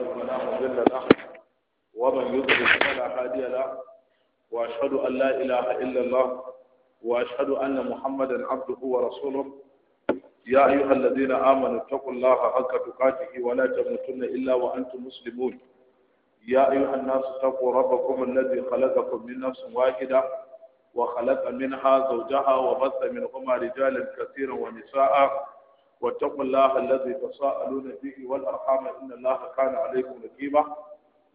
الله فلا مضل له ومن يضلل فلا هادي له واشهد ان لا اله الا الله واشهد ان محمدا عبده ورسوله يا ايها الذين امنوا اتقوا الله حق تقاته ولا تموتن الا وانتم مسلمون يا ايها الناس اتقوا ربكم الذي خلقكم من نفس واحده وخلق منها زوجها وبث منهما رجالا كثيرا ونساء واتقوا الله الذي تساءلون به والأرحام إن الله كان عليكم رقيبا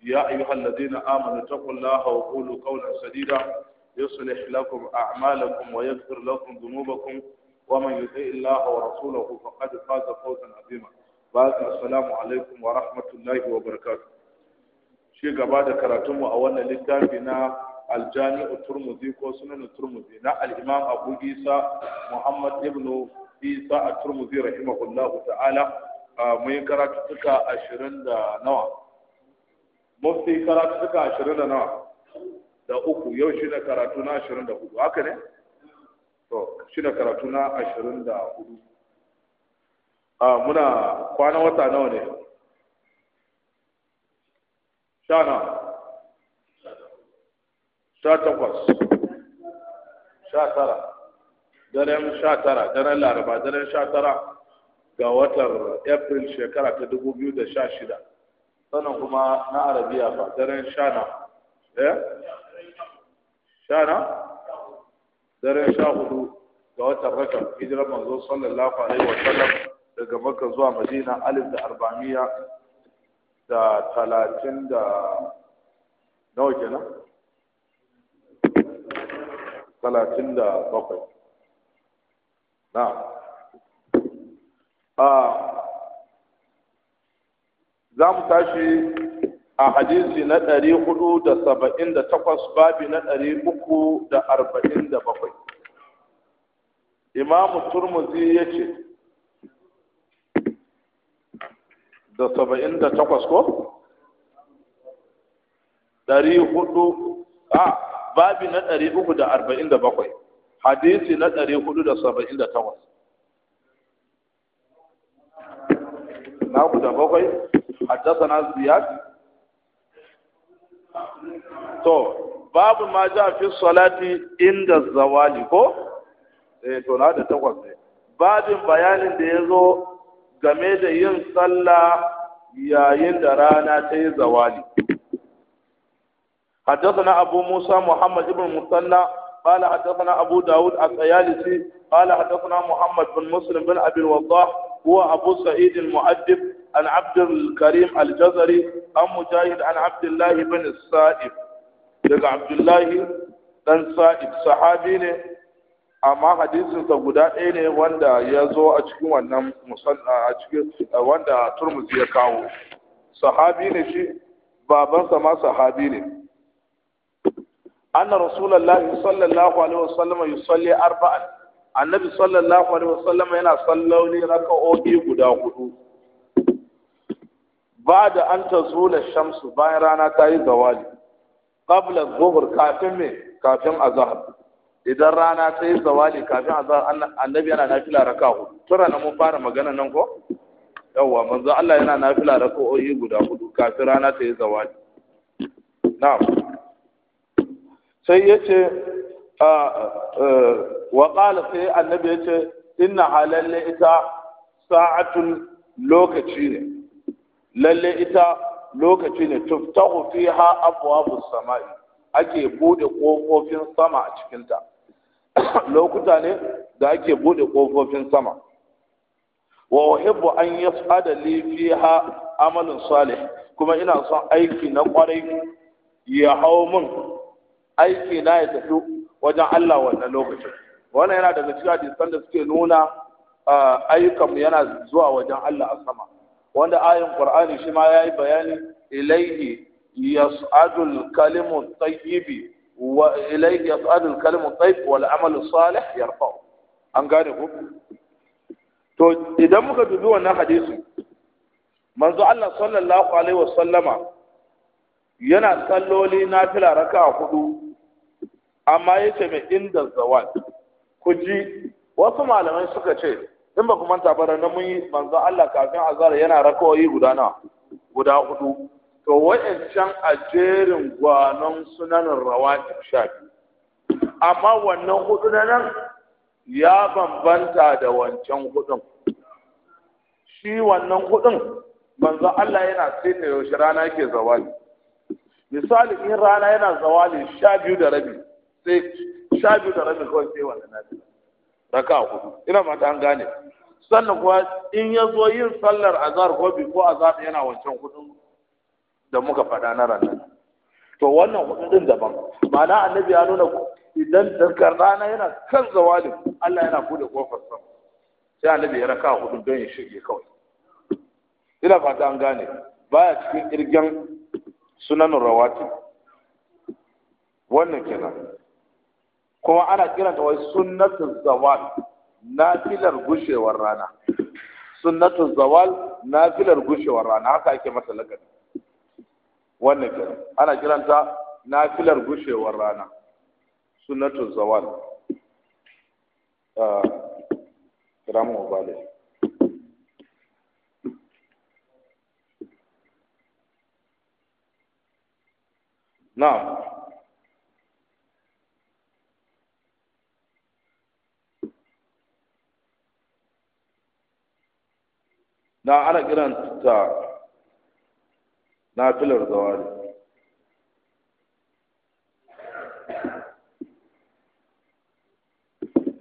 يا أيها الذين آمنوا اتقوا الله وقولوا قولا سديدا يصلح لكم أعمالكم ويغفر لكم ذنوبكم ومن يطع الله ورسوله فقد فاز فوزا عظيما بارك السلام عليكم ورحمة الله وبركاته شيء بعد كراتم أولا للتابنا الجامع الترمذي وسنن الترمذي نا الإمام أبو عيسى محمد ابن isa a turmuzi rahimahullahu ta'ala mun yi karatu suka ashirin da nawa mufti karatu suka ashirin da nawa da uku yau shi da karatu na ashirin da hudu haka ne to shi da karatu na ashirin da hudu muna kwanan wata nawa ne sha nawa sha takwas sha tara daren sha tara daren laraba daren sha tara ga watan april shekara ta dubu biyu da sha shida sannan kuma na arabiya ba daren sha na eh sha na daren sha hudu ga watan rakam hijirar manzo sallallahu alaihi wa sallam daga makka zuwa madina alif da arba'amiya da talatin da nawa kenan talatin da bakwai Ah, za mu tashi a hadisi na ɗari hudu da saba'in da takwas babi na ɗari uku da arba'in da bakwai imamu turmuzi ya ce da saba'in da takwas ko? ɗari hudu a babi na ɗari uku da arba'in da bakwai hadisi na ɗari hudu da saba'in da takwas Na da bakwai haddasa na ziyad to babu ma ja fi salati inda zawali ko eh to na da takwas ne babin bayanin da ya zo game da yin sallah yayin da rana ta yi zawali na abu Musa محمد بن musalla. قال حدثنا أبو داود الطيالسي قال حدثنا محمد بن مسلم بن أبي الوضاح هو أبو سعيد المؤدب عن عبد الكريم الجزري عن مجاهد عن عبد الله بن السائب لك عبد الله بن سائب صحابي ne amma hadisin sa guda ɗaya ne wanda ya zo a cikin wannan a cikin wanda turmuzi ya kawo sahabi ne shi babansa ma sahabi ne anna rasulullahi sallallahu alaihi wasallam yusalli arba'an annabi sallallahu alaihi wasallam yana salloli raka'o'i guda hudu ba'da an tazula shamsu bayan rana ta yi zawali qabla dhuhr kafin me kafin idan rana ta yi zawali kafin azhar annabi yana nafila raka hudu tura na mun fara magana nan ko yawwa manzo Allah yana nafila raka'o'i guda hudu kafin rana ta yi zawali sai ya ce e, wa sai annabi ya ce inna halalle ita sa'atun lokaci ne lalle ita lokaci ne tuftahu fiha abwabus samai ake bude kofofin sama a cikinta lokuta ne da ake bude kofofin sama wa uhibbu an yas'ada li fiha amalun salih kuma ina son aiki na kwarai ya hau mun aiki na ya tafi wajen Allah wannan lokacin wannan yana daga cikin hadisan da suke nuna ah, ayyukan yana zuwa wajen Allah a sama wanda ayin Qur'ani shi ma yayi bayani ilaihi yas'adul kalimu tayyibi wa ilaihi yas'adul kalimu tayyib wal amalu salih yarfa an gane ku to idan muka dubi wannan hadisi manzo Allah sallallahu alaihi wasallama yana salloli nafila raka'a hudu amma yace mai inda zawal ku ji wasu malamai suka ce in ba ku manta ba ranar mun yi manzo Allah kafin azhar yana rakawoyi guda guda hudu to wa'ancan a jerin gwanon sunanin rawati sha amma wannan hudu na nan ya bambanta da wancan hudun shi wannan hudun manzo Allah yana sai da yaushe rana yake zawali misali in rana yana zawali sha biyu da rabi sai sha biyu da rabi kawai sai wannan biyu. raka hudu ina mata an gane sannan kuwa in ya zo yin sallar azhar ko bi ko azhar yana wancan hudu da muka faɗa na ranar to wannan hudu din daban ma'ana annabi ya nuna idan dankar rana yana kan zawalin Allah yana bude kofar sa sai annabi ya raka hudu don ya shige kawai ina fata an gane baya cikin irgen sunanin rawati wannan kenan kuma ana kiranta wai sunnatul zawal nafilar gushewar rana sunnatul zawal nafilar gushewar rana haka ake mata lakabi wannan kira ana kiranta nafilar gushewar rana sunnatul zawal ah, kiramu bale Na. na ana kiran ta filar zawari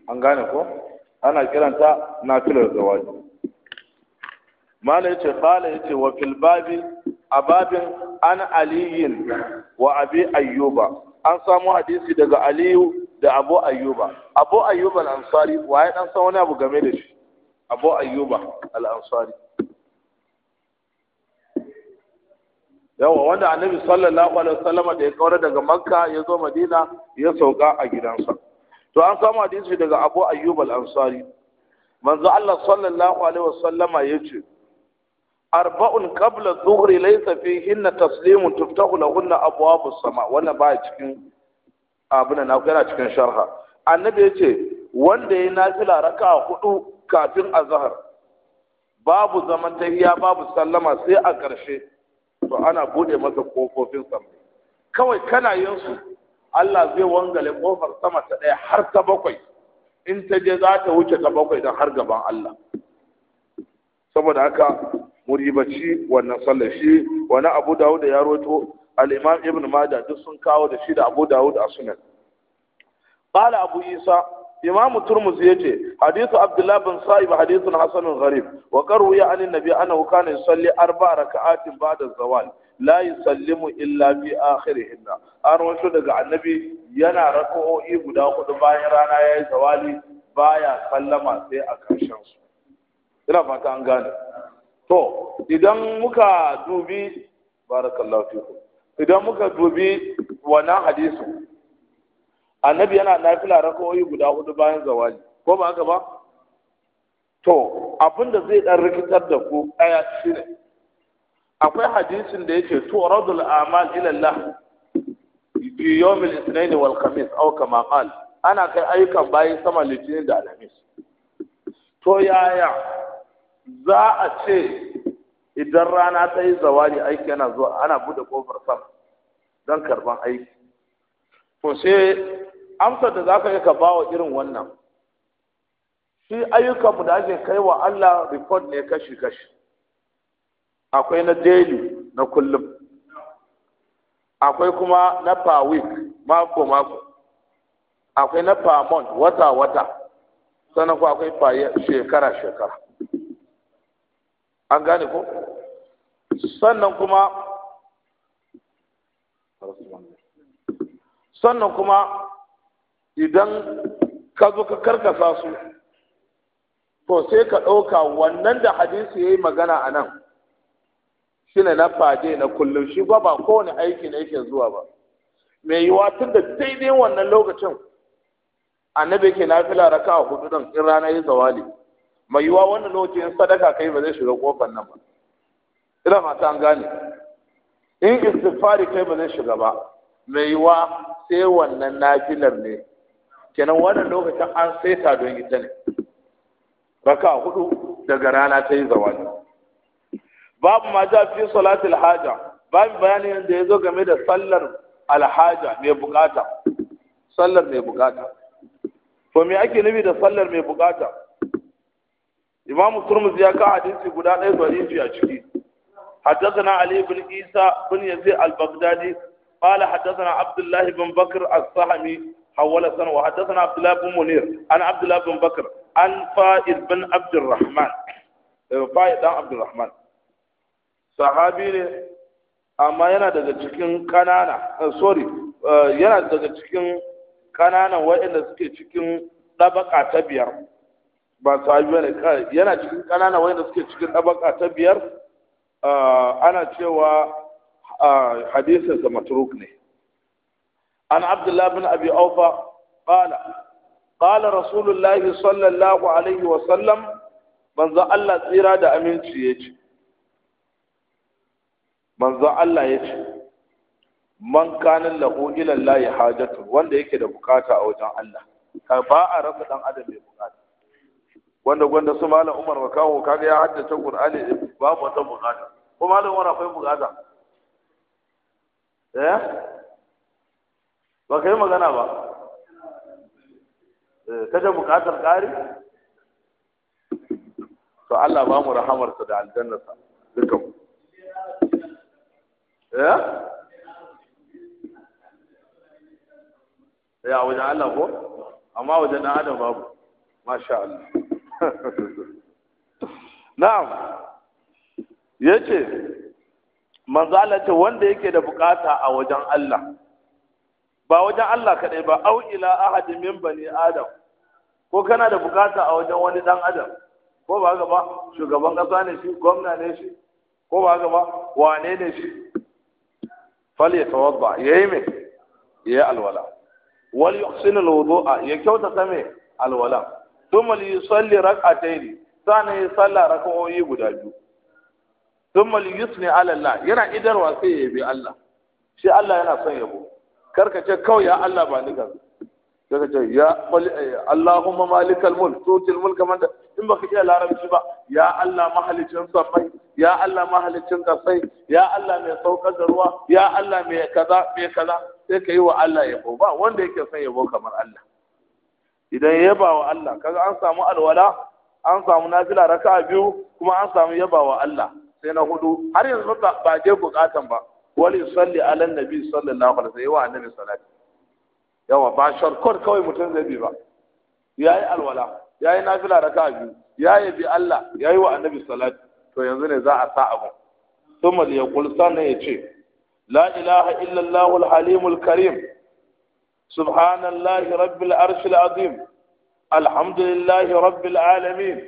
an gane ko ana kiranta filar zawari mala yace qala yace wa fil babi ababin an aliyin wa abi ayyuba an samu hadisi daga aliyu da abu ayyuba abu ayyuba al-ansari waye dan san wani abu game da shi abu ayyuba al-ansari yawa wanda annabi sallallahu alaihi wasallam da ya kaura daga makka ya zo madina ya sauka a gidansa to an samu hadisi daga abu ayyub al-ansari manzo Allah sallallahu alaihi wasallama yace arba'un qabla dhuhri laysa fihinna taslimun tuftahu lahunna abwabu sama wannan ba cikin abuna na kana cikin sharha annabi yace wanda ya nafila raka'a hudu kafin azhar babu zaman tahiya babu sallama sai a karshe. to ana bude masa kofofin sama kawai kana yin su Allah zai wangale kofar sama ta ɗaya har ta bakwai in ta je za ta wuce ta bakwai don har gaban Allah saboda haka muribaci wannan sallar shi wani abu dawud da ya roto al'imam ibn mada duk sun kawo da shi da abu dawud a sunan qala abu isa imamu turmus ya ce hadithu abdullah bin sa'ib hadithun hasanun gharib wa qaru ya anin nabi annahu kana yusalli arba raka'atin ba'da zawal la yusallimu illa fi akhirihinna an wato daga annabi yana raka'o'i guda hudu bayan rana yayi zawali baya sallama sai a karshen su ina fata an gane to idan muka dubi barakallahu fikum idan muka dubi wannan hadisin annabi yana nafila rakawoyi guda hudu bayan zawali ko ba haka ba to abin da zai dan rikitar da ku aya shine akwai hadisin da yake to radul amal ila Allah bi yawm al-ithnain wal khamis aw kama qal ana kai ayyukan bayan sama litinin da alhamis to yaya za a ce idan rana ta yi zawali aiki yana zuwa ana buɗe kofar sama don karban aiki to sai amsar da za ka yi ka ba wa irin wannan shi ayyukanmu da ake kai wa Allah report ne kashi-kashi akwai na daily na kullum akwai kuma na per week mako-mako akwai na per month wata-wata sannan kuma akwai per shekara-shekara an gane ko sannan kuma sannan kuma idan ka zo ka karkasa su to sai ka ɗauka wannan da hadisi ya yi magana a nan shi ne na fade na kullum shi ba ba kowane aiki na yake zuwa ba mai yiwa tun da daidai wannan lokacin annabi ke na fila raka a hudu ɗin in rana ya zawali mai yiwa wannan lokacin sadaka kai ba zai shiga kofar nan ba ina mata an gane in istifari kai ba zai shiga ba mai yiwa sai wannan nafilar ne kenan wannan lokacin an saita don ita ne raka hudu daga rana ta yi zawali babu ma ja fi salati alhaja babu bayani yadda ya zo game da sallar alhaja mai bukata sallar mai bukata to me ake nufi da sallar mai bukata imamu turmuzi ya ka hadisi guda ɗaya zarifi a ciki حدثنا علي بن عيسى بن يزيد البغدادي قال حدثنا عبد الله بن بكر الصحمي حول السنة وحدثنا عبد الله بن منير أنا عبد الله بن بكر عن فائد بن عبد الرحمن فائد بن عبد ne amma yana daga cikin kanana sorry yana daga cikin kananan waɗanda suke cikin ɗabaka ta biyar ba sahabi ne yana cikin kananan waɗanda suke cikin ɗabaka ana cewa hadisinsa matruk ne an abdullah bin abi aufa qala qala sallallahu alaihi wa sallam manzo Allah tsira da aminci yace manzo Allah yace man kanin lahu ila Allah wanda yake da bukata a wajen Allah ka ba a rasa dan adam mai bukata wanda gwanda su malam Umar wa kawo kaga ya haddace Qur'ani babu wata bukata ko malam Umar akwai bukata ba ka yi magana ba eh, ka da bukatar ƙari to Allah ba mu rahamarsa da aljannarsa dukan eh ya eh, wajen Allah ko amma wajen na adam babu masha Allah na'am yace manzo Allah ce wanda yake da bukata a wajen Allah ba wajen Allah kaɗai ba au ila ahadin min bani adam ko kana da bukata a wajen wani dan adam ko ba haka ba shugaban ƙasa ne shi gwamna ne shi ko ba haka ba wane ne shi fal ya tawadda yayi me yayi alwala wal yuhsinu alwudu'a ya kyautata me alwala thumma yusalli rak'atayn sana ya salla rak'o'i guda biyu thumma yusni ala Allah yana idarwa sai ya bi Allah shi Allah yana son yabo karka ce kawai ya Allah ba ni kaza ka ce ya eh, Allahumma malikal mulk tutil mulka man in baka iya larabci ba ya Allah mahalicin sammai ya Allah mahalicin kasai ya Allah mai saukar da ruwa ya Allah mai kaza mai kaza sai ka yi wa Allah yabo ba wanda yake son yabo kamar Allah idan yaba wa Allah kaga an samu alwala an samu nafila raka'a biyu kuma an samu yaba wa Allah sai na hudu har yanzu ba je bukatan ba wani salli ala nabi sallallahu alaihi wasallam yawa annabi salati yawa ba shortcut kawai mutum zai bi ba yayi alwala yayi nafila raka'a biyu yayi bi Allah yayi wa annabi salati to yanzu ne za a sa abu thumma liyaqul sana yace la ilaha illa allahul halimul karim subhanallahi rabbil arshil azim alhamdulillahi rabbil alamin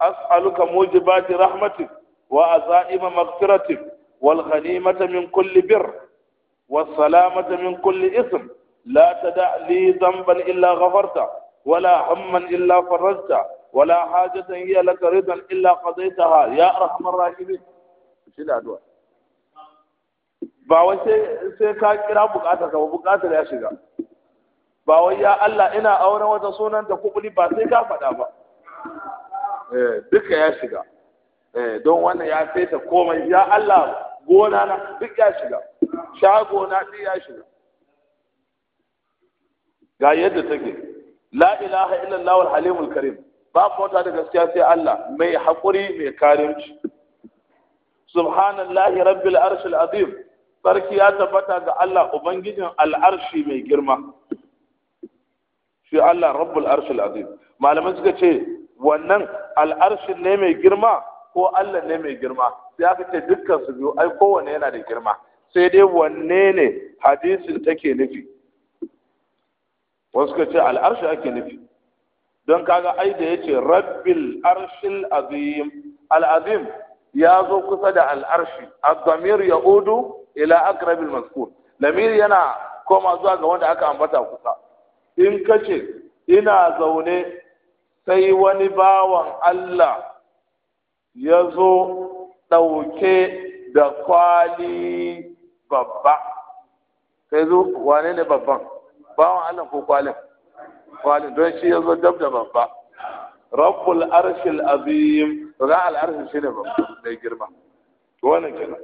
as'aluka mujibati rahmatik wa azaima maghfiratik والغنيمة من كل بر والسلامة من كل إثم لا تدع لي ذنبا إلا غفرته ولا هما إلا فرجته ولا حاجة هي لك رضا إلا قضيتها يا أرحم الراحمين shi da ba wai sai ka kira bukatar ka bukatar ya shiga ba wai ya Allah ina auren wata sunan da kubuli ba sai ka faɗa ba duka ya shiga don wannan ya saita komai ya Allah gona na duk ya shiga shago na duk ya shiga ga yadda take la ilaha illallah wal halimul karim ba mota da gaskiya sai Allah mai haƙuri mai karimci subhanallahi rabbil arshil azim sarki ya tabbata ga Allah ubangijin al'arshi mai girma shi Allah rabbul arshil azim malaman suka ce wannan al'arshin ne mai girma ko Allah ne mai girma sai aka ce dukkan su biyu ai kowanne yana da girma sai dai wanne ne hadisin take nufi wasu ka ce al'arshi ake nufi don kaga ai da yace rabbil arshil azim al'azim ya zo kusa da al'arshi azamir zamir udu ila aqrabil mazkur lamir yana koma zuwa ga wanda aka ambata kusa in kace ina zaune sai wani bawan Allah ya zo ɗauke da kwali babba sai zo wane ne babban bawan Allah ko kwalin kwalin don shi ya zo dab da babba rabbul arshil azim ra al arshil shine babba mai girma wannan kenan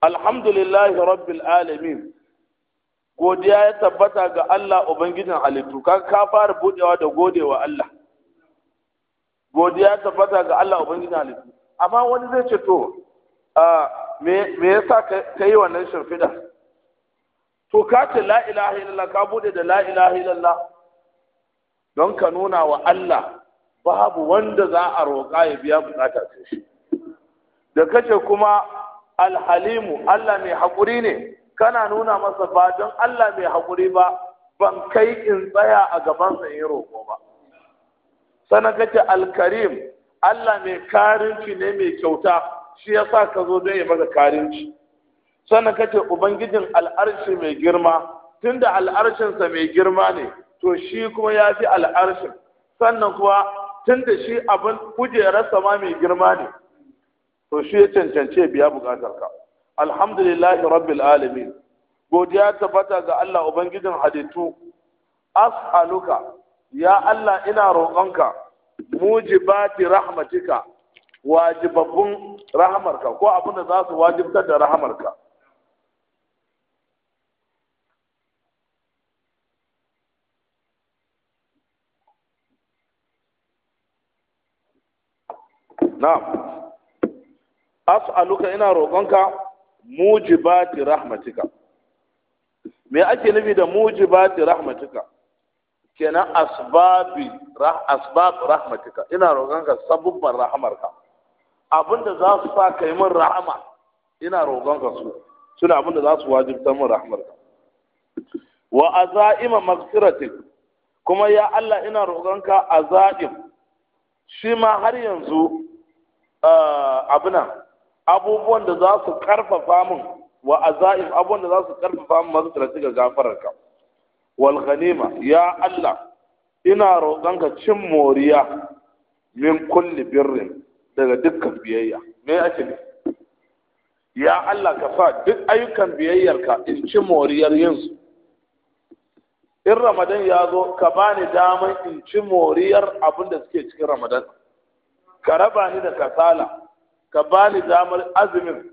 alhamdulillahi rabbil alamin godiya ya tabbata ga Allah ubangijin halittu ka ka fara budewa da godewa Allah godiya ya tabbata ga Allah ubangijin halittu amma wani zai ce to me yasa ka yi wannan shirfida to ka ce la ilaha illallah ka bude da la ilaha illallah don ka nuna wa Allah babu wanda za a roƙa ya biya bukata ce shi da kace kuma alhalimu Allah mai haƙuri ne kana nuna masa ba don Allah mai haƙuri ba ban kai in tsaya a gaban in roƙo ba sana kace alkarim Allah mai karinci ne mai kyauta shi ya sa ka zo don ya maka karinci sannan kace ubangijin al'arshi mai girma tunda al'arshinsa mai girma ne to shi kuma ya fi al'arshin sannan kuwa tunda shi abin kujerarsa ma mai girma ne to shi ya cancance biya bukatarka alhamdulillahi rabbil alamin godiya tabbata ga Allah ubangijin halittu as'aluka ya Allah ina roƙonka mujibati rahmatika wajibabbun rahamarka ko abin da za su wajibtar da rahamarka na'am as'aluka ina roƙonka mujibati rahmatika me ake nufi da mujibati rahmatika kenan asbabi asbab rahmatika ina roƙonka sabubban rahamarka abinda za su sa kai min rahama ina roƙonka su suna abinda za su wajibta min rahamarka wa azaima magfirati kuma ya Allah ina roƙonka azaim shi ma har yanzu eh, abuna abubuwan da za su karfafa min wa azaim abubuwan da za su karfafa min ga gafararka wal ghanima ya Allah ina roƙonka cin moriya min kulli birrin daga dukkan biyayya me ake ne ya Allah ka sa duk ayyukan biyayyarka in ci moriyar yin in ramadan ya zo ka bani daman in ci moriyar abin da suke cikin ramadan ka raba ni da kasala ka bani damar azumin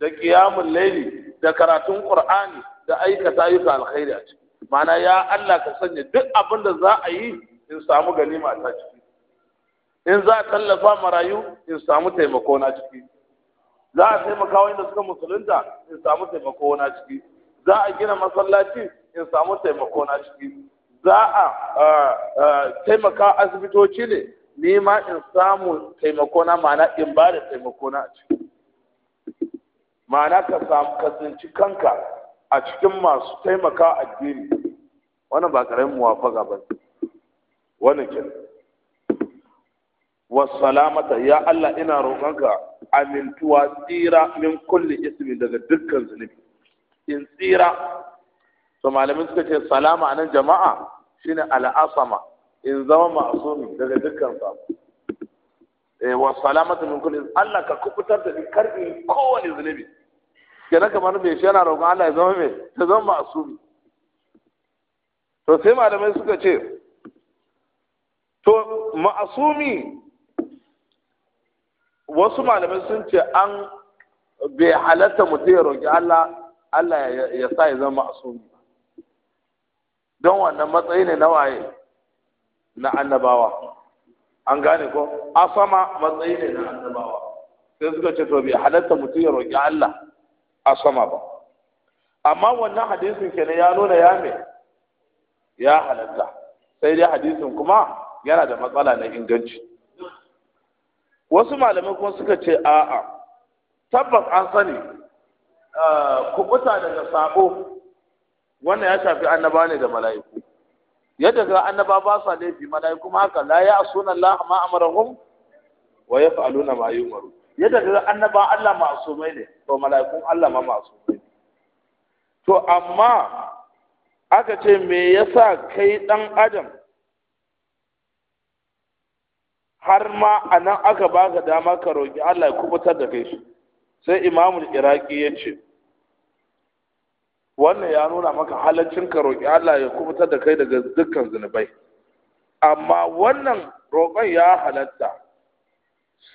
da kiyamun laili da karatun qur'ani da aikata ayyuka alkhairi a ciki mana ya Allah ka sanya duk abin da za a yi in samu ganima ta ciki in za a tallafa marayu in samu taimako na ciki za a taimaka wanda suka musulunta in samu taimako na ciki za a gina masallaci in samu taimako na ciki za a taimaka asibitoci ne ni ma in samu taimako na ma'ana in ba da taimako na ciki ma'ana ka samu ka tsinci kanka a cikin masu taimaka addini wannan ba karamin muwafaka ba wannan kenan wasalamata ya Allah ina roƙonka amintuwa tsira min kulli ismi daga dukkan zunubi in tsira to malamin suka ce salama anan jama'a shine al'asama in zama ma'asumi daga dukkan sa eh, Wa wasalamata min kulli Allah ka kubutar da ni karbi kowane zunubi kenan kamar mai shi yana roƙon Allah ya zama mai ta zama ma'asumi to sai malamai suka ce to ma'asumi wasu malamai sun ce an bai halatta mutum ya roƙi Allah Allah ya sa ya zama ma'asumi don wannan matsayi ne na waye na annabawa an gane ko asama matsayi ne na annabawa sai suka ce to bai halatta mutum ya roƙi Allah a sama ba amma wannan hadisin kenan ya nuna ya me ya halatta sai dai hadisin kuma yana da matsala na inganci wasu malamai kuma suka ce a'a tabbas an sani eh, kubuta daga sabo wannan ya shafi annaba ne da mala'iku yadda ga annaba ba sa laifi mala'iku ma haka la ya sunan Allah ma amarahum wa yaf'aluna ma yumaru yadda ga annaba Allah masumai ne to mala'ikun Allah ma masumai ne to amma aka ce me yasa kai dan adam har ma anan aka baka dama ka roki Allah ya kubutar da kai shi sai imamul iraki ya ce wannan ya nuna maka halaccin ka roƙi Allah ya kubutar da kai daga dukkan zunubai amma wannan roƙon ya halatta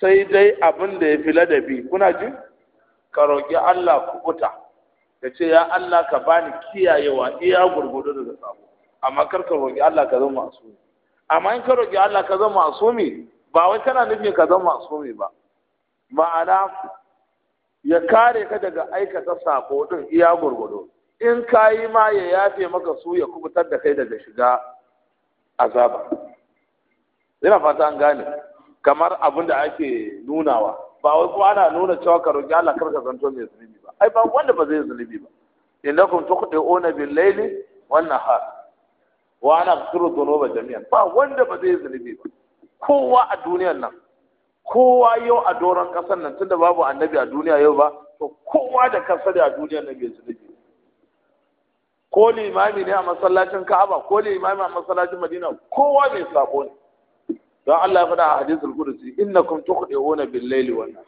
sai dai abin da ya fi ladabi kuna ji ka roƙi Allah kubuta ka ce ya Allah ka bani kiyayewa iya gurgudu daga sabo amma kar ka roƙi Allah ka zama asumi amma in ka roƙi Allah ka zama asumi ba wai kana nufin ka zama asumi ba ma'ana ya kare ka daga aikata sako din iya gurgudu in ka yi ma ya yafe maka su ya kubutar da kai daga shiga azaba ina fata an gane kamar abin da ake nunawa ba wai kuma ana nuna cewa ka roƙi Allah kar ka zanto mai zunubi ba ai ba wanda ba zai zunubi ba innakum tuqdi'una bil layli wan nahar wa ana aghfiru dhunuba jami'an ba wanda ba zai zunubi ba kowa a duniyar nan kowa yau a doron ƙasar nan tunda babu annabi a duniya yau ba to kowa da kasar da a duniyar nan bai zunubi ko limami ne a masallacin Ka'aba ko limami a masallacin Madina kowa mai sako ne don Allah ya faɗa a hadisul qudsi innakum tukhdi'una bil layli wan nahar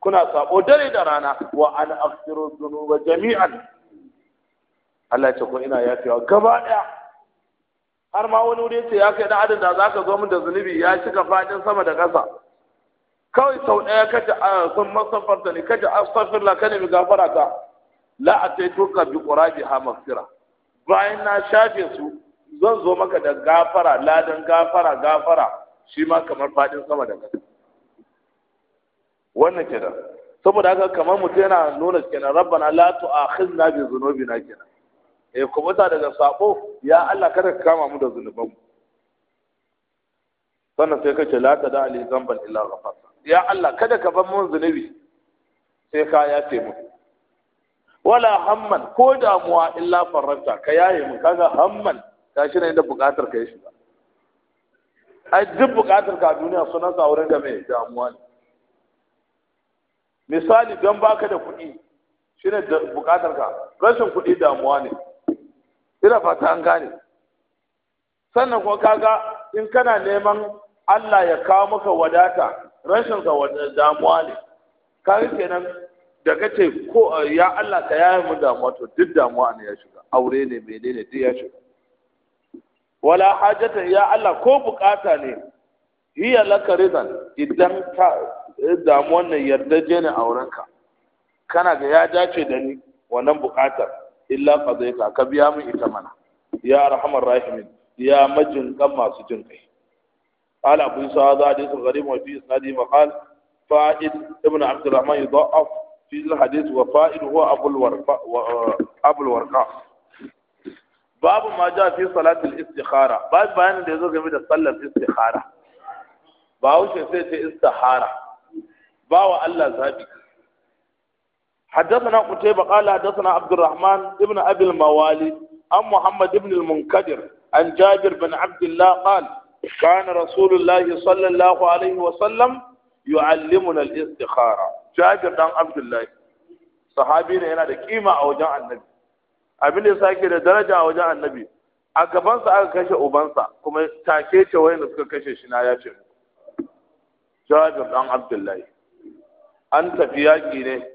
kuna sabo dare da rana wa an aghfiru dhunuba jami'an Allah ya ce ko ina yafewa gaba daya har ma wani wuri ce ya kai da adin da zaka zo min da zunubi ya shiga fadin sama da ƙasa kawai sau ɗaya kace sun da ni kace astaghfirullah kana mi gafara ka la ataytuka bi ha maghfira bayan na shafe su zan zo maka da gafara ladan gafara gafara shi ma kamar fadin sama da kasa wannan kenan saboda haka kamar mutum yana nuna kenan rabbana la tu'akhizna bi dhunubina kenan eh mutu daga sabo ya Allah kada ka kama mu da mu. sannan sai kace la ta da ali zamban illa ghafarta ya Allah kada ka bar mun zunubi sai ka yafe mu wala hamman ko damuwa illa faranta ka yaye mu kaga hamman Tashi shi na inda buƙatar ka ya shiga ai duk buƙatar ka a duniya sunan sa wurin da mai damuwa ne misali don baka da kuɗi shi ne buƙatar ka rashin kuɗi damuwa ne ina fata an gane sannan kuma kaga in kana neman Allah ya kawo maka wadata rashin sa damuwa ne kaga kenan da kace ko ya Allah ka yaye mu damuwa to duk damuwa ne ya shiga aure ne menene duk ya shiga wala hajata ya Allah ko bukata ne hiya laka ridan idan ta damu wannan yardaje ne aurenka kana ga ya dace da ni wannan bukatar illa qadaita ka biya min ita mana ya arhamar rahimin ya majin kan masu jin kai قال أبو سعد حديث غريب وفي إسناده مقال فائد ابن عبد الرحمن يضعف في الحديث وفائد هو أبو الورقاء أبو الورقاء babu ma ja fi salatul istikhara ba bayanin da yazo game da sallar istikhara ba wuce sai ce istihara ba wa Allah zabi حدثنا قتيبة قال حدثنا عبد الرحمن ابن أبي الموالي عن محمد بن المنكدر عن جابر بن عبد الله قال كان رسول الله صلى الله عليه وسلم يعلمنا الاستخارة جابر بن عبد الله صحابينا هنا قيمة أو جاء النبي abin da ya sake da daraja a wajen annabi a gabansa aka kashe ubansa kuma take ce wayanda suka kashe shi na ya ce jawabin dan abdullahi an tafi yaƙi ne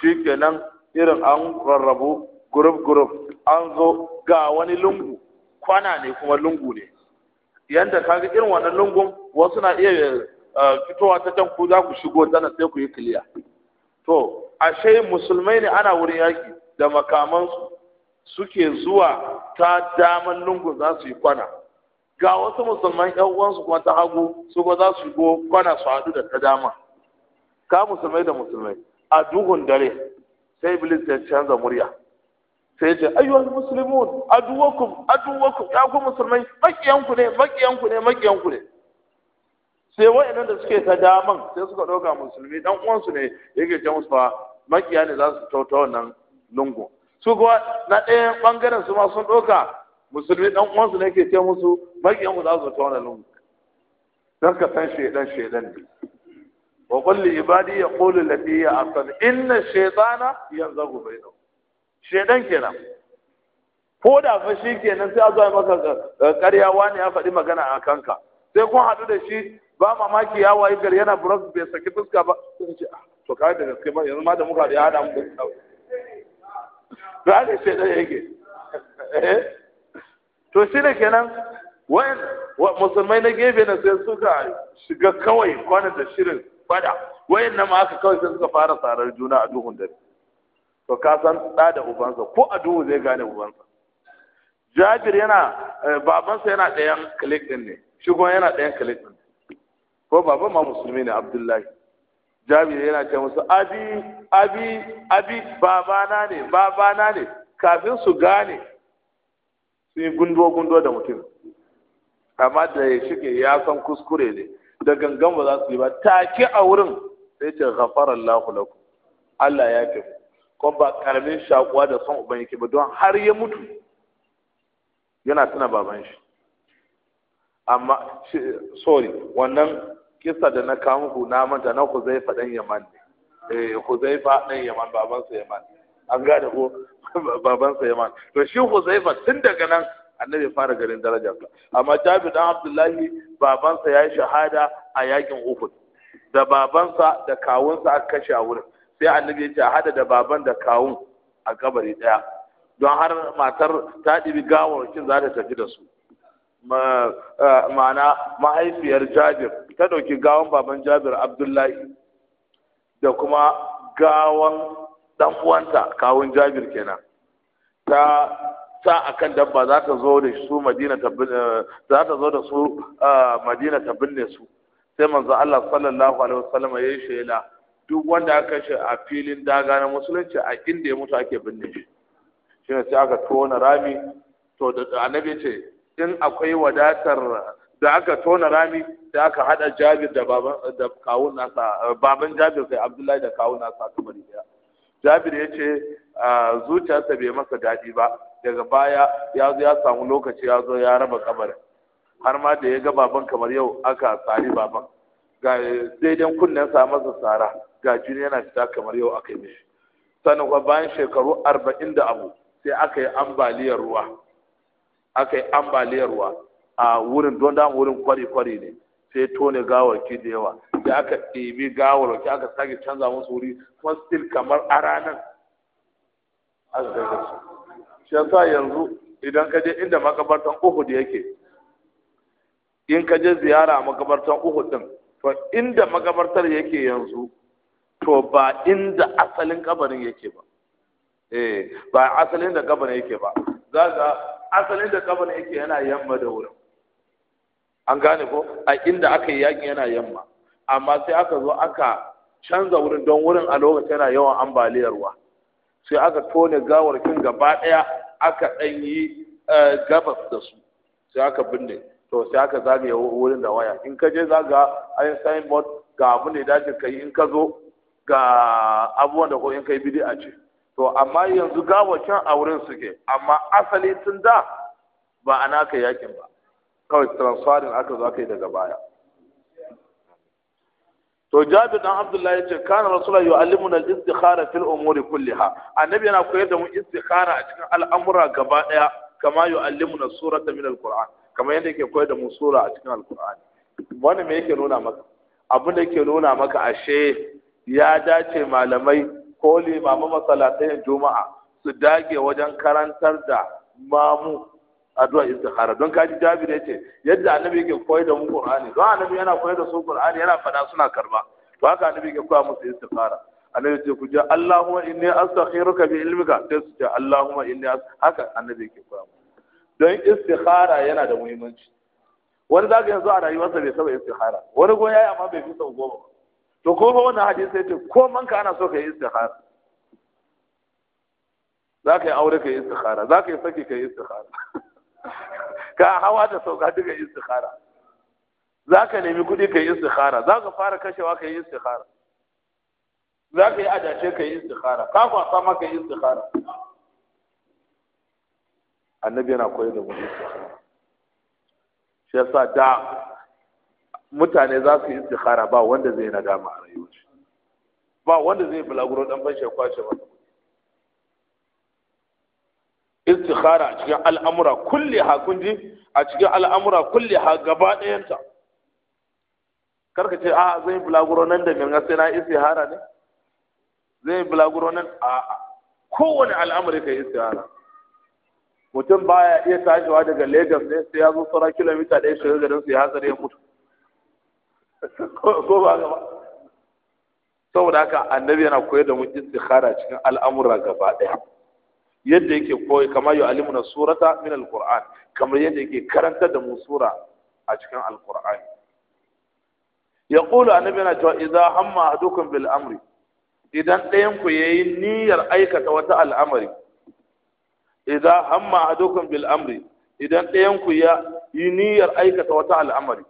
shikenan irin an rarrabu guruf guruf an zo ga wani lungu kwana ne kuma lungu ne yanda kaga irin wannan lungun wasu na iya eh, fitowa ta can ku za ku shigo tana sai ku yi kiliya to ashe musulmai ne ana wurin yaƙi da makamansu suke zuwa ta daman lungun za su yi kwana ga wasu musulman yan uwansu kuma ta hagu su ba za su go kwana su haɗu da ta dama ka musulmai da musulmai a duhun dare sai iblis ya canza murya sai ce ayyuhal muslimun aduwakum aduwakum ya ku musulmai makiyanku ne makiyanku ne makiyanku ne sai wa'annan da suke ta daman sai suka ɗauka musulmi dan uwansu ne yake ce musu fa makiya ne za su tauta wannan lungun su kuma na ɗaya ɓangaren su ma sun ɗauka musulmi ɗan uwansu ne ke ce musu maƙiyan ku za su ta wani lungu don ka san shaidan shaidan ne wa kulli ibadi ya qulu lati ya asan inna zagu bai bainahu shaidan kenan ko da fa shi kenan sai a zuwa maka ƙarya wani ya faɗi magana a kanka sai kun haɗu da shi ba mamaki ya wayi gari yana burok bai saki fuska ba sun ce ah, to kai da gaske ba yanzu ma da muka da ya haɗa mu to haka ɗaya da yake eh? to shi ne kenan wayan musulmai na gefe na sai suka shiga kawai kwanan da shirin fada wayan nan ma aka kawai sai suka fara sarar juna a duhun dare to ka san da da ubansa ko a duhu zai gane ubansa jabir yana eh, babansa yana ɗayan kalik ɗin ne shi kuma yana ɗayan kalik ɗin ko baban ma musulmi ne abdullahi jabir yana ce musu abi abi abi babana ne babana ne kafin su gane sun yi gundo gundo da mutum amma da ya shige ya san kuskure ne da gangan ba za su yi ba take a wurin sai ce ghafara Allahu lakum Allah ya ke. ko ba karamin shakuwa da son uban yake ba don har ya mutu yana tuna baban shi amma sorry wannan kisa da na kawo muku na manta na Huzaifa dan Yaman eh Huzaifa dan Yaman baban sa Yaman an gane ko baban sa Yaman to shi Huzaifa tun daga nan annabi fara garin darajar amma Jabir dan Abdullahi baban sa yayi shahada a yakin Uhud da babansa da kawunsa aka kashe a wurin sai annabi ya ce hada da baban da kawun a kabari daya don har matar ta gawar, kin za ta tafi da su eh, ma'ana mahaifiyar jabir ta ɗauki gawan baban jabir abdullahi da kuma gawan dan uwanta kawun jabir kenan ta sa kan dabba za ta zo da su madina ta eh, za ta zo da su eh, madina ta binne su sai manzo Allah sallallahu alaihi wasallam ya shela duk wanda aka shi a filin daga na musulunci a inda ya mutu ake binne shi ne sai aka tona rami to da annabi ce in akwai wadatar da aka tona rami sai aka hada jabir da baban da kawun nasa baban jabir kai abdullahi da kawun nasa kamar daya jabir ya ce zuciyarsa bai masa daɗi ba daga baya ya zo ya samu lokaci ya zo ya raba kabarin har ma da ya ga baban kamar yau aka sari baban ga daidan kunnen sa masa sara ga jini yana fita kamar yau aka yi mishi sannan kuma bayan shekaru arba'in da abu sai aka yi ambaliyar ruwa aka yi ambaliyar ruwa a wurin don da wurin kwari-kwari ne sai tone ki da yawa da aka ɗebi gawarki aka sake canza musu wuri kuma still kamar a ranar aka kai su shi yasa yanzu idan ka je inda makabartan Uhud yake in ka je ziyara a makabartan Uhud din to inda makabartar yake yanzu to ba inda asalin kabarin yake ba eh ba asalin da kabarin yake ba za ga asalin da kabarin yake yana yamma da wurin an gane ko a inda aka yi yakin yana yamma amma sai aka zo aka canza wurin don wurin a lokacin yana yawan ambaliyar ruwa sai aka tone kin gaba ɗaya aka ɗan yi eh, gabas da su sai aka binne to sai aka zagaye wurin da waya in ka je zaga ayin sign board ga abu ne dace ka yi in ka zo ga abubuwan da ko in kai bidi a ce to amma yanzu gawar kin a wurin suke amma asali tun da ba a naka yakin ba kawai transferin aka zo aka yi daga baya to jabi dan abdullahi ce kana rasulullahi yu'allimuna al-istikhara fil umuri kulliha annabi yana koyar da mu istikhara a cikin al'amura gaba daya kama yu'allimuna surata min al-qur'an kamar yadda yake koyar da mu sura a cikin al-qur'an wannan me yake nuna maka abin da yake nuna maka ashe ya dace malamai ko limamu masalatai juma'a su dage wajen karantar da mamu addu'a istikhara don kaji Jabir yace yadda annabi yake koyar da mu Qur'ani don annabi yana koyar da su Qur'ani yana fada suna karba to haka annabi yake koya musu istikhara annabi yace ku ja Allahumma inni astakhiruka bi ilmika sai su ja Allahumma inni haka annabi yake koya musu don istikhara yana da muhimmanci wani zaka yanzu a rayuwarsa bai saba istikhara wani ko yayi amma bai fi sau goma to ko ba wannan hadisi yace ko manka ana so ka yi istikhara za ka yi aure ka yi istikhara za ka yi saki ka yi istikhara ka hawa da sauka duka istikhara za ka nemi kuɗi ka yi istikhara za ka fara kashewa ka yi istikhara za ka yi adace ka yi istikhara ka kwasa maka yi istikhara annabi yana koyar da mu istikhara shi yasa da mutane za su yi istikhara ba wanda zai nadama a rayuwa ba wanda zai bulaguro dan shekwa shi ba. istikhara a cikin al'amura kulli ha kunji a cikin al'amura kulli ha gaba ɗayanta karka ce a zai bulaguro nan da ganga sai na istikhara ne zai bulaguro nan a kowane al'amari kai istikhara? mutum baya iya tashiwa daga Lagos ne sai ya zo tsara kilomita ɗaya shiga garin su ya hatsari ya mutu ko ba gaba saboda haka annabi yana koyar da mu istikhara cikin al'amura gaba ɗaya yadda yake koyi kamar alimu na surata min alquran kamar yadda yake karanta da mu sura a cikin alqur'ani Ya annabi na cewa idza hamma a bil amri idan ɗayan ku yayi niyyar aikata wata al'amari idza hamma a bil amri idan ɗayan ku ya yi niyyar aikata wata al'amari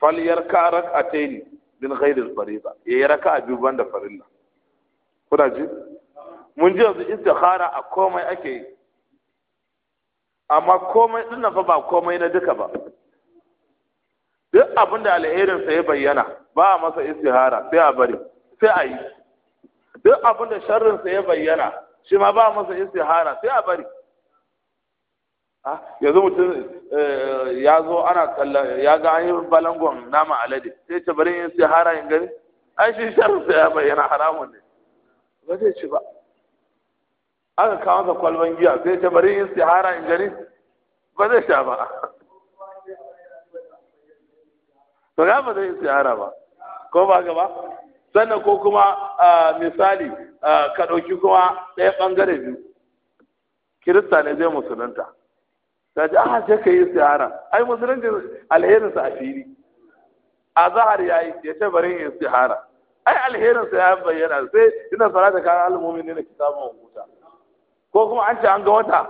falyarka rak'atayn min ghairi al fariida yayi a biyu banda farilla kuna ji mun ji yanzu istikhara a komai ake yi amma komai din nan fa ba komai na duka ba duk abin da alherin sa ya bayyana ba a masa istihara sai a bari sai a yi duk abin da sharrin sa ya bayyana shi ma ba a masa istihara sai a bari ah, yanzu mutum eh, ya zo ana kallon ya ga an yi balangon nama alade sai ce bari in istihara in gani ai shi sharrin sa ya bayyana haramun ne ba zai ci ba aka kawo ka kwalban giya sai ta bari yin sihara in gani ba zai sha ba to ya ba zai yi sihara ba ko ba gaba sannan ko kuma misali ka ɗauki kuma ɗaya ɓangare biyu kirista ne zai musulunta ta ji aha sai ka yi sihara ai musulunci alherinsa a fili a zahar ya yi ya ce bari yin sihara ai alherinsa ya bayyana sai ina fara da kayan al'ummomi ne na kitabun hukuta ko kuma an ce an ga wata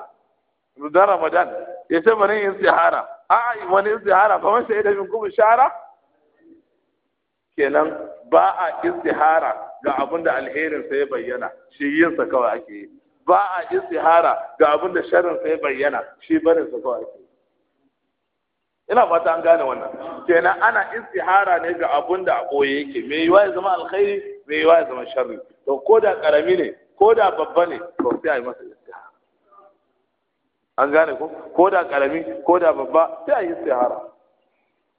da ramadan ya ce bari yin sihara a'a wani wani sai da shahida kuma shara. kenan ba a sihara ga abin da alherin sai bayyana shi yin sa kawai ake yi ba a sihara ga abin da sharin sai bayyana shi barin sa kawai ake yi ina fata an gane wannan kenan ana sihara ne ga abin da a boye yake me yiwa ya zama alkhairi me yiwa ya zama sharri to ko da karami ne ko da babba ne to sai a yi masa an gane ko ko da karami ko da babba sai a yi istihara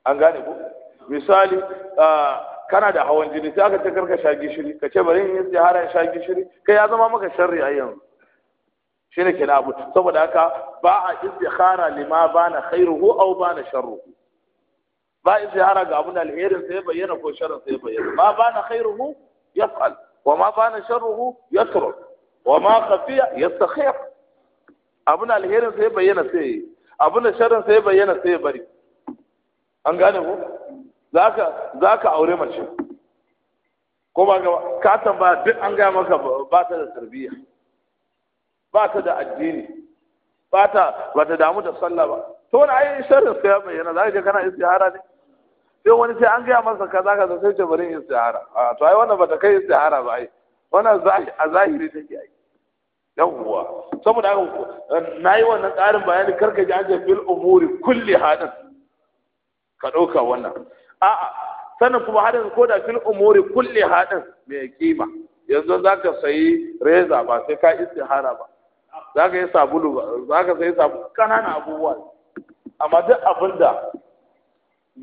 an gane ko misali kana da hawan jini sai aka ce karka sha gishiri ka ce bari in yi istihara sha gishiri kai ya zama maka sharri a yanzu shine na abu saboda haka ba a istikhara lima bana khairuhu aw bana sharruhu ba istihara ga abun alherin sai bayyana ko sharrin sai bayyana ma bana khairuhu yaf'al wa ma bana sharruhu yatruk wa ma khafiya yastakhir abin alherin sai bayyana sai yi abin da sharrin sai bayyana sai bari an gane ko zaka zaka aure mace ko ba ga ka tambaya duk an gaya maka ba ta da tarbiyya ba ta da addini ba ta ba ta damu da sallah ba to wani ai sharrin sai ya bayyana zaka je kana istihara ne sai wani sai an gaya masa kaza kaza sai ce bari istihara to ai wannan ba ta kai istihara ba ai wannan a zahiri take ai yawwa saboda haka eh, na yi wannan tsarin bayani karka ji an ce fil umuri kulli hadin ka ɗauka wannan a'a sannan kuma hadin ko da fil umuri kulli hadin mai kima yanzu za ka sayi reza ba sai ka istihara ba za ka yi sabulu ba za ka sayi sabulu ƙananan abubuwa amma duk abin da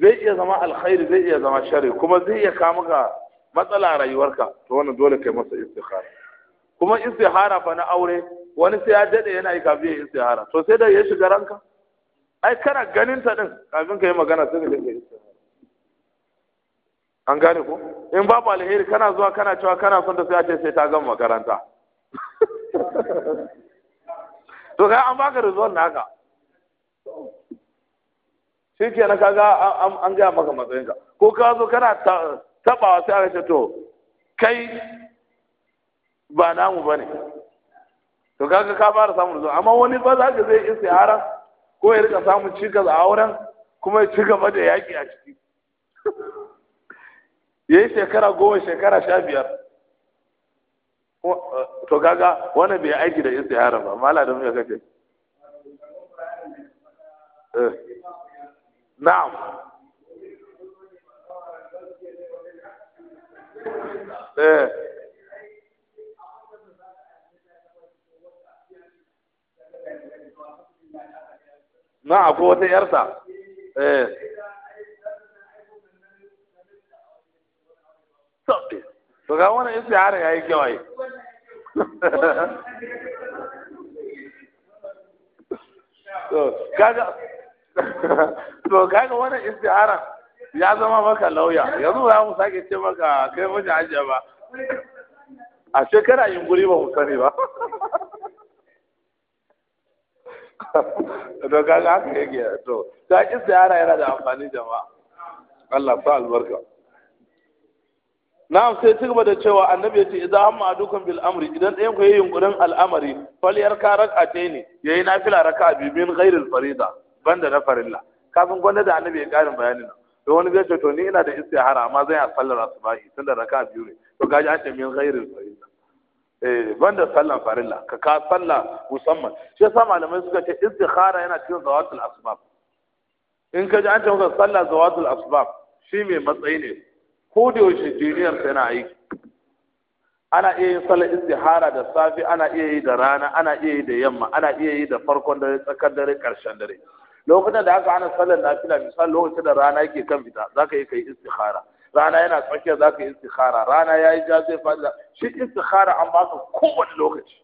zai iya zama alkhairi zai iya zama shari kuma zai iya kama ga matsala a rayuwarka to wannan dole kai masa istihara kuma istihara fa na aure wani sai ya dade yana yi kafin ya istihara to sai da ya shiga ranka ai kana ganin ta din kafin ka yi magana sai ka dinga istihara an gane ko in babu alheri kana zuwa kana cewa kana son ta sai a ce sai ta gama makaranta to kai an baka result naka shi ke na kaga an gaya maka matsayinka ko ka zo kana tabawa sai aka ce to kai ba namu ba ne to kaga ka fara samun zuwa amma wani ba za ka zai istihara ko ya rika samun cika a auren kuma ya cika gaba da yaƙi a ciki ya yi shekara goma shekara sha biyar eh, to kaga wani bai aiki da istihara ba mala da muka kace eh. na'am eh na ko wata yarsa eh to ga wannan ya yayi kyawai to kaga to kaga wannan istihara ya zama maka lauya yanzu za mu sake ce maka kai mace ajiya ba a shekara yin guri ba mu sani ba to kaga haka yake to ta istihara yana da amfani jama'a Allah sa albarka na'am sai ci gaba da cewa annabi yace idan amma dukan bil amri idan ɗayan ku yayin gurin al'amari faliyar ka rak'ate ne yayi nafila raka'a bi min ghairil farida banda na farilla kafin gwanda da annabi ya karin bayani na to wani zai ce to ni ina da istihara amma zan yi sallar asubahi sallar raka'a biyu ne to kaji an ce min ghairil farida Eh, banda sallan farilla ka ka sallah musamman shi yasa malamai suka ce istikhara yana cikin zawatul asbab in ka ji an ce maka sallah zawatul asbab shi mai matsayi ne ko da yaushe duniyar sai na aiki ana iya yin sallar istihara da safi ana iya yi da rana ana iya yi da yamma ana iya yi da farkon dare tsakar dare karshen dare Lokacin da aka ana sallar lafiya, misali lokacin da rana yake kan fita zaka yi kai istihara rana yana tsakiya za ka yi istikhara rana ya yi ja zai faɗi shi istikhara an ba ka kowane lokaci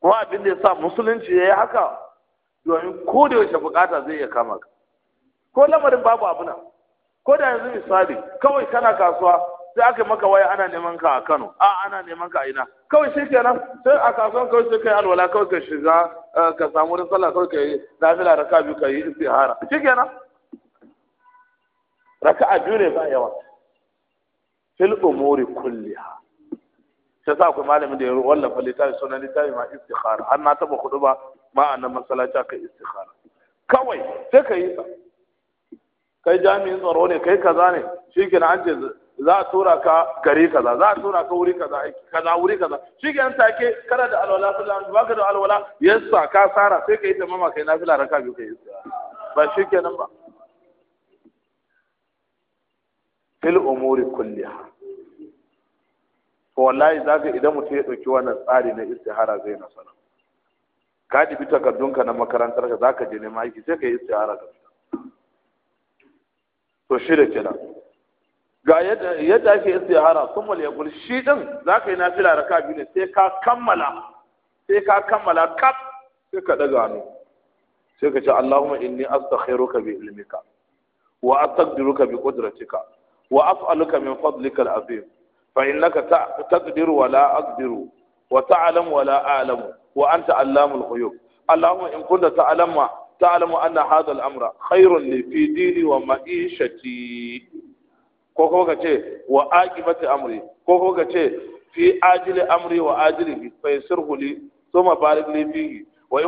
kuma abin da ya sa musulunci ya yi haka domin ko da yaushe bukata zai iya kama ka ko lamarin babu abuna ko da yanzu misali kawai kana kasuwa sai aka maka waya ana neman ka a Kano a ana neman ka a ina kawai shi kenan sai a kasuwan kawai sai kai alwala kawai ka shiga eh, ka samu wurin sallah kawai ka yi nafila da biyu ka yi istihara shi kenan raka'a biyu ne ba yawa fil umuri kulliha sai sa akwai malami da ya wallafa littafi sunan littafi ma istikhara har na taba kudu ba ma annan masallaci aka istikhara kawai sai ka yi kai jami'in tsaro ne kai kaza ne shikenan an ce za a tura ka gari kaza za a tura ka wuri kaza aiki kaza wuri kaza shikenan take kana da alwala sallan baka da alwala yasa ka sara sai ka yi tamama kai nafila raka biyu kai ba shikenan ba fil umuri kulliha to wallahi zaka idan mutum ya dauki wannan tsari na istihara zai nasara ka bita takardunka na makarantar ka zaka je neman aiki sai kai istihara ka to shi da kenan ga yadda yadda ake istihara sun ya yaqul shi din zaka yi nafila raka biyu ne sai ka kammala sai ka kammala kaf sai ka daga hannu sai ka ce Allahumma inni astakhiruka bi ilmika wa astaqdiruka bi qudratika wa as'aluka min fadlika al'azim fa innaka taqdiru wa la aqdiru wa ta'lamu wa la a'lamu wa anta allamul ghuyub allahumma in kunta ta'lamu ta'lamu anna hadha al-amra khairun li fi dini wa ma'ishati ko kuma ce wa aqibati amri ko kuma ce fi ajili wa ajili fa yasirhu li thumma barik wa dini wa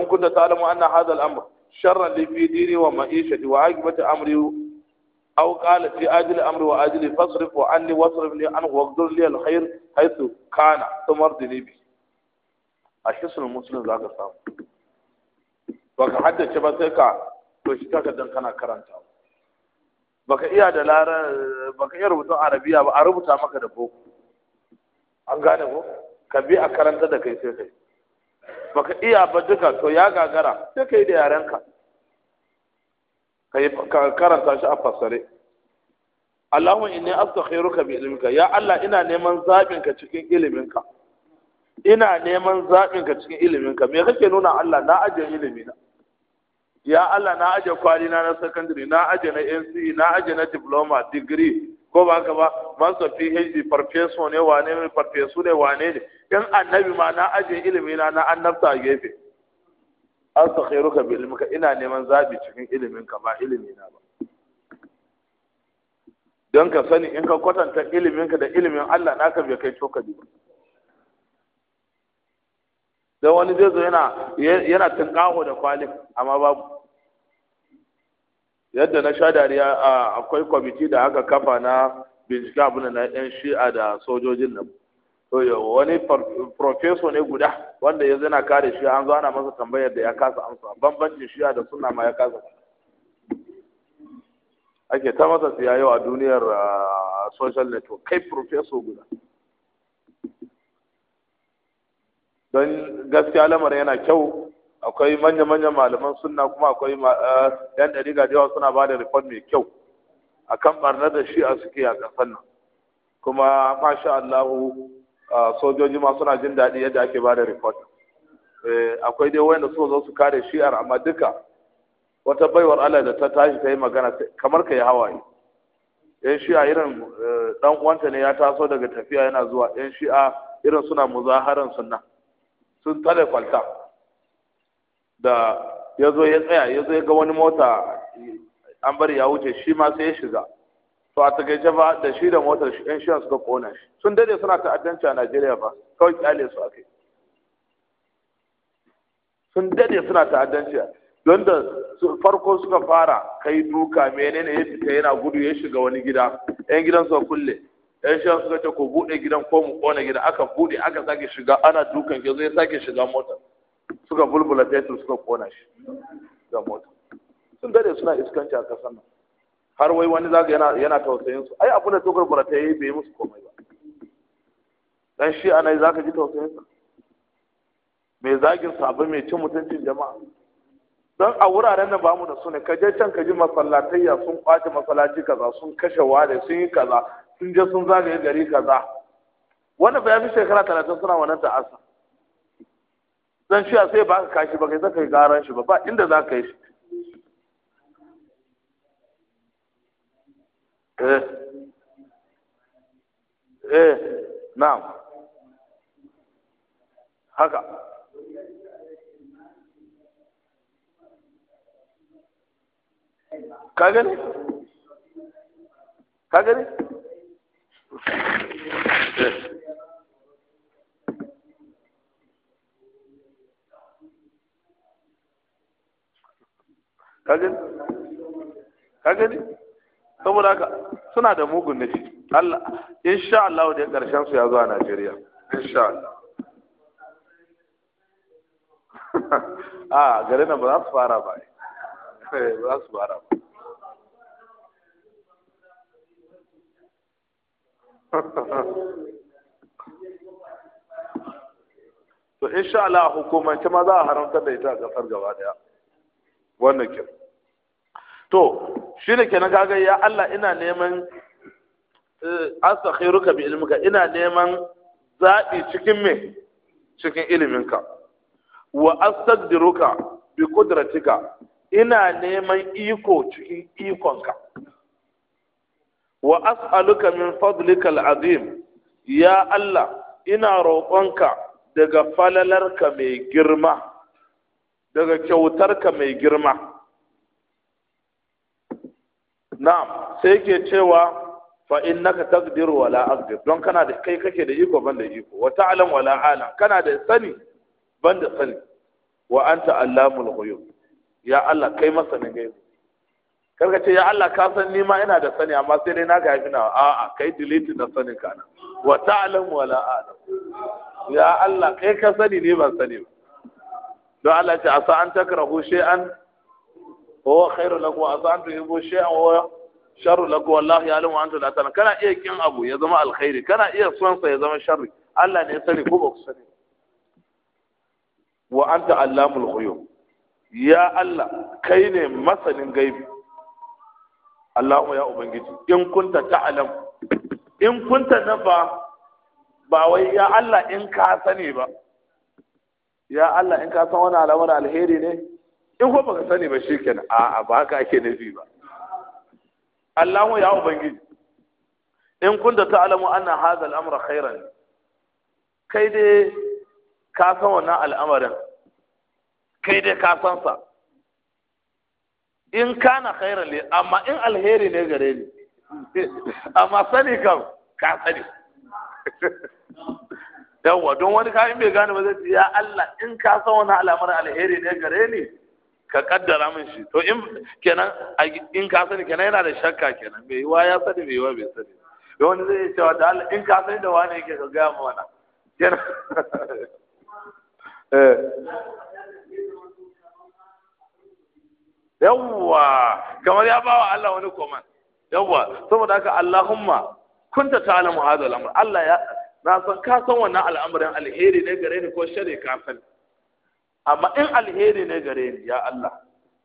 wa amri او قال في اجل أمر واجل فصرف عني لي عنه واقدر لي الخير حيث كان ثم به الحسن المسلم لا تصاب baka haddace ba sai ka to shi kaka dan kana karanta baka iya da lara baka iya rubutun arabiya ba a rubuta maka da boko an gane ko ka bi a karanta da kai sai kai baka iya ba to ya gagara sai kai da yarenka ka karanta shi a fassare Allahumma inni astakhiruka bi ilmika ya Allah ina neman zabin ka cikin iliminka ina neman zabin ka cikin iliminka me kake nuna Allah na aje ilimi na ya Allah na aje kwali na na secondary na aje na NCE na aje na diploma degree ko ba ka ba master PhD professor ne wane ne professor ne wane ne in annabi ma na aje ilimi na na annabta gefe astakhiruka bi ilmika ina neman zabi cikin iliminka ba ilimi na ba don ka sani in ka kwatanta iliminka da ilimin Allah naka bai kai cokali ba don wani zai zo yana yana tunƙaho da kwali amma babu yadda na sha dariya akwai kwamiti da aka kafa na bincike abin na yan shi'a da sojojin nan to wani profeso ne guda wanda ya yana kare shi an zo ana masa tambayar da ya kasa amsa bambancin shi da suna ma ya kasa ake ta masa siya yau a duniyar ah, social network kai profeso guda don gaskiya lamarin yana kyau akwai manya-manyan malaman suna kuma akwai ah, yan ɗari da yawa suna ba da report mai kyau a kan barnar da shi a suke a ƙasar nan kuma masha Allahu sojoji ma suna jin daɗi yadda ake ba da report eh, akwai dai wanda so zo su kare shi'ar amma duka wata baiwar Allah da ta tashi ta yi magana kamar ka yi hawaye yan shi'a irin dan eh, uwanta ne ya taso daga tafiya yana zuwa yan shi'a irin suna muzaharan sunna sun tare kwalta da ya zo ya tsaya ya zo ya ga wani mota an bari ya wuce shi ma sai ya shiga to a takaice ba da shi da motar shi yan shiyan suka kona shi sun dade suna ta'addanci a Najeriya ba kawai kyale su akai sun dade suna ta'addanci don da farko suka fara kai duka menene ya fita yana gudu ya shiga wani gida yan gidan suka kulle yan shi suka ce ko bude gidan ko mu kona gidan aka bude aka sake shiga ana dukan ke zai sake shiga motar suka bulbula fetur suka kona shi da motar sun dade suna iskanci a kasan nan har wai wani zaga yana yana tausayin su ai abin da tokar gura ta yi bai musu komai ba dan shi anai zaka ji tausayin sa mai zagin sabon mai cin mutuncin jama'a don a wuraren da bamu da su ne kaje can kaji masallatayya sun kwace masallaci kaza sun kashe wale sun yi kaza sun je sun zagaye gari kaza wanda bai fi shekara talatin suna wannan ta'asa dan shi sai ba ka kashi ba kai zaka yi garan shi ba ba inda za ka yi shi eh eh na'am haka ka gani ka gani eh. ka gani ka gani saboda haka suna da mugun nufi Allah insha Allah da karshen su ya zo a Najeriya insha Allah a gare na ba za su fara ba eh, ba za su fara ba to insha Allah hukumance ma za a haramta da ita a kasar gaba daya wannan kin to shi ne kenan kaga ya Allah ina neman eh, astakhiruka bi ilmika ina neman zabi cikin me cikin iliminka wa astaqdiruka bi qudratika ina neman iko cikin ikonka wa as'aluka min fadlikal azim ya Allah ina roƙonka daga falalarka mai girma daga kyautarka mai girma na'am sai yake cewa fa innaka taqdiru wala aqdir don kana da kai kake da iko banda iko wa ta'lam wala alam kana da sani banda sani wa anta allamul ghuyub ya Allah kai masanin gaibi karka ce ya Allah ka san ni ma ina da sani amma sai dai naka yafi a a'a kai delete na sani ka na wa ta'lam wala alam ya Allah kai ka sani ne ban sani ba don Allah ce asa an takrahu shay'an wa khairu lakum asa an tuhibbu shay'an wa sharru lakum wallahi ya'lamu wa antum la ta'lamun kana iya kin abu ya zama alkhairi kana iya son sa ya zama sharri Allah ne ya sani ko ba ku sani wa anta allamul ghuyub ya Allah kai ne masanin gaibi Allahumma ya ubangiji in kunta ta'lam in kunta nafa ba wai ya Allah in ka sani ba ya Allah in ka san wani alamar alheri ne in ko ba ka sani ba a a'a ba ka ake nufi ba Allahu ya ubangiji in da ta'lamu anna hadha al-amra khairan kai dai ka san wannan al'amarin kai dai ka san sa in kana khairan li amma in alheri ne gare ni amma sani kam ka sani yawwa don wani kayan bai gane ba zai ya Allah in ka san wannan al'amarin alheri ne gare ni ka kaddara min shi to in kenan in ka sani kenan yana da shakka kenan bai wa ya sani bai wa bai sani da wani zai cewa da Allah in ka sani da wani yake ka gaya mu wana kenan eh. yawwa kamar ya bawa Allah wani command yawwa saboda haka Allahumma kunta ta'lamu hadha al-amr Allah ya na san ka san wannan al'amarin alheri ne gare ni ko shari ka sani amma in alheri ne gare ni ya Allah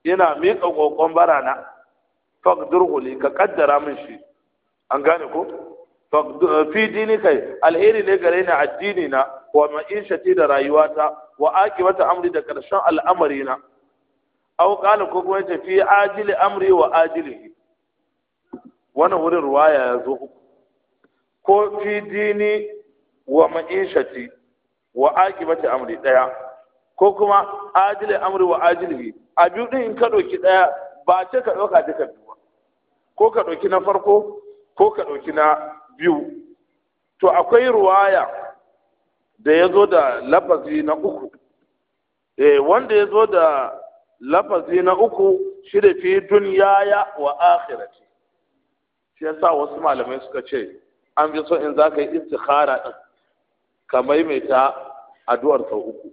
ina miƙa kokon barana faqdirhu li ka kaddara min shi an gane ko eh, fi dini kai alheri ne gare ni addini na wa ma'ishati da rayuwata wa akibata amri da karshen al'amari na aw qala ko kuma ce fi ajili amri wa ajilihi wannan wurin ruwaya ya zo ko fi dini wa ma'ishati wa akibata amri daya ko kuma ajili amri wa ajili a biyu din in ka ɗauki ɗaya ba ce ka ɗauka duka biyu ko ka ɗauki na farko ko ka ɗauki na biyu to akwai ruwaya da ya zo da lafazi na uku eh wanda ya zo da lafazi na uku shi da fi dunyaya wa akhirati shi yasa wasu malamai suka ce an fi so in za ka yi istikhara ka maimaita addu'ar sau uku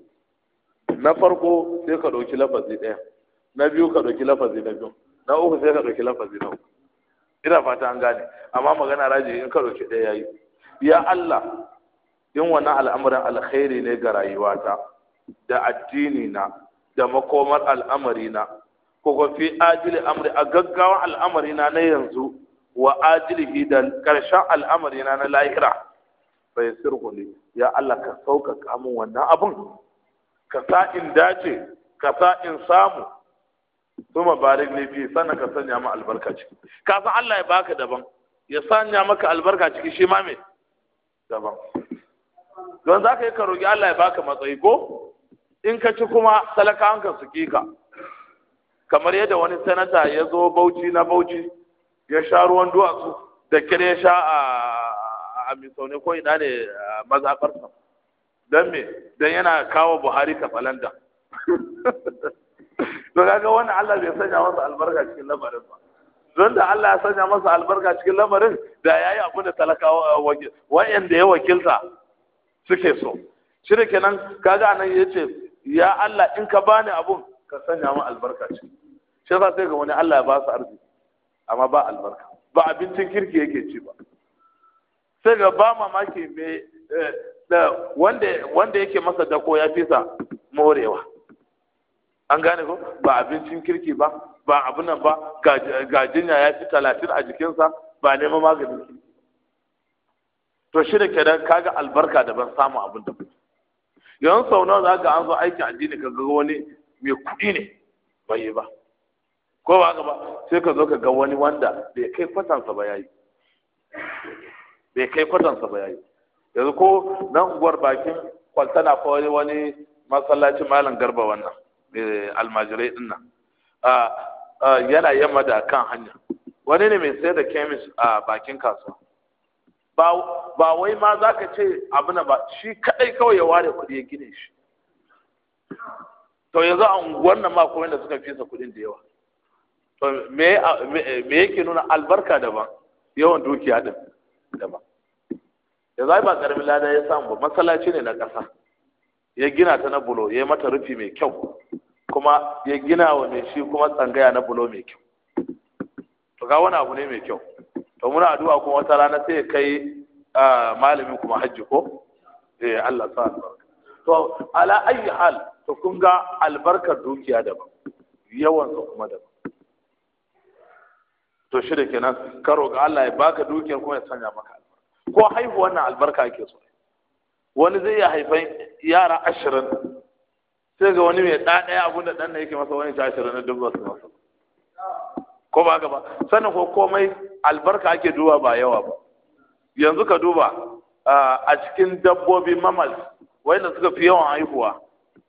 na farko sai ka ɗauki lafazi ɗaya na biyu ka ɗauki lafazi na biyu na uku sai ka ɗauki lafazi na uku ina fata an gane amma magana raji in ka ɗauki ɗaya yayi ya Allah in wannan al'amarin alkhairi ne ga rayuwata da addini na da makomar al'amari na ko ko fi ajili amri a gaggawa al'amari na na yanzu wa ajilihi da karshen al'amari na na lahira bai sirhu ne ya Allah ka sauka kamun wannan abun ka in dace ka in samu kuma barik ne biyu, sannan ka sanya ma albarka ciki ka san Allah ya baka daban ya sanya maka albarka ciki shi ma me daban don za ka yi ka roƙi Allah ya baka matsayi ko in ka ci kuma talakawan ka su ka kamar yadda wani sanata ya zo bauchi na bauchi ya sha ruwan duwatsu da kire ya sha a a misaune ko ina ne mazaɓarsa don me don yana kawo buhari ta falanda don kaga wani Allah bai sanya masa albarka cikin lamarin ba don da Allah ya sanya masa albarka cikin lamarin da yayi abu da talakawa eh, wa'anda ya wakilta suke so shi da kenan kaga anan yace ya Allah in ka bani abun ka sanya min albarka ci shi yasa sai ga wani Allah ya ba su arziki amma ba albarka ba abincin kirki yake ci ba sai ga ba mamaki me eh, da wanda wanda yake masa dako ya fisa morewa an gane ko ba abincin kirki ba ba abin nan ba jinya ya fi talatin a jikinsa ba neman magani. to shi da kenan kaga albarka da ban samu abin da yanzu sau nawa za ka an zo aikin addini ka ga wani mai kuɗi ne bai yi ba ko ba haka ba sai ka zo ka ga wani wanda bai kai kwatansa ba yayi bai kai kwatansa ba yayi yanzu ko nan unguwar bakin tana fa wani masallacin malam garba wannan eh, almajirai din nan yana yamma da kan hanya wani ne mai sayar da kemis a bakin kasuwa ba wai ma za ka ce abu na ba shi kadai kawai ya ware kuɗi ya gine shi to yanzu a unguwar nan ma kuma da suka fisa kuɗin da yawa me yake nuna albarka daban yawan dukiya daban ya zai ba karamin lada ya samu ba masallaci ne na ƙasa ya gina ta na bulo ya mata rufi mai kyau kuma ya gina wa mai shi kuma tsangaya na bulo mai kyau to ga wani abu ne mai kyau to muna addu'a kuma wata rana sai ya kai malami kuma hajji ko eh Allah sa albarka to ala ayi hal to kun ga albarkar dukiya daban yawan sa kuma daban to shi da kenan karo ga Allah ya baka dukiyar kuma ya sanya maka ko haihu wannan albarka ake so wani zai iya haifan yara ashirin sai ga wani mai ɗa ɗaya abin da ɗan na yake masa wani ta ashirin na dubba su masa ko ba gaba sannan ko komai albarka ake duba ba yawa ba yanzu ka duba a cikin dabbobi mamal wanda suka fi yawan haihuwa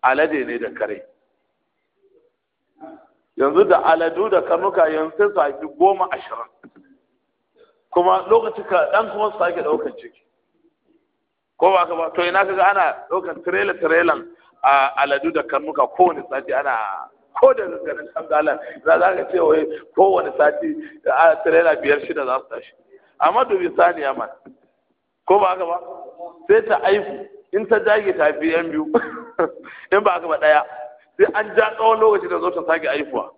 alade ne da kare yanzu da aladu da karnuka yanzu sai su haifi goma ashirin kuma lokacin ka dan kuma su sake daukar ciki ko ba ka ba to ina kaga ana daukar trailer tirelan a aladu da karnuka kowane sati ana ko da ganin kamdalan za za ka ce wai kowane sati a tirela biyar shida za su tashi amma dubi saniya man ko ba ka ba sai ta aifu in ta dage ta fi yan biyu in ba ka ba ɗaya sai an ja tsawon lokaci da zo ta sake aifuwa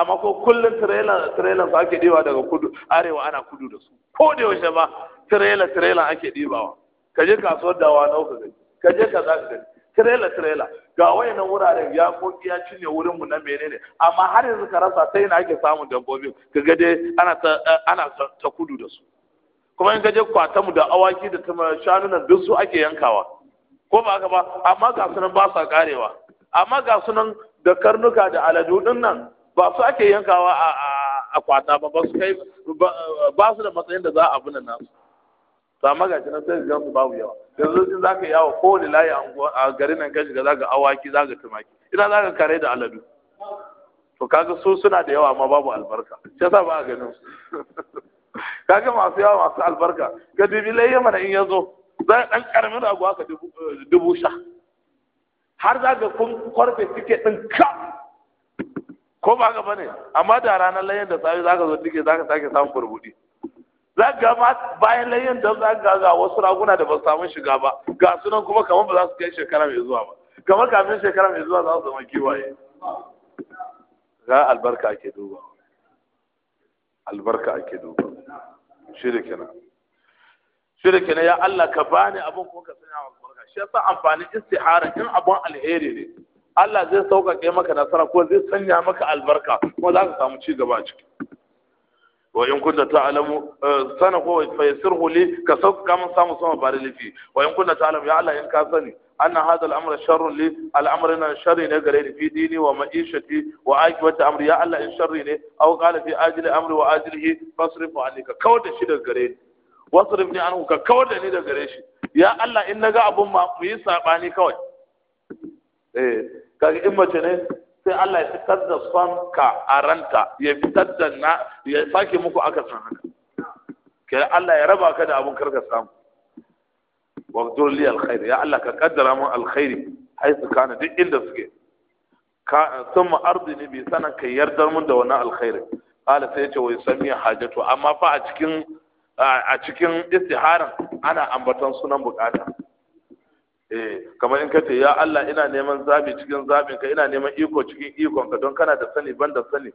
amma ko kullum trailer su ake diba daga kudu arewa ana kudu da su ko da yaushe ba trailer trailer ake dibawa ka je kasuwar dawa nau ka gani ka je ka za ka gani trailer trailer ga na wuraren ya koki ya cinye wurin mu na menene amma har yanzu ka rasa sai na ake samun dabbobin ka ga dai ana ta ana ta kudu da su kuma in ka je kwata mu da awaki da shanunan duk su ake yankawa ko ba haka ba amma ga sunan ba sa karewa amma ga sunan da karnuka da aladu din nan ba su ake yankawa a kwata ba ba su kai ba su da matsayin da za a abu nan ta maga shi na sai gan su babu yawa yanzu za zaka yawo ko ne layi a garin nan ka shiga zaka awaki zaka tumaki ina ka kare da aladu to kaga su suna da yawa amma babu albarka shi yasa ba a ganin su kaga masu yawa masu albarka ka dubi layi mana in yazo zai dan karamin rago aka dubu sha har za kun kwarfe tiket din ka ko ba ka bane amma da ranar layin da tsari zaka zo tike zaka sake samun burbuɗi zaka ga bayan layin da zaka ga ga wasu raguna da ba su samu shiga ba ga sunan kuma kamar ba za su kai shekara mai zuwa ba kamar kafin shekara mai zuwa za su zama kiwaye ga albarka ake duba albarka ake duba shi da kenan shi da kenan ya Allah ka bani abin kuma ka sanya albarka shi yasa amfani istihara in abun alheri ne Allah zai sauƙaƙe maka nasara ko zai sanya maka albarka kuma za ka samu ci gaba a ciki wa in kunta ta'lamu eh, sana ko fa yasirhu li ka sauƙaƙa mun samu sama bare lifi wa in kunta ta'lamu ya Allah in ka sani anna hadha al-amra sharrun li al-amra na sharri ne gare ni fi dini wa ma'ishati wa aqibati amri ya Allah in sharri ne aw qala fi ajli amri wa ajlihi fasrifu alayka kawar da shi daga gare ni wasrif ni anhu ka kawar da ni daga gare shi ya Allah in naga abun ma mu yi sabani kawai eh kaga in mace ne sai Allah ya fitar da son ka a ranta, ya fitar da na ya sake muku aka san haka kai Allah ya raba ka da abun karka samu waqdur li alkhair ya Allah ka kaddara mun alkhairi haisu kana duk inda suke ka ardi ne bi sanan kai yardar mun da wannan alkhair Allah sai ya ce wai sami hajatu amma fa a cikin a cikin istiharan ana ambaton sunan bukata eh kamar in ka ce ya Allah ina neman zabi cikin zabin ka ina neman iko cikin ikon ka don kana da sani ban da sani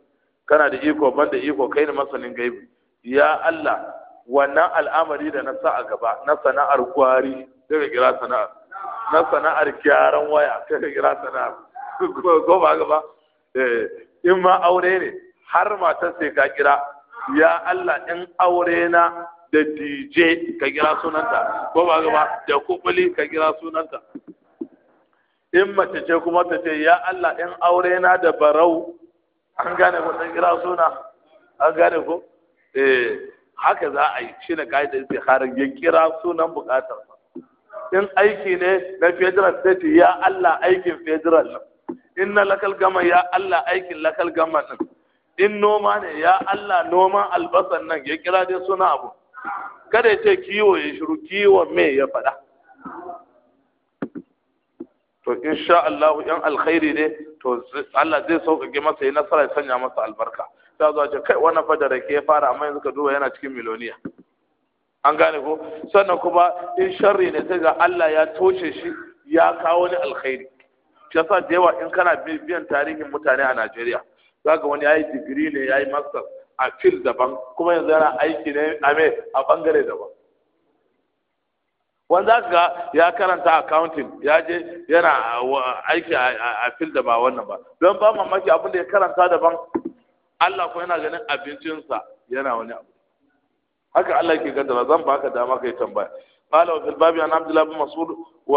kana da iko ban da iko kai ne masanin gaibi ya Allah wannan al'amari da na sa a gaba na sana'ar kwari daga kira sana'ar na sana'ar gyaran waya daga kira sana'ar ko ba gaba eh in ma aure ne har matar sai ka kira ya Allah in aure na da DJ ka gira sunanta ko ba gaba da kukuli ka gira sunanta in mace ce kuma ta ce ya Allah in aure na da barau an gane ko ta gira suna an gane ko eh haka za a yi shi ne yake harin ya kira sunan bukatar in aiki ne na federal state ya Allah aikin federal inna in na lakal gama ya Allah aikin lakal gama nan in noma ne ya Allah noman albasan nan ya kira dai suna abu kada ya ce kiwo ya shiru kiwo mai ya faɗa to insha Allah yan alkhairi ne to Allah zai sauƙaƙe masa ya nasara ya sanya masa albarka ta zuwa ce kai wannan fa da rake ya fara amma yanzu ka duba yana cikin miloniya an gane ko sannan kuma in sharri ne sai ga Allah ya toshe shi ya kawo ni alkhairi shi yasa da yawa in kana biyan tarihin mutane a Najeriya zaka wani ya yi digiri ne ya yi master a fil daban kuma yanzu yana aiki ne a me a bangare daban wanda ga ya karanta accounting ya je yana aiki a fil da ba wannan ba don ba mamaki abin da ya karanta daban Allah ko yana ganin abincinsa yana wani abu haka Allah ke gaddara zan baka dama kai tambaya قال وفي الباب عن عبد الله بن مسعود و...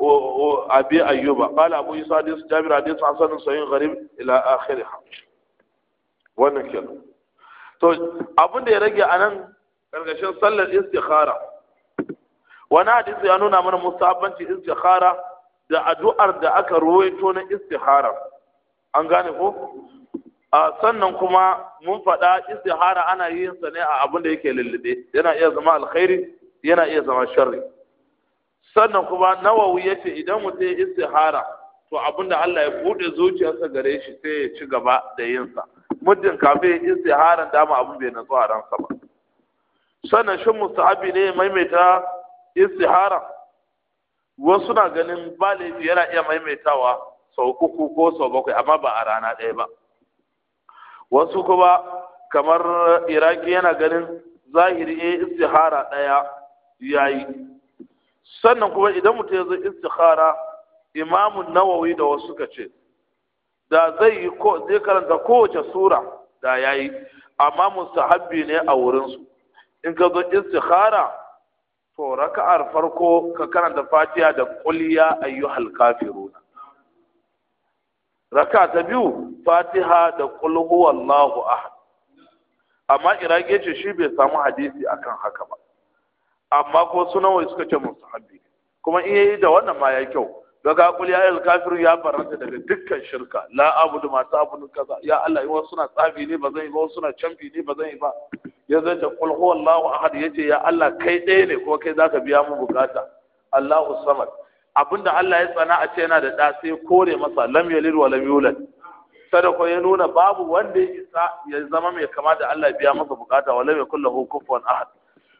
وابي ايوب قال ابو يوسف حديث جابر حديث حسن صحيح غريب الى اخره wannan kenan to abin da ya rage a nan ƙarƙashin sallar istikhara wani hadisi ya nuna mana musabbanci istikhara da addu'ar da aka ruwaito na istikhara an gane ko a sannan kuma mun faɗa istihara ana yin sa ne a abin da yake lullube yana iya zama alkhairi yana iya zama sharri sannan kuma nawawi yace idan mutum ya istihara to abin da Allah ya bude zuciyarsa gare shi sai ya ci gaba da yin sa muddin kafin istiharan dama abun bai nutsu a ransa ba sannan shin mustahabi ne maimaita istihara wasu na ganin ba yana iya maimaitawa sau uku ko sau bakwai amma ba a rana ɗaya ba wasu kuma kamar iraki yana ganin zahiri ya eh, istihara ɗaya yayi. yi sannan kuma idan mutum ya zo istihara imamun nawawi da wasu ka ce da zai yi ko zai karanta kowace sura da yayi amma mustahabbi ne a wurin su in ka zo istikhara to raka'ar farko ka karanta fatiha da qul ya ayyuhal kafirun raka ta biyu fatiha da qul huwallahu ahad amma irage ce shi bai samu hadisi akan haka ba amma ko wai suka ce mustahabbi kuma in yayi da wannan ma ya kyau daga kul ya al kafiru ya faranta daga dukkan shirka la abudu ma ta'budu kaza ya Allah in wasu na tsafi ne ba zan yi ba wasu na canfi ne ba zan yi ba ya zance kul huwallahu ahad ce ya Allah kai ɗaya ne ko kai zaka biya mu bukata Allahu samad abinda Allah ya tsana a ce yana da ɗa sai kore masa lam yalid wa lam yulad sadako ya nuna babu wanda ya isa ya zama mai kama da Allah biya masa bukata wala mai yakul lahu kufuwan ahad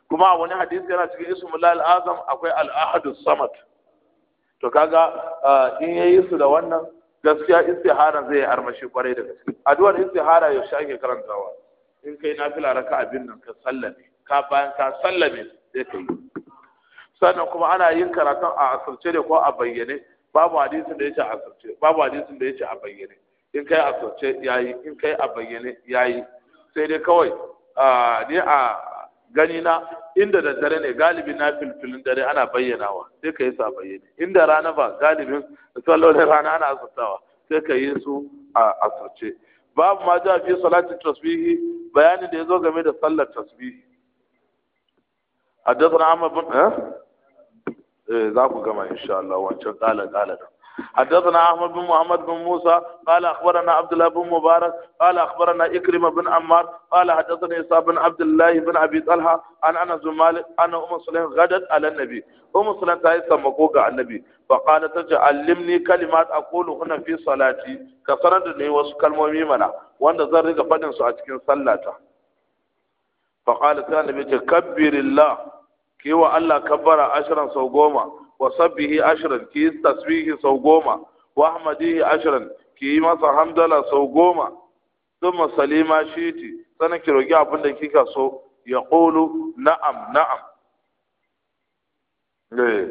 kuma wani hadisi yana cikin ismul azam akwai al ahadus samad to kaga in yi su da wannan gaskiya istihara zai armashi kwarai da gaske addu'ar istihara yaushe shage karantawa in kai na fila raka abin nan ka sallame ka bayan ka sallame sai ka yi sannan kuma ana yin karatun a asirce ne ko a bayyane babu hadisin da yace a asirce babu hadisin da yace a bayyane in kai a asirce yayi in kai a bayyane yayi sai dai kawai ni a gani na inda da dare ne galibi na filfilin dare ana bayyanawa sai ka yi su a bayyane inda rana ba galibin sallolin rana ana asusawa sai ka yi su a asirce babu ma a fi salati tasbihi bayani da ya zo game da sallar tasbihi حدثنا عمرو بن ها إيه ذاك كما ان شاء الله وان شاء الله حدثنا احمد بن محمد بن موسى قال اخبرنا عبد الله بن مبارك قال اخبرنا اكرم بن عمار قال حدثني اسحاق بن عبد الله بن ابي طلحه عن انا بن مالك ان ام سلم غدت على النبي ام سلم تاي سمكو على النبي فقالت تعلمني كلمات اقول هنا في صلاتي كسرت لي wasu kalmomi منا وند زن riga فدن سو a cikin sallata فقالت النبي كبر الله كيوا الله كبر عشرا سو goma wa sabbihi ashran ki yi tasbihi sau goma wa ahmadihi ashran ki yi masa hamdala sau goma thumma salima shiti sana ki roki abin da kika so ya qulu na'am na'am eh.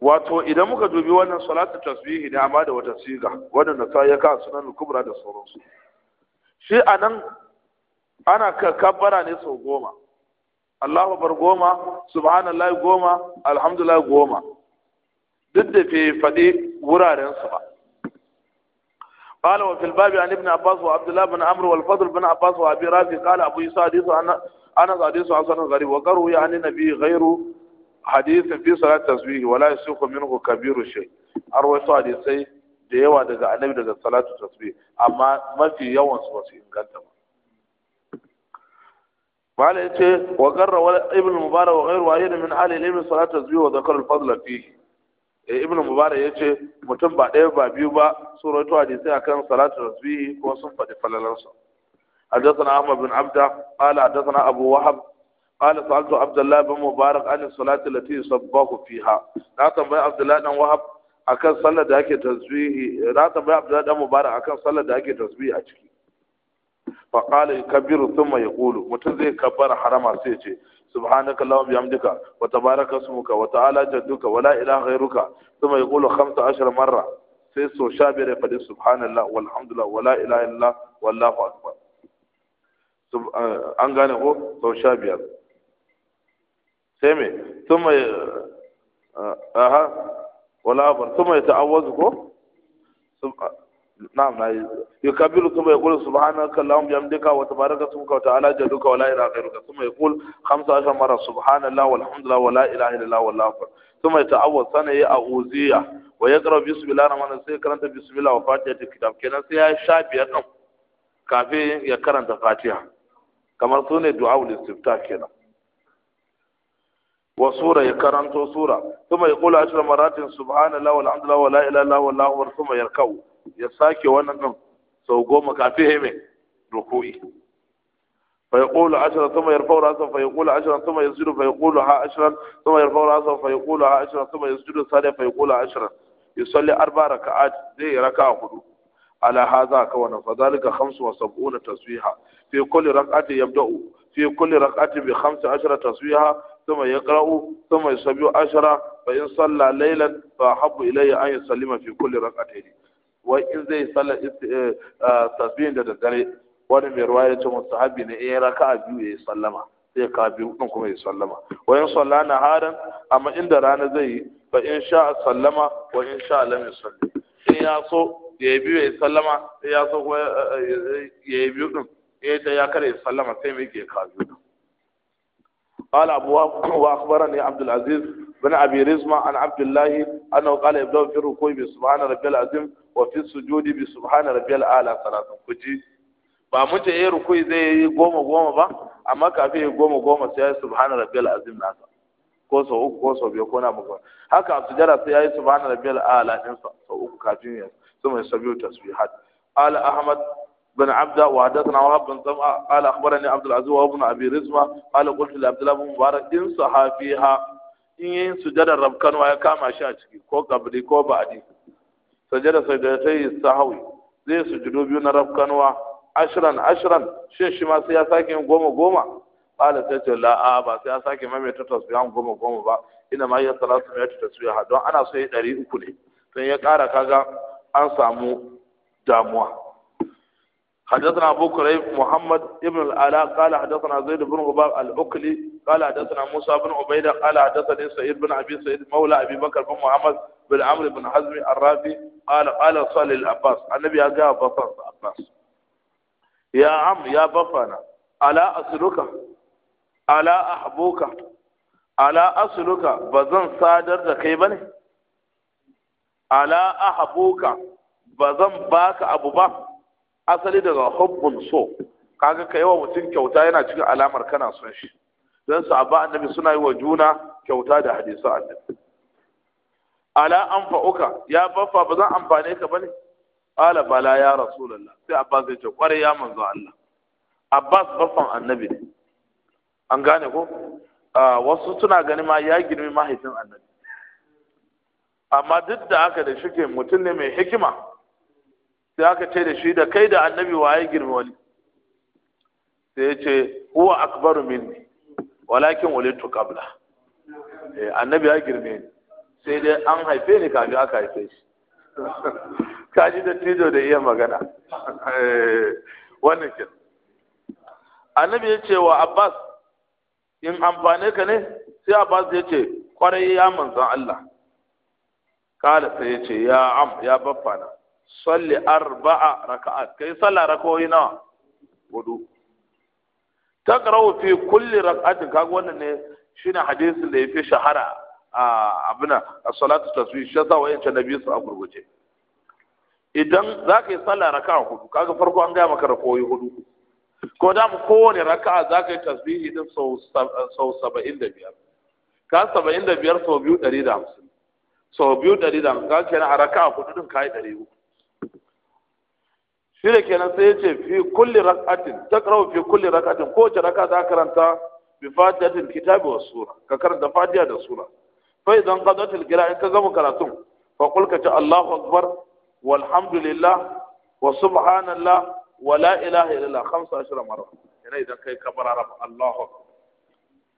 wato idan muka dubi wannan salatu tasbihi ne amma da wata siga wadanda ta ya ka sunan kubra da sauransu shi anan ana kabbara ne sau goma Allahu bar goma subhanallah goma alhamdulillah goma duk da fi faɗi wuraren su ba قال وفي الباب عن ابن عباس وعبد الله بن عمرو والفضل بن عباس وابي رافع قال ابو يسوع حديث عن انا حديث عن سنه غريب وقروا يعني النبي غير حديث في صلاه التسبيح ولا يسوق منه كبير شيء اروى حديثي da yawa daga annabi daga salatu tasbih amma mafi yawan su wasu inganta قال يتي وقر ابن مبارك وغير واحد من اهل العلم صلاه التسبيح وذكر الفضل فيه ibn mubarak ya ce mutum ba ɗaya ba biyu ba sun rawaito akan salatu tasbihi ko sun faɗi falalansa حدثنا أحمد بن عبدة قال حدثنا أبو وهب قال سألت عبد الله بن مبارك عن الصلاة التي صباه فيها لا تنبأ عبد الله بن وهب da صلى ذاك na لا تنبأ dan mubarak akan sallar da صلى a ciki fa qala yakbiru thumma yaqulu mutum zai kabbara harama sai ya ce subhanaka allahumma bihamdika wa tabaraka ismuka wa ta'ala jadduka wa la ilaha ghayruka thumma yaqulu 15 marra sai so sha biyar da faɗi subhanallah walhamdulillah wala ilaha illallah wallahu akbar eh, an gane ko sau sha biyar sai me tun mai eh, aha wala akbar tun mai ta'awwazu ko na'am na yukabbiru kuma yaqul subhanaka allahumma bihamdika wa tabaraka ismuka wa ta'ala jadduka wa la kuma 15 mara subhanallahi walhamdulillahi wa la ilaha illallah wallahu akbar kuma yata'awwaz sana ya a'uziya wa yaqra bismillahir rahmanir rahim sai karanta bismillah wa fatiha kitab kenan sai ya sha biyar din kafin ya karanta fatiha kamar sune du'aul istiftah kenan وسورة ثم يقول عشر مرات سبحان الله والحمد لله ولا إله إلا الله والله ثم ya sake wannan nan sau goma kafin ya yi mai rukui fa ya kula ashirin tuma ya rufa rasa fa ya kula ashirin tuma ya zuru fa ya kula ha ashirin tuma ya rufa rasa fa ya kula ha ashirin tuma ya zuru sale fa ya kula ashirin ya salli arba raka zai yi raka a hudu ala haza ka wannan fa zalika hamsu wa sab'una taswiha fi kulli raqati yabda'u fi kulli raqati bi khamsi ashara taswiha thumma yaqra'u thumma yusabbihu ashara fa in salla laylan fa habu ilayya an yusallima fi kulli raqatayn wai in zai sallar eh, ah, tasbihin da daddare wani mai ruwa ya ce mustahabi ne in ya a biyu ya yi sallama sai ka biyu din kuma ya sallama wa in salla naharan amma inda rana zai yi fa in sha sallama wa in sha lam yusalli in ya so ya yi biyu ya yi sallama in ya so eh, eh, ya yi biyu din ya ta ya kare sallama sai mai ke ka biyu قال أبو وأخبرني عبد العزيز بن أبي رزمة عن عبد الله أنه قال ابدأوا في الركوع بسبحان ربي العظيم وفي السجود بسبحان ربي الأعلى صلاة كجي ba mun ce yayi rukui zai yi goma goma ba amma kafin goma goma sai ya subhana rabbiyal azim nasa ko sau uku ko sau biyu ko na muku haka a sujada sai ya بن عبد وحدثنا وهب بن سمعه قال اخبرني عبد العزيز وابن ابي رزمه قال قلت لعبد الله بن مبارك ان صحافيها in yi sujadar rabkanwa ya kama shi a ciki ko kabri ko ba'adi da sai sahawi zai sujudu biyu na rabkanwa ashiran ashiran shin shi ma sai ya sake yin goma goma Ba sai ce la ba sai ya sake maimaita tasbihan goma goma ba ina ma ya salatu mai ta tasbiha don ana so ya ɗari uku ne sai ya ƙara kaga an samu damuwa حدثنا أبو كريب محمد ابن الآلاء قال حدثنا زيد بن غبار الأكلي قال حدثنا موسى بن عبيدة قال حدثني سعيد بن أبي سعيد مولى أبي بكر بن محمد بن عمرو بن حزم الرافي قال قال صلى العباس النبي أجا بطن عباس يا عم يا بفانا ألا أصلك ألا أحبوك ألا أصلك بزن صادر دكيبني ألا أحبوك بزن باك أبو بكر asali daga hubbun so kaga ka yawa mutum kyauta yana cikin alamar kana son shi don su abba annabi suna yi wa juna kyauta da hadisan annabi ala an fa'uka ya baffa ba zan amfane ka bane ala bala ya rasulullah sai abbas zai ce kwarai, ya manzo Allah abbas baffan annabi ne an gane ko wasu suna gani ma ya girmi mahaifin annabi amma duk da haka da shike mutum ne mai hikima sai aka ce da shi da kai da annabi waye girma wani sai ya ce huwa akbaru minni walakin walitu qabla eh annabi ya girme ni sai dai an haife ni kafin aka haife shi kaji da tijo da iya magana eh, wannan ke annabi ya ce wa abbas in amfane ka ne sai abbas ya ce kwarai ya manzan allah kala sai ya ce ya am ya baffana salli arba'a raka'at kai sallah rakawoyi nawa Ta taqra'u fi kulli raka'atin kaga wannan ne shine hadisin da yafi shahara a abuna as-salatu tasbih shi yasa wayan ta nabi su a gurguje idan zaka yi sallah raka'a hudu kaga farko an ga maka rakawoyi hudu ko da mu kowane raka'a zaka yi tasbihi din sau sau 75 ka 75 sau biyu 150 sau biyu 150 ka kenan a raka'a hudu din kai 300 shi da kenan sai ya ce fi kulli rak'atin taqra'u fi kulli rak'atin ko wace raka za karanta bi fatihatil kitabi was sura ka karanta fatiya da sura fa idan qadatil qira'a in ka gama karatun fa qul ka ta Allahu akbar walhamdulillah wa subhanallah wa la ilaha illallah 15 marra yana idan kai kabara rabb Allahu akbar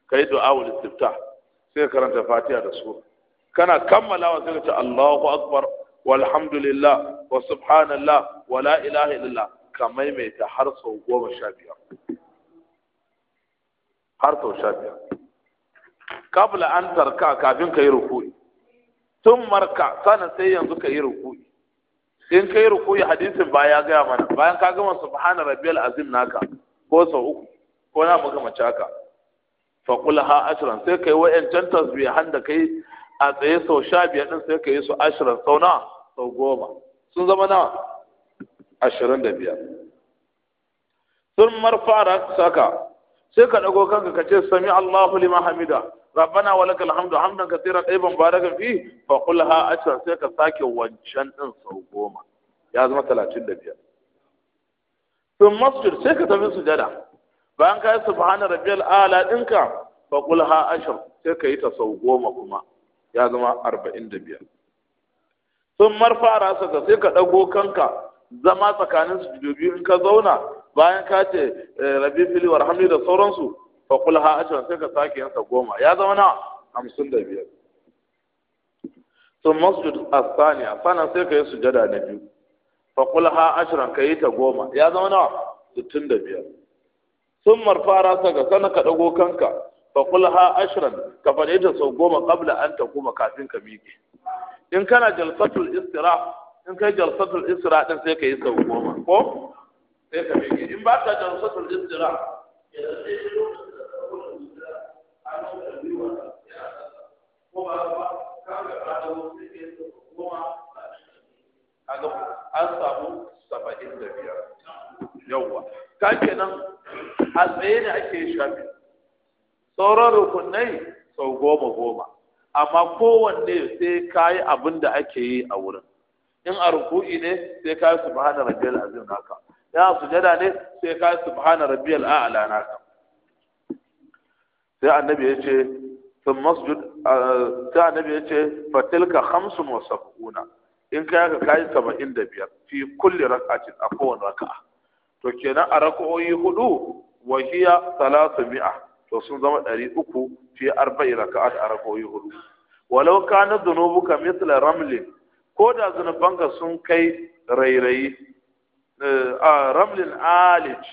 kai du'a wal istiftah sai karanta fatiya da sura kana kammalawa sai ka ce Allahu akbar walhamdulillah wa subhanallah wa la ilaha illallah ka maimaita har sau goma sha biyar har sau sha biyar kabla an tarka kafin ka yi rukuni. tun marka sanin sai yanzu ka yi rukuni. in ka yi rukuni hadisin ba ya gaya mana bayan ka gama subhana rabbiyal azim naka ko sau uku ko na mu gama caka. fa kula ha ashran sai kai wa'ancan tasbihan da yi a tsaye sau sha biyar ɗin sai kai su ashran sau na sau goma sun zama nawa ashirin da biyar sun marfara saka sai ka ɗago kanka ka ce sami Allahu liman hamida rabbana wa lakal hamdu hamdan katiran ɗayyiban barakan fi fa qul ha ashar sai ka sake wancan ɗin sau goma ya zama talatin da biyar sun masjid sai ka tafi sujada bayan ka yi subhana rabbiyal ala ɗinka fa qul ha ashar sai ka yi ta sau goma kuma ya zama arba'in da biyar sun marfara sa ka sai ka ɗago kanka zama tsakanin su biyu in ka zauna bayan ka ce eh, rabi fili warhamni da sauransu fa kul ha ashirin sai ka sake yansa goma ya zama na hamsin da biyar sun masjid asani asana sai ka yi sujada na biyu fa kul ha ashirin ka yi ta goma ya zama na sittin da biyar sun marfara sa ka sana ka ɗago kanka fa kul ha ashirin ka faɗe ta sau goma kabla an ta kuma kafin ka miƙe in kana jalsatul istira in kai jalsatul istira din sai ka yi sau goma ko sai ka bege in ba ka jalsatul istira an samu saba'in da biyar yawwa ka kenan a tsaye ne ake shafi sauran rukunai sau goma goma amma kowanne sai ka yi abin da ake yi a wurin in a ruku'i ne sai ka yi subhana rabbiyal azim naka in a sujada ne sai ka yi subhana rabbiyal a'la naka sai annabi ya ce sun masjud sai annabi ya ce fatilka khamsun wa sab'una in ka ka kayi saba'in da biyar fi kulli rak'atin a kowane raka'a to kenan a raka'o'i hudu wa hiya salatu mi'a to sun zama ɗari uku fi arba'i raka'at a rakoyi hudu walau zunubu ka mithla ramlin ko da ka sun kai rairayi eh, a ramlin alij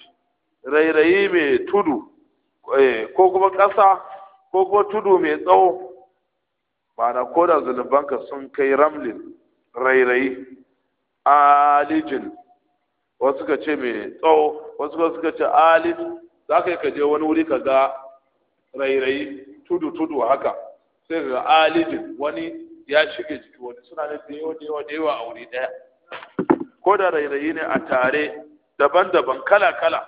rairayi mai tudu eh, ko kuma ƙasa ko kuma tudu mai tsawo ma'ana ko da ka sun kai ramlin rairayi alijin wasu ka ce mai tsawo wasu ka suka ce alif za ka yi ka je wani wuri ka ga rairayi tudu tudu haka sai ga alijin wani ya shige jiki wani suna da da yawa da yawa da yawa a wuri daya ko da rairayi ne a tare daban-daban kala-kala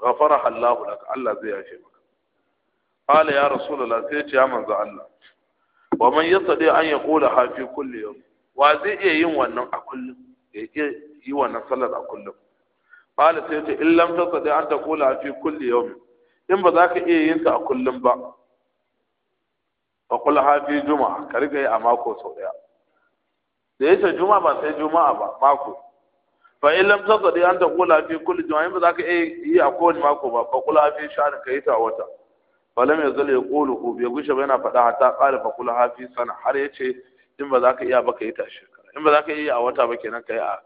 ghafara Allahu laka Allah zai yashe maka qala ya rasulullah sai ce ya manzo Allah wa man yastadi an yaqula ha fi kulli yawm wa zai iya yin wannan a kullum ya iya yi wannan sallar a kullum qala sai ce in lam tastadi an taqula fi kulli yawm in ba za ka iya yin ta a kullum ba fa kul hafi juma'a ka riga yi a mako sau daya da yace juma'a ba sai juma'a ba mako fa in lam tasadi an ta kula fi kulli juma'a in ba za ka iya yi a kowane mako ba fa kul hafi sha'an ka yi ta a wata falam ya zale qulu bai gushe ba yana faɗa hatta qala fa hafi sana har yace in ba za ka iya ba ka yi ta shekara in ba za ka iya a wata ba kenan ka yi a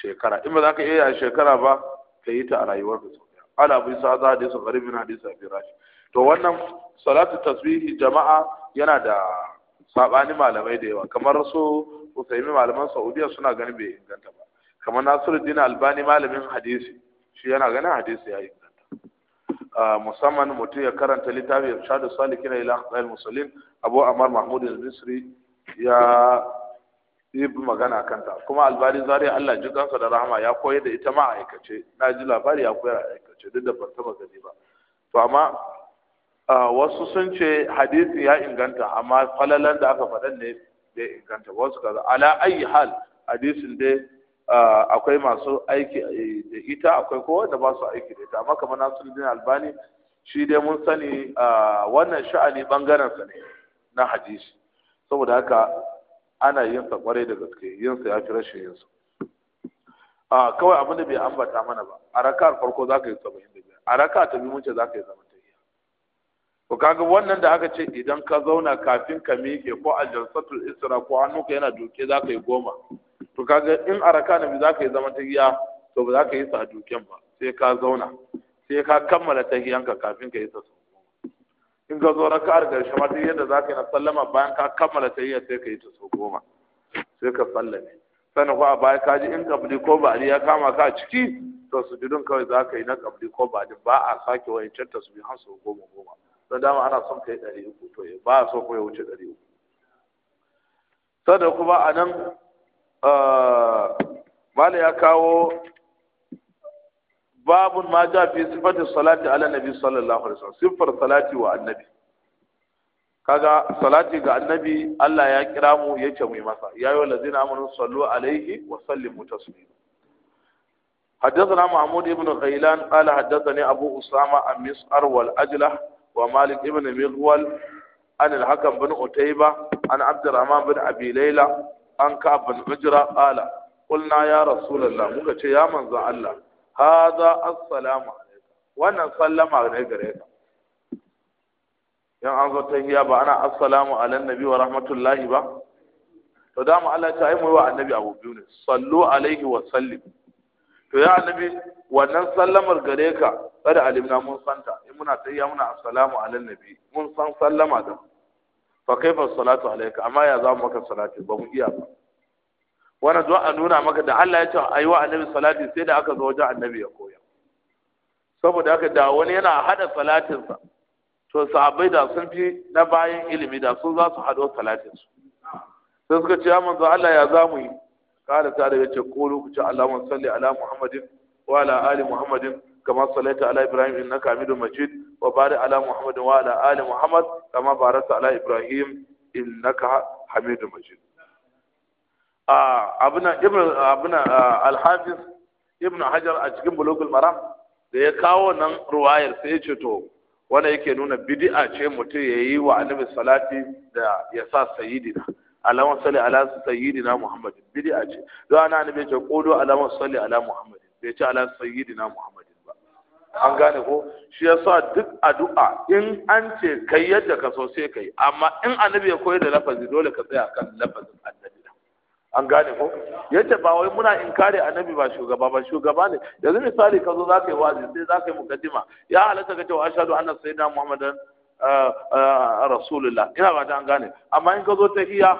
shekara in ba za ka iya a shekara ba ka yi ta a rayuwarka sau ala bi isa za hadisa garibin hadisi a firashi to wannan salatu tasbihi jama'a yana da sabani malamai da yawa kamar su usaimi malaman saudiya suna ganin bai inganta ba kamar nasiruddin albani malamin hadisi shi yana ganin hadisi yayi inganta ah, musamman mutum ya karanta littafin irshadu salikina ila al musallin abu amar mahmud al-misri ya yi magana kanta kuma albari zari Allah ji kansa da rahama ya koyar da ita ma aikace na ji labari ya koyar aikace duk da ban taba gani ba to amma wasu sun ce hadisi ya inganta amma falalan da aka faɗan ne bai inganta wasu kaza ala ayi hal hadisin dai akwai masu aiki da ita akwai kowa da ba su aiki da ita amma kamar Nasiruddin Albani shi dai mun sani wannan sha'ani bangaren sa ne na hadisi saboda haka ana yin sa kwarai da gaske yin sa ya fi rashin yin sa a kawai abin da bai ambata mana ba a raka'ar farko za ka yi saba da biyar a raka ta biyu mun za ka yi zaman tahiya to kaga wannan da aka ce idan ka zauna kafin ka miƙe ko aljansatul isra ko nuka yana duke za ka yi goma to kaga in a raka na biyu za ka yi ta biyar to ba za ka yi sa a duken ba sai ka zauna sai ka kammala ta ka kafin ka yi sa su in ka zo raka'ar karshe ma duk yadda zaka yi na sallama bayan ka kammala tahiyya sai ka yi ta sau goma sai ka sallame sannan ko a baya ka ji in kabli ko ba'di ya kama ka a ciki to sujudun kawai za ka yi na kabli ko ba'di ba a sake su tasbihan sau goma goma don dama ana son ka yi ɗari uku to ba a so ko ya wuce ɗari uku sannan kuma a nan ah, mala ya kawo babun ma ja fi sifatin salati ala nabi sallallahu alaihi wasallam siffar salati wa salati ga annabi Allah ya kira mu ya ce mu yi masa ya yi lazina amanu sallu alaihi wa Usama taslima حدثنا محمود بن غيلان قال حدثني أبو أسامة عن مسعر والأجلة ومالك بن مغول عن الحكم بن أتيبة عن عبد الرحمن بن أبي ليلى عن كعب بن عجرة قال قلنا يا رسول الله مكتش يا من الله hada assalamu alaikum wannan sallama ne gare ka yan an zo tahiyya ba ana assalamu ala nabi wa rahmatullahi ba to da mu Allah ta yi mu wa annabi abu biyu ne sallu alaihi wa sallim to ya annabi wannan sallamar gare ka kada alimna mun santa in muna tahiyya muna assalamu ala nabi mun san sallama da fa kaifa salatu alayka amma ya za mu maka salati ba mu iya ba wannan don a nuna maka da Allah ya ce a yi wa annabi salati sai da aka zo wajen annabi ya koya saboda haka da wani yana hada salatinsa to sahabbai da sun fi na bayan ilimi da sun za su hado salatinsu sai suka ce amma zo Allah ya zamu yi kada ta daga ce kolo ku ce Allahumma salli ala Muhammadin wa ala ali Muhammadin kama sallaita ala Ibrahim innaka Hamidum Majid wa bari ala Muhammadin wa ala ali Muhammad kama barasa ala Ibrahim innaka Hamidum Majid abuna ibn abuna al ibn hajar a cikin bulugul maram da ya kawo nan ruwayar sai ya ce to wanda yake nuna bid'a ce mutum ya yi wa annabi salati da ya sa sayyidina alama salli ala sayyidina muhammad bid'a ce don ana annabi ce kodo alama salli ala muhammad bai ce ala sayyidina muhammad ba an gane ko shi ya sa duk addu'a in an ce kai yadda ka so sai kai amma in annabi ya koyar da lafazi dole ka tsaya kan lafazin annabi an gane ko yace ba wai muna inkari annabi ba shugaba ba shugaba ne yanzu misali ka zo zaka yi wazi sai zaka yi mukaddima ya halatta ka ce wa ashhadu anna sayyidina muhammadan uh, uh, rasulullah ina ba ta an gane amma in ka zo ta iya,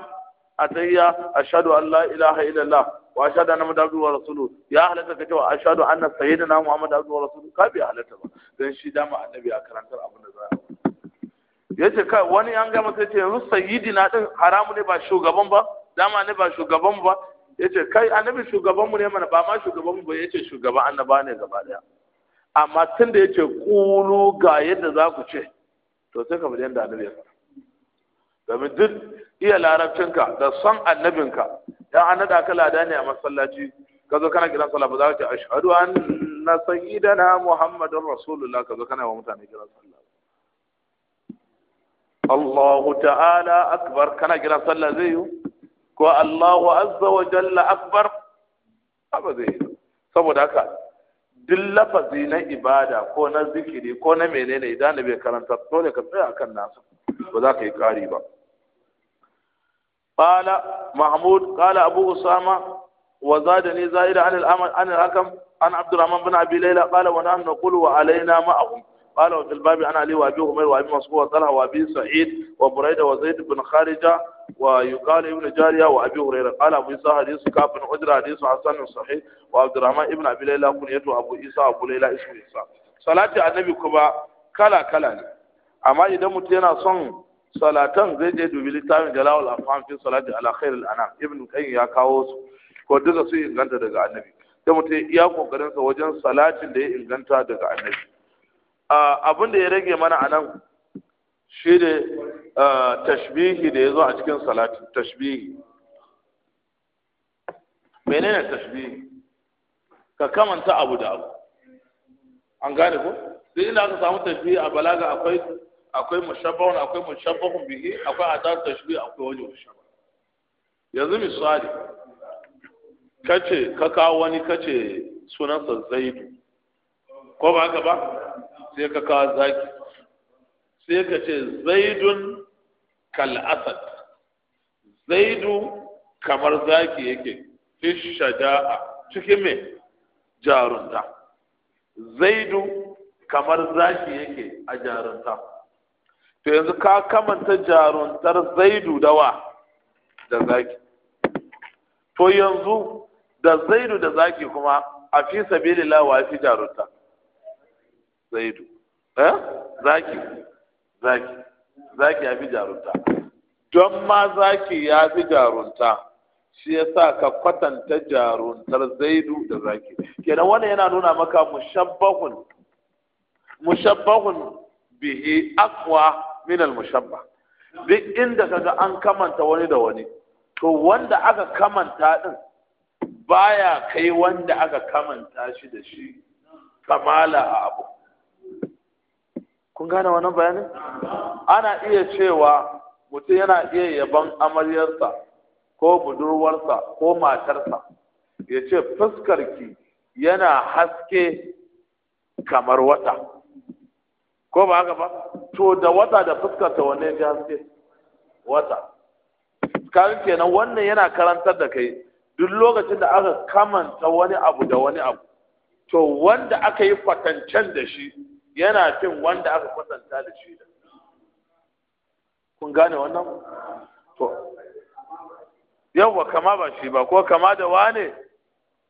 a ta iya ashhadu an la ilaha illallah wa ashhadu anna muhammadan abduhu wa rasuluhu ya halatta ka ce wa ashhadu anna sayyidina muhammadan abduhu wa rasuluhu ka bi halatta ba dan shi dama annabi a karantar abin da za a yace kai wani an gama sai ce yanzu sayyidina din haramu ne ba shugaban ba dama ne ba shugaban ba yace kai annabi shugaban mu ne mana ba ma shugaban mu ba yace shugaban annaba ne gaba daya amma tunda yace kulu ga yadda za ku ce to sai ka bi yadda annabi ya fara domin duk iya larabcinka da son annabinka dan an ka lada ne a masallaci ka zo kana kiran sallah ba za ka ce ashhadu anna sayyidana muhammadun rasulullah ka zo kana wa mutane kiran sallah Allahu ta'ala akbar kana kiran sallah zai yi ko Allahu azza wa jalla akbar saboda haka duk lafazi na ibada ko na zikiri ko na menene idan da bai karanta dole ka tsaya akan nasu ba za ka yi ƙari ba قال محمود قال أبو أسامة وزادني زائد عن الأمل عن الحكم عن عبد الرحمن بن أبي ليلى قال قال وفي الباب عن علي وابي عمر وابي مسعود وطلحه وابي سعيد وبريده وزيد بن خارجه ويقال ابن جاريه وابي هريره قال ابو عيسى حديث كعب بن عجره حديث حسن صحيح وعبد الرحمن ابن ابي ليلى كنيته ابو عيسى ابو ليلى اسمه عيسى صلاه النبي كما كلا كلا ne amma idan mutum yana son salatan zai je dubi littafin jalawul afham fi salati ala khairil anam ibn qayyim ya kawo su ko duka su inganta daga annabi sai mutum ya kokarin sa wajen salatin da ya inganta daga annabi abin da ya rage mana a nan shi ne tashbihi da ya zo a cikin salatu tashbihi menene tashbihi ka kamanta abu da abu an gane ko duk inda aka samu tashbihi a balaga akwai akwai mushabbahun akwai mushabbahun bihi akwai adar tashbihi akwai wani mushabbah yanzu misali kace ka kawo wani kace sunansa zaidu ko ba haka ba sai ka kawo zaki sai ka ce zaidun kal'asad zaidu kamar zaki yake fi shaja'a cikin mai jarunta zaidu kamar zaki yake a jarunta to yanzu ka kamanta jaruntar zaidu dawa da zaki to yanzu da zaidu da zaki kuma a fi sabilillah wa fi jarunta zaidu eh zaki zaki zaki ya fi jarunta don ma zaki ya fi jarunta shi ya sa ka kwatanta jaruntar zaidu da zaki kenan wannan yana nuna maka mushabbahun mushabbahun bihi aqwa min al duk inda kaga an kamanta wani da wani to wanda aka kamanta din baya kai wanda aka kamanta shi da shi kamala a abu kun gane wannan bayanin ana iya cewa mutum yana iya yaban amaryarsa ko budurwarsa ko matarsa ya ce fuskarki yana haske kamar wata ko ba haka ba to da wata da fuskarta wanne ya haske wata kayan kenan wannan yana karantar da kai duk lokacin da aka kamanta wani abu da wani abu to wanda aka yi fatancen da shi yana cin wanda aka kwatanta da shi da kun gane wannan to yawwa kama ba shi ba ko kama da wane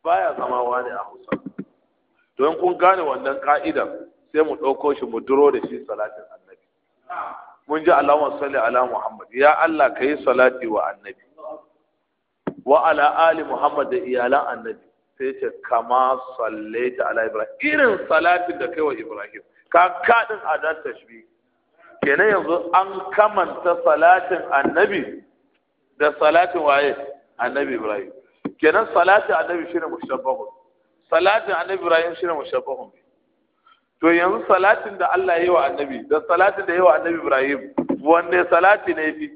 baya zama wane a hausa don kun gane wannan ka'idan sai mu ɗauko shi mu duro da shi salatin annabi mun ji alama salli ala muhammad ya allah ka yi salati wa annabi wa ala ali muhammad da iyalan annabi sai ce kama ta ala ibrahim irin salatin da kai wa ibrahim ka a dan tashbi kenan yanzu an kamanta salatin annabi da salatin waye annabi ibrahim kenan salatin annabi shine mushabbahun salatin annabi ibrahim shine mushabbahun to yanzu salatin da Allah yi wa annabi da salatin da yi wa annabi ibrahim wanne salati ne fi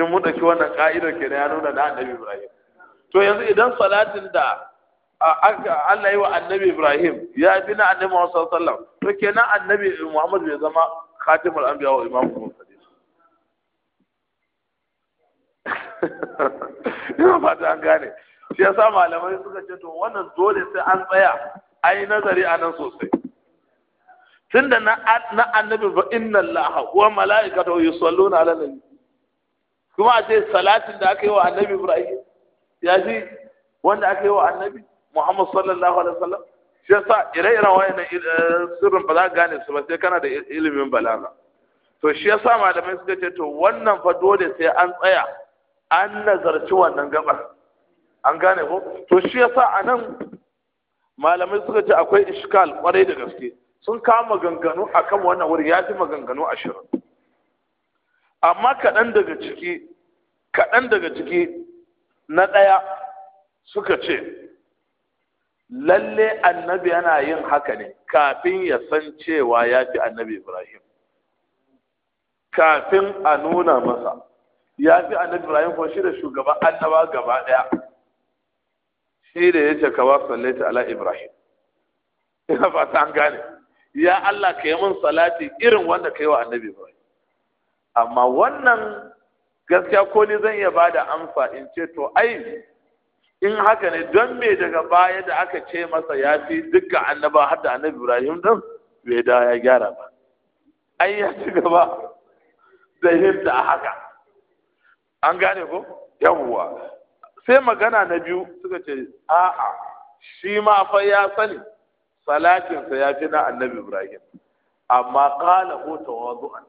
in mu ɗauki wannan ka'idar kenan ya nuna na annabi ibrahim to yanzu idan salatin da Allah yi wa annabi Ibrahim ya bi na annabi Muhammad sallallahu alaihi wasallam to kenan annabi Muhammad bai zama khatimul anbiya wa imamul mursalin ina fata an gane shi yasa malamai suka ce to wannan dole sai an tsaya an yi nazari a nan sosai tunda na na annabi fa inna allaha wa mala'ikatahu yusalluna ala nabi kuma a ce salatin da aka yi wa annabi Ibrahim ya ji wanda aka yi wa annabi Muhammad sallallahu alaihi wasallam shi yasa ire-iren wayannan eh, sirrin ba za ka gane su ba sai kana da ilimin balaga to shi yasa malamai suka ce to wannan fa dole sai an tsaya an nazarci wannan gabar an gane ko to shi yasa anan malamai suka ce akwai iskal kwarai da gaske sun kama ganganu akan wannan wuri ya fi maganganu ashirin amma kaɗan daga ciki kaɗan daga ciki na ɗaya suka ce lalle annabi yana yin haka ne kafin ya san cewa ya fi annabi ibrahim kafin a nuna masa ya fi annabi ibrahim ko shi da shugaban annaba gaba ɗaya shi da ya ce kawa sallaita ala ibrahim ina ba an gane ya allah ka yi min salati irin wanda ka yi wa annabi ibrahim amma wannan gaskiya ko ni zan iya ba da amsa in ce to ai in haka ne don me daga baya da aka ce masa ya fi duka annaba har da annabi ibrahim din bai da ya gyara ba ai ya ci gaba da yin da haka an gane ko yawwa sai magana na biyu suka ce a'a shi ma fa ya sani salatinsa ya fi na annabi ibrahim amma qala hu tawadu'an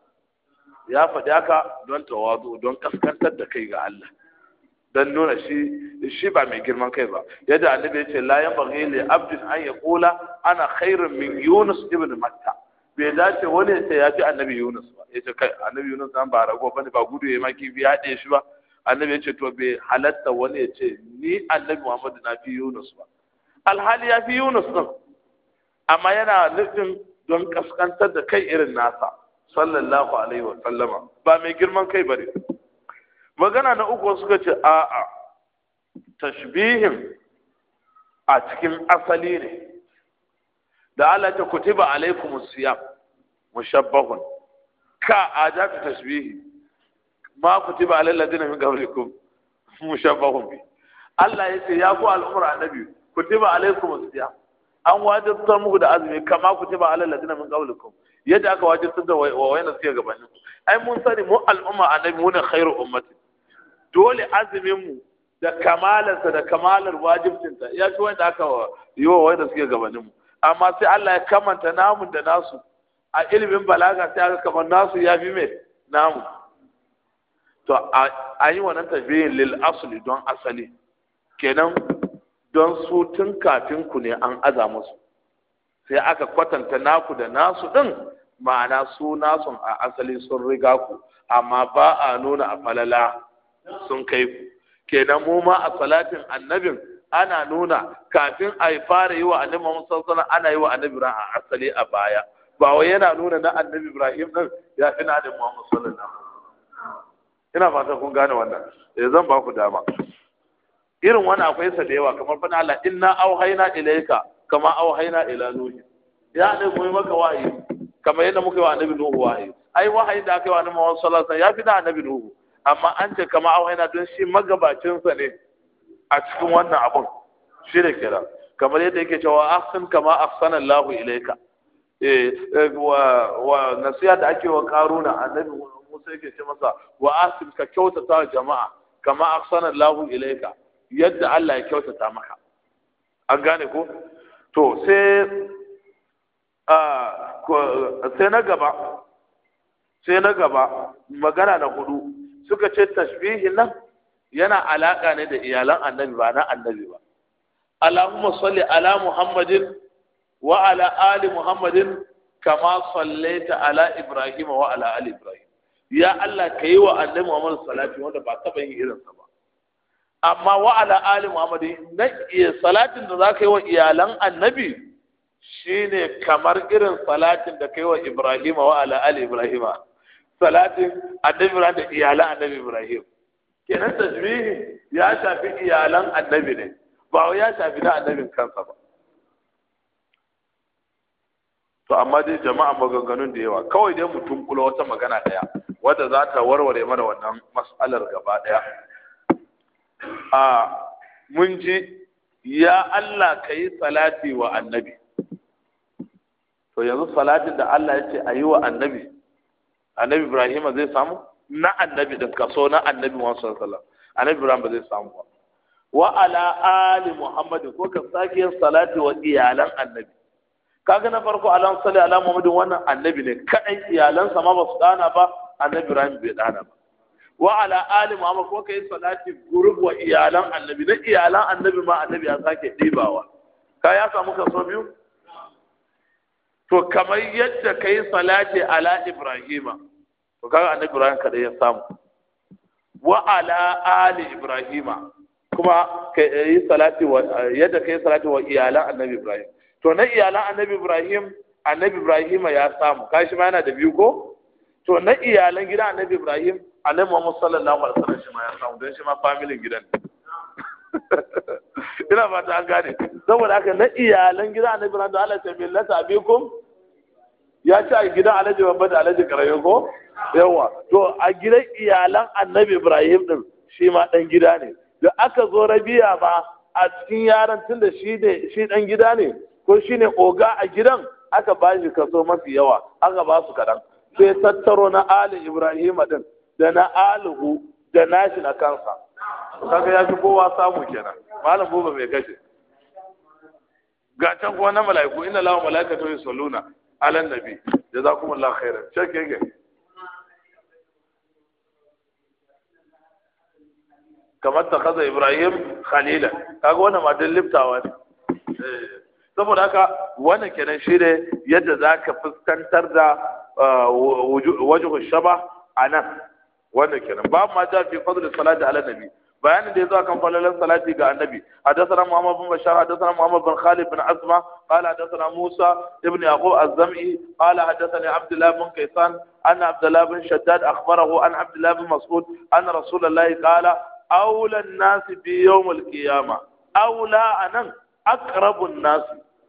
ya faɗi haka don tawazu don kaskantar da kai ga Allah don nuna shi shi ba mai girman kai ba yadda annabi ya ce la yanbaghi li abdin an kula ana khairun min yunus ibn matta bai dace wani ya ce ya fi annabi yunus ba ya ce kai annabi yunus an ba rago bane ba gudu ya maki bi ya shi ba annabi ya ce to bai halatta wani ya ce ni annabi muhammadu na fi yunus ba alhali ya fi yunus din amma yana nufin don kaskantar da kai irin nasa sallallahu alaihi wa sallama ba mai girman kai bare magana na uku suka ce a'a tashbihin a cikin asali ne da Allah ta kutiba alaikum siyam mushabbahun ka a ajatu tashbihi ma kutiba alal ladina min qablikum mushabbahun bi Allah ya ce ya ku al'umar annabi kutiba alaikum siyam an wajibta muku da azumi kama kutiba alal ladina min qablikum yadda aka wajibtar da wayanan suke gabanin ai mun sani mu al'umma annabi mu ne khairu ummati dole azumin mu da sa da kamalar ta ya fi wanda aka yi wa wayanan suke gabanin mu amma sai Allah ya kamanta namun da nasu a ilimin balaga sai aka kamar nasu ya fi mai namu to a yi wannan tabiyin lil asali don asali kenan don su tun kafin ku ne an aza musu sai aka kwatanta naku da nasu din ma'ana su nasu a asali sun riga ku amma ba a nuna a falala sun kai ku kenan mu ma a salatin annabin ana nuna kafin a fara yi wa annabi Muhammad ana yi wa annabi ran a asali a baya ba wai yana nuna na annabi Ibrahim din ya fi na da Muhammad sallallahu ina fata kun gane wannan eh zan ba ku dama irin wani akwai sa da yawa kamar fana Allah inna auhayna ilayka kama auhayna ila nuhi ya ne mu maka wahayi kama yadda muka yi wa annabi nuhu wahayi ai wahayi da aka yi wa annabi Muhammad sallallahu alaihi wasallam ya fi da annabi nuhu amma an ce kama auhayna don shi magabacin sa ne a cikin wannan abun shi da kira kamar yadda yake cewa ahsan kama ahsana Allah ilaika eh, eh wa wa nasiha da ake wa karuna annabi Musa yake ce masa wa asim ka kyautata jama'a kama ahsana Allah ilaika yadda Allah ya kyautata maka an gane ko to sai na gaba sai na gaba magana na hudu suka ce tashbihin nan yana alaka ne da iyalan annabi ba na annabi ba allahumma salli ala muhammadin wa ala ali muhammadin kama sallaita ala ibrahim wa ala ali ibrahim ya allah kai wa annabi muhammad salati wanda ba taba yin irinsa ba amma wa ala ali muhammadi na salatin da zaka yi wa iyalan annabi shine kamar irin salatin da kai wa ibrahima wa ala ali ibrahima salatin annabi ibrahim da iyalan annabi ibrahim kenan tajbihi ya shafi iyalan annabi ne ba ya shafi na annabin kansa ba to amma dai jama'a maganganun da yawa kawai dai mutum kula wata magana daya wadda za ta warware mana wannan mas'alar gaba daya a mun ji ya Allah ka yi salati wa annabi to yanzu salatin da Allah ya ce a yi wa annabi annabi Ibrahim zai samu na annabi da kaso na annabi Muhammad sallallahu alaihi annabi Ibrahim ba zai samu ba wa ala ali Muhammad ko ka sake yin salati wa iyalan annabi kaga na farko alam salli ala Muhammad wannan annabi ne kadai iyalansa ma ba su dana ba annabi Ibrahim bai dana ba wa ala ali muhammad ko kai salati gurub wa iyalan annabi da iyalan annabi ma annabi ya sake dibawa ka ya samu kaso biyu to kamar yadda kai salati ala ibrahima to kaga annabi ibrahim kada ya samu wa ala ali ibrahima kuma kai salati wa yadda kai salati wa iyalan annabi ibrahim to na iyalan annabi ibrahim annabi ibrahima ya samu kashi ma yana da biyu ko to na iyalan gidan annabi ibrahim alai muhammad sallallahu alaihi wasallam shi ma ya samu don shi ma familin gidan ina fata an gane saboda haka na iyalan gida annabi ran da Allah ta millata abikum ya ci a gidan alhaji babba da alhaji karayo ko yawa to a gidan iyalan annabi ibrahim din shi ma ɗan gida ne da aka zo rabiya ba a cikin yaran tun da shi ne shi dan gida ne ko shi ne oga a gidan aka ba shi kaso mafi yawa aka ba su kaɗan sai tattaro na ali ibrahim din da na alihu da nashi na kansa kaga ya fi kowa samu kenan malam buba mai kashe ga can kuma na mala'iku inna lahu mala'ikatu saluna, Alan nabi kuma khairan check again kamar ta kaza ibrahim khalila kaga wani ma dan liftawa ne eh. saboda haka wannan kenan shi ne yadda za ka fuskantar da eh, wajen shaba a nan wannan kenan babu ma ja fi fadl salati ala nabi bayanin da ya zo akan falalan salati ga annabi hadathana muhammad bin bashar hadathana muhammad bin khalid bin asma qala hadathana musa ibn yaqub az-zam'i qala hadathani abdullah bin kaysan anna abdullah bin shaddad akhbarahu an abdullah bin mas'ud anna rasulullah qala awla an-nas bi yawm al-qiyamah awla anan aqrabu an-nas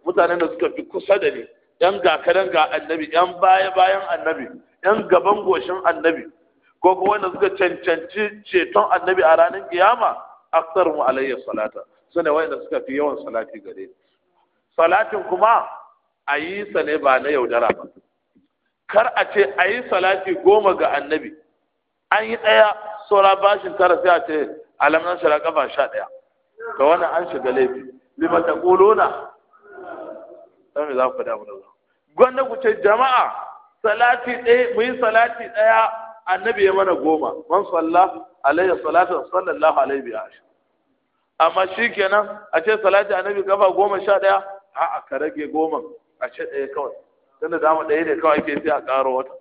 mutanen da suka fi kusa da ni yan gakaran ga annabi yan baya bayan annabi yan gaban goshin annabi ko kuma wanda suka cancanci ceton annabi a ranar kiyama aksar mu alayya salata ne wanda suka fi yawan salati gare salatin kuma a yi sa ne ba na yaudara ba kar a ce a yi salati goma ga annabi an yi ɗaya saura bashin tara sai a ce alamnan nan shara kafa sha ɗaya ga wani an shiga laifi lima ta ƙulona don me za ku faɗa mu da gwanda ku ce jama'a salati ɗaya mu yi salati ɗaya annabi ya mana goma man salla alayhi salatu sallallahu alaihi wa sallam amma shikenan a ce salati annabi kafa goma sha daya a a ka rage goma a ce daya kawai tunda da mu daya ne kawai ke sai a ƙaro wata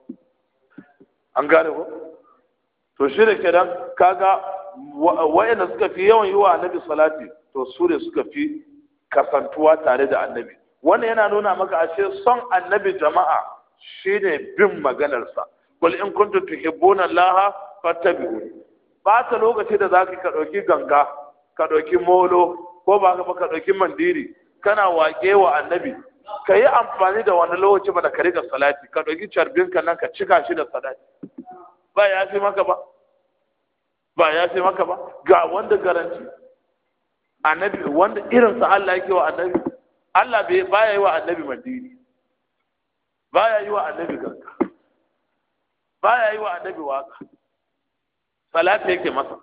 an gane ko to shi da kenan kaga wa'anda suka fi yawan yi wa annabi salati to su ne suka fi kasantuwa tare da annabi wannan yana nuna maka ashe son annabi jama'a shine bin maganarsa qul in kuntum tuhibbuna allaha fattabi'u ba ta lokaci da zaki ka dauki ganga ka dauki molo ko ba ka ka dauki mandiri kana waƙe wa annabi ka yi amfani da wani lokaci ba da ka riga salati ka dauki carbin ka nan ka cika shi da salati ba ya fi maka ba ba ya fi maka ba ga wanda garanti annabi wanda irin sa Allah yake wa annabi Allah bai baya yi wa annabi mandiri baya yi wa annabi ganga baya yi wa annabi waka salati yake masa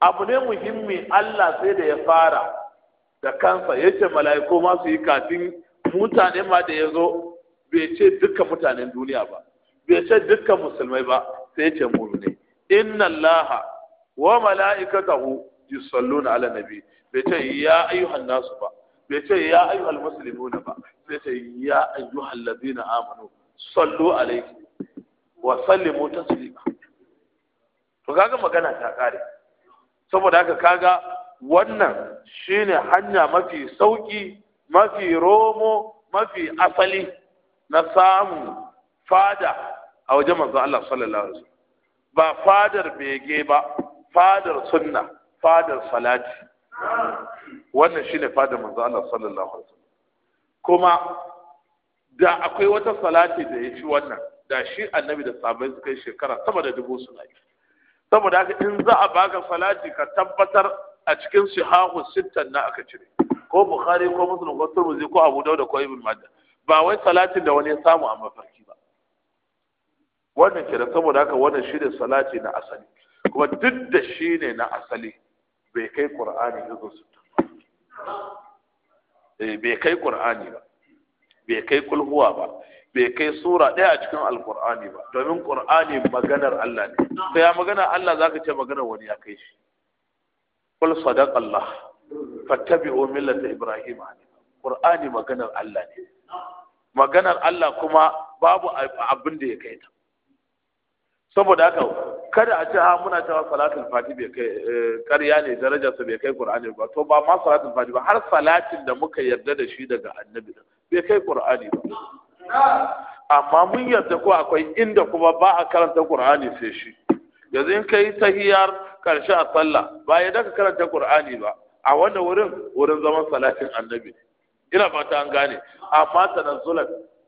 abu ne muhimmi Allah sai da ya fara da kansa yace mala'iku ma su yi kafin mutane ma da ya zo bai ce dukkan mutanen duniya ba bai ce dukkan musulmai ba sai yace ce ne inna allaha wa mala'ikatahu yusalluna ala nabi bai ce ya ayyuhan nasu ba bai ce ya ayyuhal muslimuna ba bai ce ya ayyuhal ladina amanu sallu alayhi wa sallimu taslima to kaga magana ta kare saboda haka kaga wannan shine hanya mafi sauki mafi romo mafi asali na samu fada a wajen manzo Allah sallallahu alaihi wasallam ba fadar bege ba fadar sunna fadar salati wannan shine fadar manzo Allah sallallahu alaihi wasallam kuma da akwai wata salati da ya ci wannan da shi annabi da sabai suka yi shekara sama da dubu suna yi saboda haka in za a baka salati ka tabbatar a cikin sihahu sittan na aka cire ko bukhari ko muslim ko turmuzi ko abu dauda ko ibn majda ba wai salatin da wani ya samu a mafarki ba wannan kira saboda haka wannan shi ne salati na asali kuma duk da shi ne na asali bai kai qur'ani zo sittan ba eh, bai kai qur'ani ba bai kai kulhuwa ba bai kai sura ɗaya a cikin alkur'ani ba domin qur'ani maganar Allah ne ya magana Allah zaka ce maganar wani ya kai shi kul sadaq Allah fattabi'u millata ibrahim qur'ani maganar Allah ne maganar Allah kuma babu abin da ya kai ta saboda haka kada a ce ha muna cewa salatul fati bai kai eh, ƙarya ne darajarsa bai kai qur'ani ba to ba ma salatul fati ba har salatin da muka yarda da shi daga annabi bai kai ƙur'ani ba amma mun yarda ko akwai inda kuma ba a karanta qur'ani sai shi yanzu in kai tahiyar karshe a sallah ba ya daga karanta qur'ani ba a wannan wurin wurin zaman salatin annabi ina fata an gane amma tanazzulan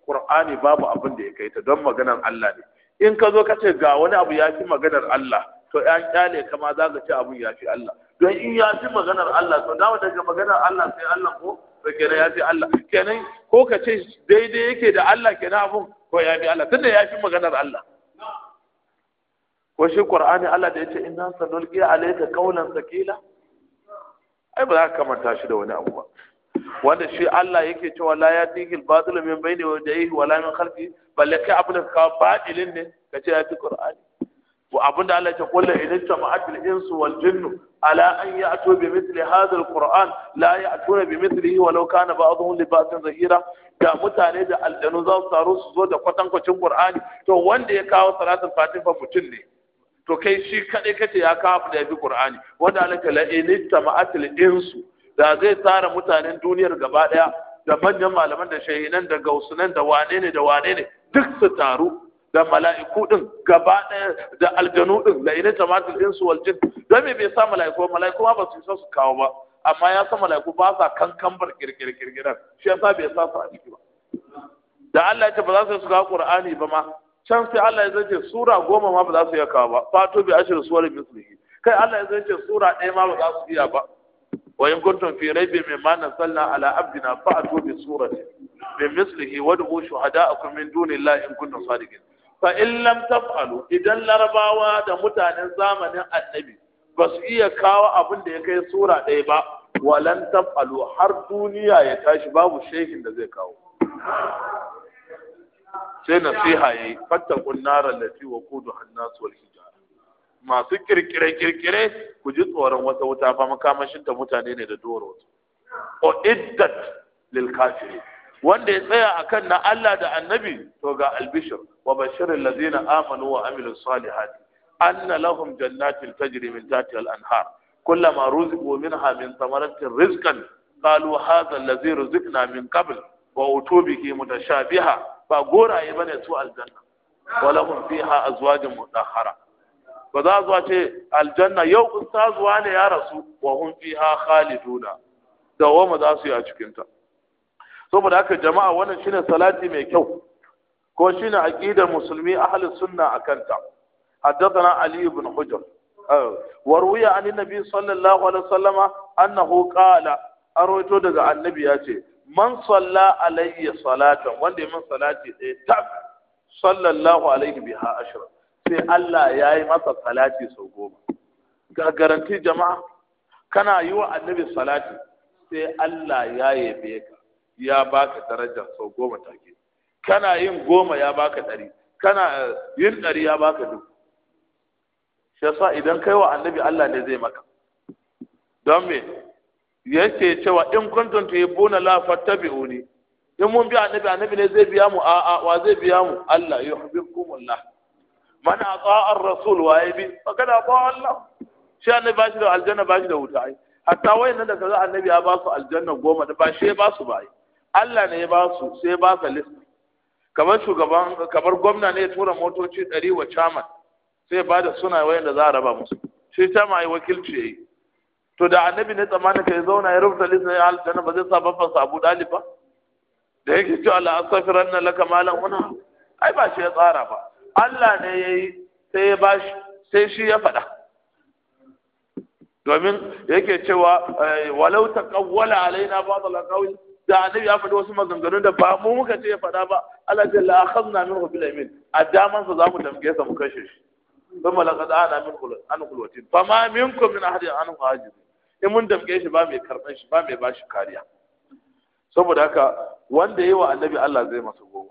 qur'ani babu abin da ya kai ta don maganar Allah ne in ka zo ka ce ga wani abu ya fi maganar Allah to yan kyale kama za ka ce abun ya fi Allah don in ya fi maganar Allah to dawo daga maganar Allah sai Allah ko kenan ya fi Allah kenan ko ka ce daidai yake da Allah kenan abun ko ya fi Allah tunda ya fi maganar Allah ko shi Qur'ani Allah da yace inna sanulqi alayka qawlan thaqila ai ba za ka kamanta shi da wani abu ba wanda shi Allah yake cewa la ya tihil batil min bayni wa yadihi wa la min khalfi balle kai abin da ka batilin ne ka ce ya fi Qur'ani wa abin da Allah ya ce kullu in tama'atil insu wal jinnu ala an a bi mithli hadha alquran la ya'tuna bi mithlihi walau kana ba'dhum li ba'dhin zahira da mutane da aljanu za su taru su zo da kwatankwacin qur'ani to wanda ya kawo fatin fatiha mutum ne to kai shi kadai kace ya kawo da yafi qur'ani wanda alaka la din insu da zai tsara mutanen duniyar gaba daya da manyan malaman da shahinan da gausunan da wane ne da wane ne duk su taru da mala'iku din gaba ɗaya da aljanu din la ina jama'atul insu wal jin don me bai sa mala'iku mala'iku ba su isa su kawo ba amma ya sa mala'iku ba sa kankan bar kirkir kirkiran shi sa bai sa su a ciki ba da Allah ya ce ba za su kawo Qur'ani ba ma can sai Allah ya zace sura goma ma ba za su iya kawo ba fato bi ashir suwar mislihi kai Allah ya zace sura ɗaya ma ba za su iya ba wa in kuntum fi raibi ma nazzalna ala abdina fa'tu bi surati bi mislihi wad'u shuhada'akum min dunillahi in kuntum sadiqin fa in lam taf'alu idan larabawa da mutanen zamanin annabi ba su iya kawo abin da ya kai sura ɗaya ba walan taf'alu har duniya ya tashi babu shehin da zai kawo sai nasiha yi, fatta narar lafi wa kudu su wal hijara masu kirkire kirkire ku ji tsoron wata wuta ba makamashin ta mutane ne da doro o iddat lil kafirin wanda ya tsaya akan na Allah da annabi to ga albishir wa bashirin lazina amanu wa amilu salihati anna lahum jannatin tajri min tahtiha al-anhar kullama ruziqu minha min thamaratin rizqan qalu hadha allazi ruziqna min qabl wa utubihi mutashabiha ba goraye bane su aljanna wa lahum fiha azwajun mutahhara ba za zuwa ce aljanna yau ustazuwa ne ya rasu wa hum fiha khaliduna dawama za su yi a cikinta ta saboda haka jama'a wannan shine salati mai kyau ko shine aqidar musulmi ahli sunna akanta حدثنا علي بن حجر وروي عن النبي صلى الله عليه وسلم انه قال ارويتو daga annabi ce, man salla alayya salatan wanda min salati ɗaya tak sallallahu alaihi biha ashra sai Allah ya yi masa salati sau goma ga garanti jama'a kana yi wa annabi salati sai Allah ya yabe ka ya baka darajar sau goma take kana yin goma ya baka ɗari kana eh, yin ɗari ya baka duk shi yasa idan kai wa annabi Allah ne zai maka don me yake cewa in kuntum tuhibbuna la fattabi'uni in mun bi annabi annabi ne zai biya mu a a wa zai biya mu Allah yuhibbukumullah man ata'a ar-rasul wa yabi faqad ba Allah shi annabi ba shi da aljanna ba shi da wuta ai hatta wayannan da kaza annabi ya ba su aljanna goma da ba shi ya ba su ba ai Allah ne ya ba su sai ba ka list kamar shugaban kamar gwamna ne ya tura motoci ɗari wa chairman sai ba da suna wayanda za a raba musu shi chairman ai wakilci yayi to da annabi ne tsammanin ka ya zauna ya rubuta list ne aljanna ba zai sa babban Abu Dalib ba da yake cewa Allah astaghfiranna laka malan una ai ba shi ya tsara ba Allah ne yayi sai ya bashi sai shi ya faɗa domin yake cewa eh, walau taqawwala alaina ba'd al-qawli da annabi ya faɗi wasu maganganu da ba mu muka ce ya faɗa ba Allah ce la akhadna minhu bil yamin a daman sa zamu damge sa mu kashe shi thumma ana min qul an qul watin fa ma minkum min an hajiz in mun damge shi ba mai karban shi ba mai bashi kariya saboda haka wanda yayi wa annabi Allah zai masa goma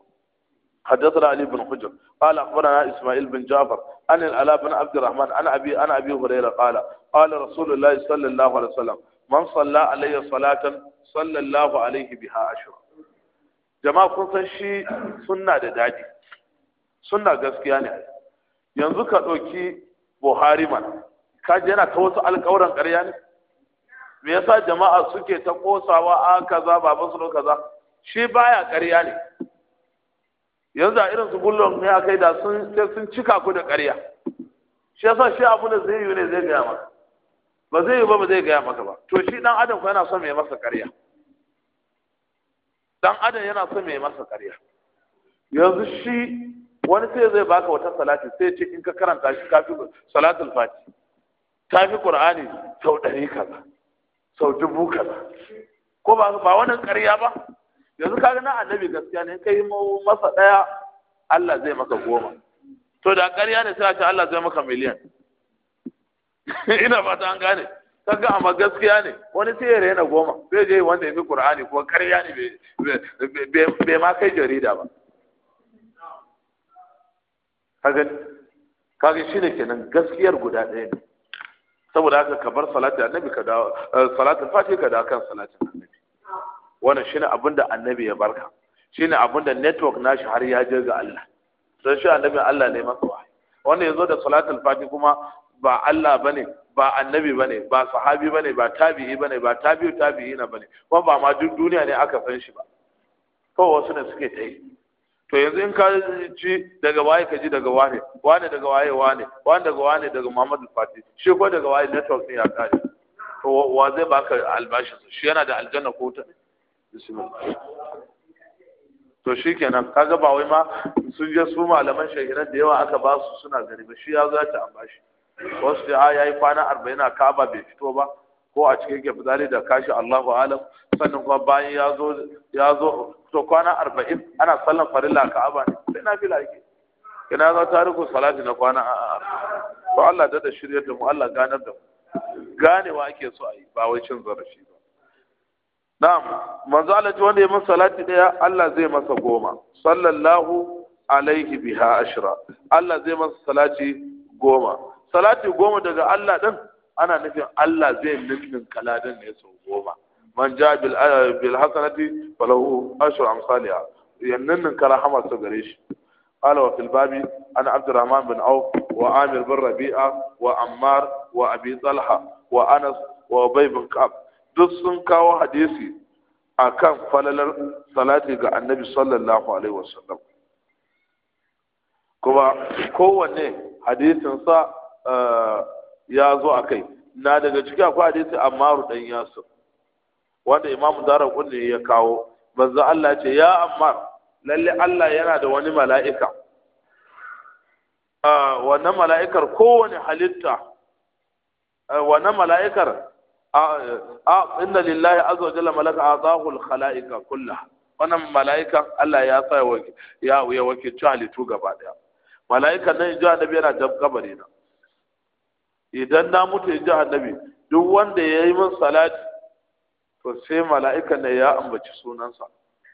حدثنا علي بن حجر قال اخبرنا اسماعيل بن جعفر عن العلاء بن عبد الرحمن عن ابي عن ابي هريره قال قال رسول الله صلى الله عليه وسلم من صلى علي صلاه sallallahu alaihi biha ashra jama'a kun san shi sunna da dadi sunna gaskiya ne yanzu ka ɗauki buhari man ka ji yana ta wasu alƙawuran ƙarya ne me yasa jama'a suke ta kosawa a kaza baban su kaza shi baya ƙarya ne yanzu a irin su bullon ne akai da sun sai sun cika ku da ƙarya shi yasa shi abu da zai yi ne zai gaya maka ba zai yi ba ba zai gaya maka ba to shi dan adam ko yana son mai masa ƙarya dan adam yana son mai masa ƙarya yanzu shi wani sai zai baka wata salati sai ce in ka karanta shi kafi salatul fati kafi qur'ani sau ɗari kaza sau dubu kaza ko ba ba wannan ƙarya ba yanzu ka ga na annabi gaskiya ne kai masa ɗaya Allah zai maka goma to da ƙarya ne sai a ce Allah zai maka miliyan ina fata an gane kaga amma gaskiya ne wani sai ya rena goma sai je wanda ya fi qur'ani ko karya ne bai ma kai jarida ba kaga kaga shine kenan gaskiyar guda ɗaya ne saboda haka ka bar salati annabi ka dawo eh, salatin fati ka dawo kan salati annabi wannan shine abinda da annabi ya barka shine abinda network nashi har ya je ga Allah sai shi annabi Allah ne masa wahayi wannan yazo da salatul fati kuma ba Allah bane ba annabi bane ba sahabi bane ba tabi'i bane ba tabi'u na bane kuma ba ma duk duniya ne aka san shi ba to wasu ne suke ta yi to yanzu in ka ci daga waye ka ji daga waye wane daga waye wane wane daga wane daga Muhammadu Fati shi ko daga waye network ne ya kare to wa zai baka albashin shi yana da aljanna ko ta to shi kenan kaga ba wai ma sun je su malaman shahiran da yawa aka ba su suna gari ba shi ya zata ambashi. wasu da ah, ya yi kwana arba'in a kaba bai fito ba ko a cikin gefzari da kashi Allahu alam sannan kuma bayan ya zo ya zo to kwana arba'in ana sallan farilla ka'aba ne sai na fila yake ina za tariku salati na kwana a to Allah da da shirya da mu Allah ganar da mu ganewa ake so a yi ba wai cin zarafi ba na'am manzo Allah ji wanda ya masa salati daya Allah zai masa goma sallallahu alaihi biha ashra Allah zai masa salati goma salati goma daga Allah din ana nufin Allah zai lullun kaladin ne sau goma man ja bil bil hasanati falahu ashru amsalia yannan kala hamar sa gare shi qala wa fil babi ana abdurrahman bin auf wa amir bin rabi'a wa ammar wa abi وعمار wa anas wa ubay bin ka'b duk sun kawo hadisi akan falalar salati ga annabi sallallahu alaihi wasallam kuma kowanne hadisin sa ya zo a kai na daga ciki akwai hadisi ammaru dan yasir wanda imam daraqutni ya kawo manzo Allah ce ya ammar lalle Allah yana da wani mala'ika wannan mala'ikar kowane halitta wannan mala'ikar a inna lillahi azza wa jalla malaka azahu al khalaika kullah wannan mala'ika Allah ya sa ya ya wakilci halittu gaba daya mala'ika nan ji annabi yana jab kabari na idan na mutu ya ji annabi duk wanda ya yi min salati to sai mala'ikan ne ya ambaci sunansa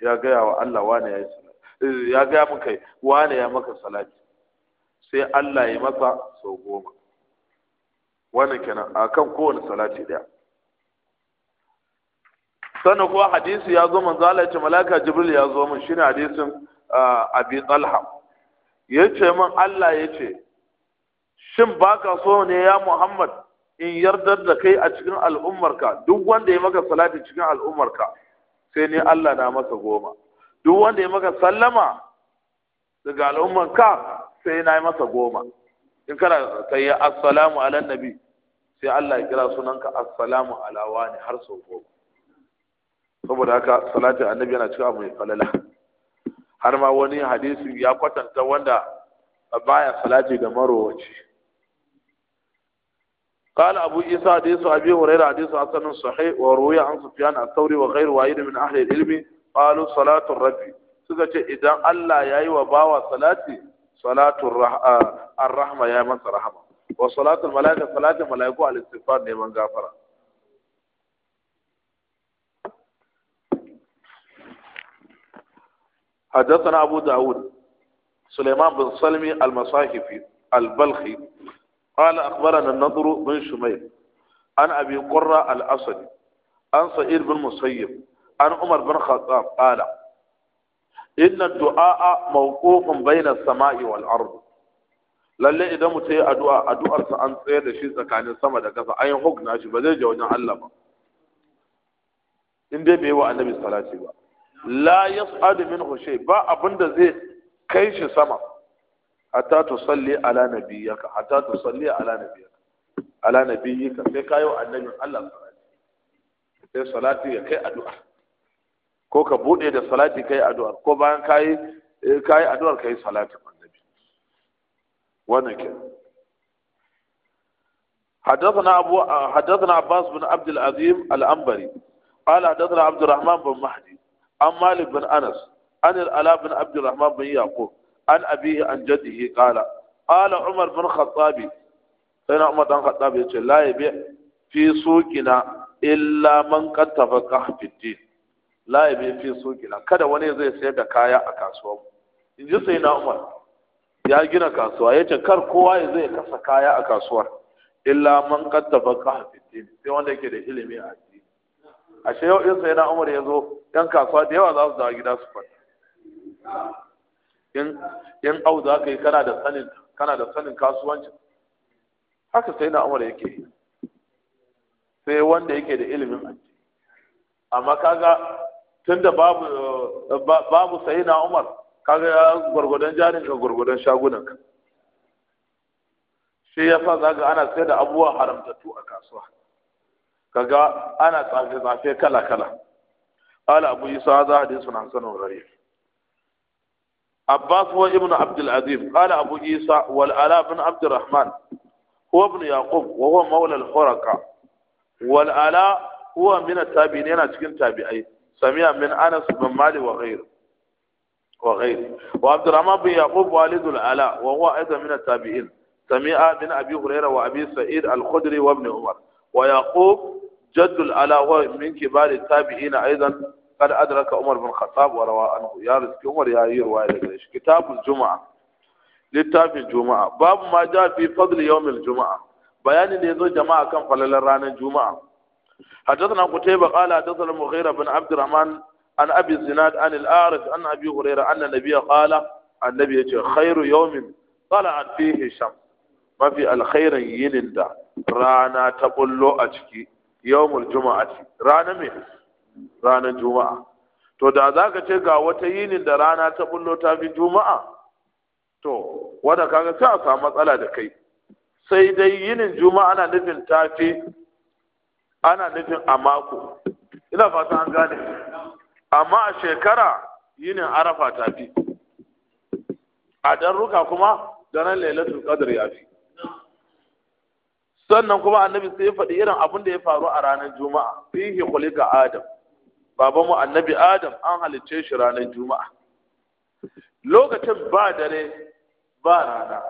ya gaya wa Allah wane ya yi salati ya gaya min kai wane ya maka salati sai Allah ya masa sau goma wannan kenan akan kowane salati daya sannan kuwa hadisi ya zo manzo Allah ya malaka jibril ya zo min shine hadisin ah, abi talha ya ce min Allah ya ce shin baka so ne ya Muhammad in yardar da kai a cikin al'ummarka duk wanda ya maka salati cikin al'ummarka sai ne Allah na masa goma duk wanda ya maka sallama daga al'ummarka sai na yi masa goma in kana kai assalamu ala nabi sai Allah ya kira sunanka assalamu ala wani har sau goma saboda haka salati annabi yana cikin abu mai falala har ma wani hadisi ya kwatanta wanda baya salati ga marowaci قال أبو إيسى حديث أبي هريرة حديث حسن صحيح وروي عن سفيان الثوري وغير واحد من أهل العلم قالوا صلاة الرجل suka ce الله يا ya yi wa bawa salati salatun rahma ya masa rahama wa salatun mala'ika salatin mala'iku al istighfar neman حدثنا أبو داود سليمان بن سلمي المصاحفي البلخي قال أخبرنا النضر بن شميل عن أبي قرة الأسدي عن سعيد بن مسيب عن عمر بن خطاب قال إن الدعاء موقوف بين السماء والأرض lalle idan mutum ya addu'a addu'arsa an tsayar da shi tsakanin sama da ƙasa ayin hukna shi ba zai je wajen Allah ba in dai bai wa annabi salati ba la yas'adu minhu shay ba abinda zai kai shi sama hatta tusalli ala nabiyyaka hatta tusalli ala nabiyyaka ala nabiyyika sai kayo annabin Allah sai salati ya kai addu'a ko ka bude da salati kai addu'a ko bayan kai eh, kai addu'ar kai salati annabi wannan ke حدثنا أبو حدثنا عباس بن عبد العظيم الأنبري قال حدثنا عبد الرحمن بن مهدي عن مالك بن أنس عن الألاء بن عبد الرحمن بن يعقوب an abi an jaddihi qala qala umar bin khattabi sai umar dan khattabi yace la yabi fi suqina illa man qattafa qahfiddin la yabi fi suqina kada wani zai sayar da kaya a kasuwa in ji sai na umar ya gina kasuwa yace kar kowa ya zai kasa kaya a kasuwar illa man qattafa qahfiddin sai wanda yake da ilimi a addini ashe yau in sai na umar ya zo yan kasuwa da yawa za su dawo gida su kwanta in auza ka yi kana da sanin kana da sanin kasuwancin haka sai na umar yake sai wanda yake da ilimin aji amma kaga tunda babu babu sai na umar kaga gwargwadon jarin ka gwargwadon shagunan ka shi ya fa zaga ana sai da abuwa haramtattu a kasuwa kaga ana tsafe-tsafe kala-kala قال أبو يسوع هذا حديث حسن غريب عباس وابن عبد العزيز قال أبو عيسى والآلاء بن عبد الرحمن هو ابن يعقوب وهو مولى الحرقة والآلاء هو من التابعين أتكن تابعي سميع من أنس بن مالي وغيره وغيره وعبد الرحمن بن يعقوب والد الآلاء وهو أيضا من التابعين سميع بن أبي هريرة وأبي سعيد الخدري وابن عمر ويعقوب جد الآلاء هو من كبار التابعين أيضا قد أدرك عمر بن الخطاب وروى أنه يا رزق عمر يا هي رواية كتاب الجمعة لتاب الجمعة باب ما جاء في فضل يوم الجمعة بيان اللي جماعة كم فلل رانا الجمعة حدثنا قتيبة قال حدثنا مغيرة بن عبد الرحمن عن أبي الزناد عن الأعرج عن أبي هريرة أن النبي قال النبي خير يوم طلعت فيه الشمس ما في الخير يندا رانا تقول له أشكي يوم الجمعة رانا مين ranar juma'a to da za ka ce ga wata yinin da rana ta bullo ta fi juma'a to wanda kaga sai a samu matsala da kai sai dai yinin juma'a ana nufin ta fi ana nufin a mako ina fata an gane amma a shekara yinin arafa ta fi a darruka kuma daren lailatul qadr ya fi sannan kuma annabi sai ya faɗi irin abin da ya faru a ranar juma'a fihi khuliqa adam babanmu annabi adam an halicce shi ranar juma'a lokacin ba dare ba rana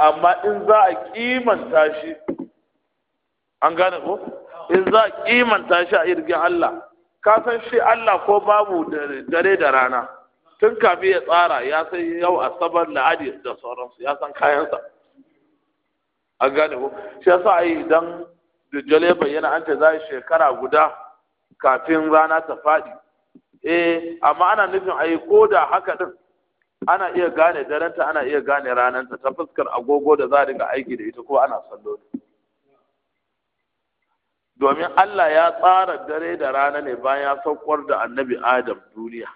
amma in za a kimanta shi an gane ko in za a kimanta shi a irgin Allah ka san shi Allah ko babu dare da rana tun kafin ya tsara ya san yau asabar la'adi da sauransu ya san kayansa an gane ko shi yasa ai idan dujjal ya bayyana an ta za shekara guda kafin rana ta faɗi eh amma ana nufin ai ko da haka din ana iya gane daranta ana iya gane rananta ta fuskar agogo da za a dinga aiki da ita ko ana sallo domin Allah ya tsara dare da rana ne bayan ya saukar da annabi Adam duniya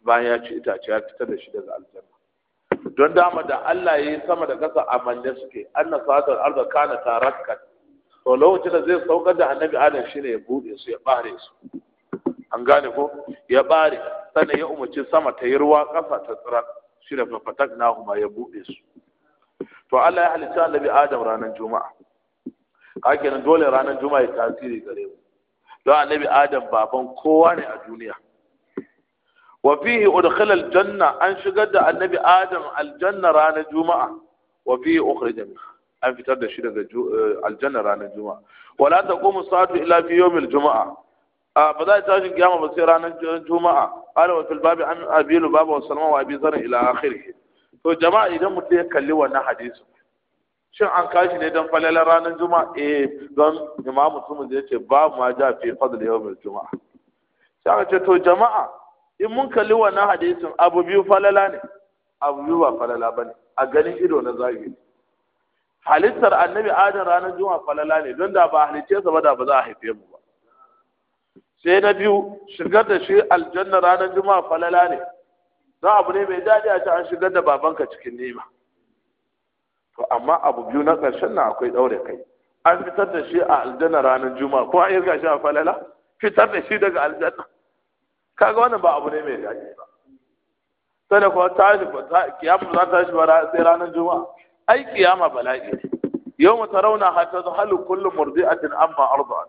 bayan ya ci itace ya fitar da shi daga aljanna don dama da Allah ya yi sama da ƙasa a suke annasatul satar arda kana tarakkat to lokacin da zai saukar da annabi adam ne ya bude su ya bare su an gane ko ya ɓare sannan ya umarci sama ta yi ruwa ƙasa ta tsira shi da fafatak na kuma ya buɗe su to Allah ya halitta annabi Adam ranar Juma'a kake nan dole ranar Juma'a ya tasiri gare mu don annabi Adam baban kowa ne a duniya wa fihi udkhila aljanna an shigar da annabi Adam aljanna ranar Juma'a wa fihi ukhrija minha an fitar da shi daga eh, aljanna ranar juma'a wala qumu sa'atu illa fi yawmil juma'a ba za ta tashi kiyama ba sai ranar juma'a qala wa fil babi an abilu babu wa salama wa abi zar ila akhirih to jama'a idan mutum ya kalli wannan hadisi shin an kashi ne don falalar ranar juma'a eh don imamu mutum zai ce babu ma ja fi fadl yawmil juma'a sai aka ce to jama'a in mun kalli wannan hadisin abu biyu falala ne abu biyu ba falala bane a ganin ido na zahiri halittar annabi adam ranar juma'a falala ne don da ba halicce sa ba da ba za a haife mu ba sai na biyu shigar da shi aljanna ranar juma'a falala ne don abu ne mai daɗi a ci an shigar da babanka cikin nema to amma abu biyu na ƙarshen na akwai ɗaure kai an fitar da shi a aljanna ranar juma'a ko an irga shi a falala fitar da shi daga aljanna kaga wannan ba abu ne mai daɗi ba sai da kuma tashi kiyamu za ta shi ba sai ranar juma'a ai kiyama bala'i ne. yawma tarawna hatta zahalu kullu murdi'atin amma arda'at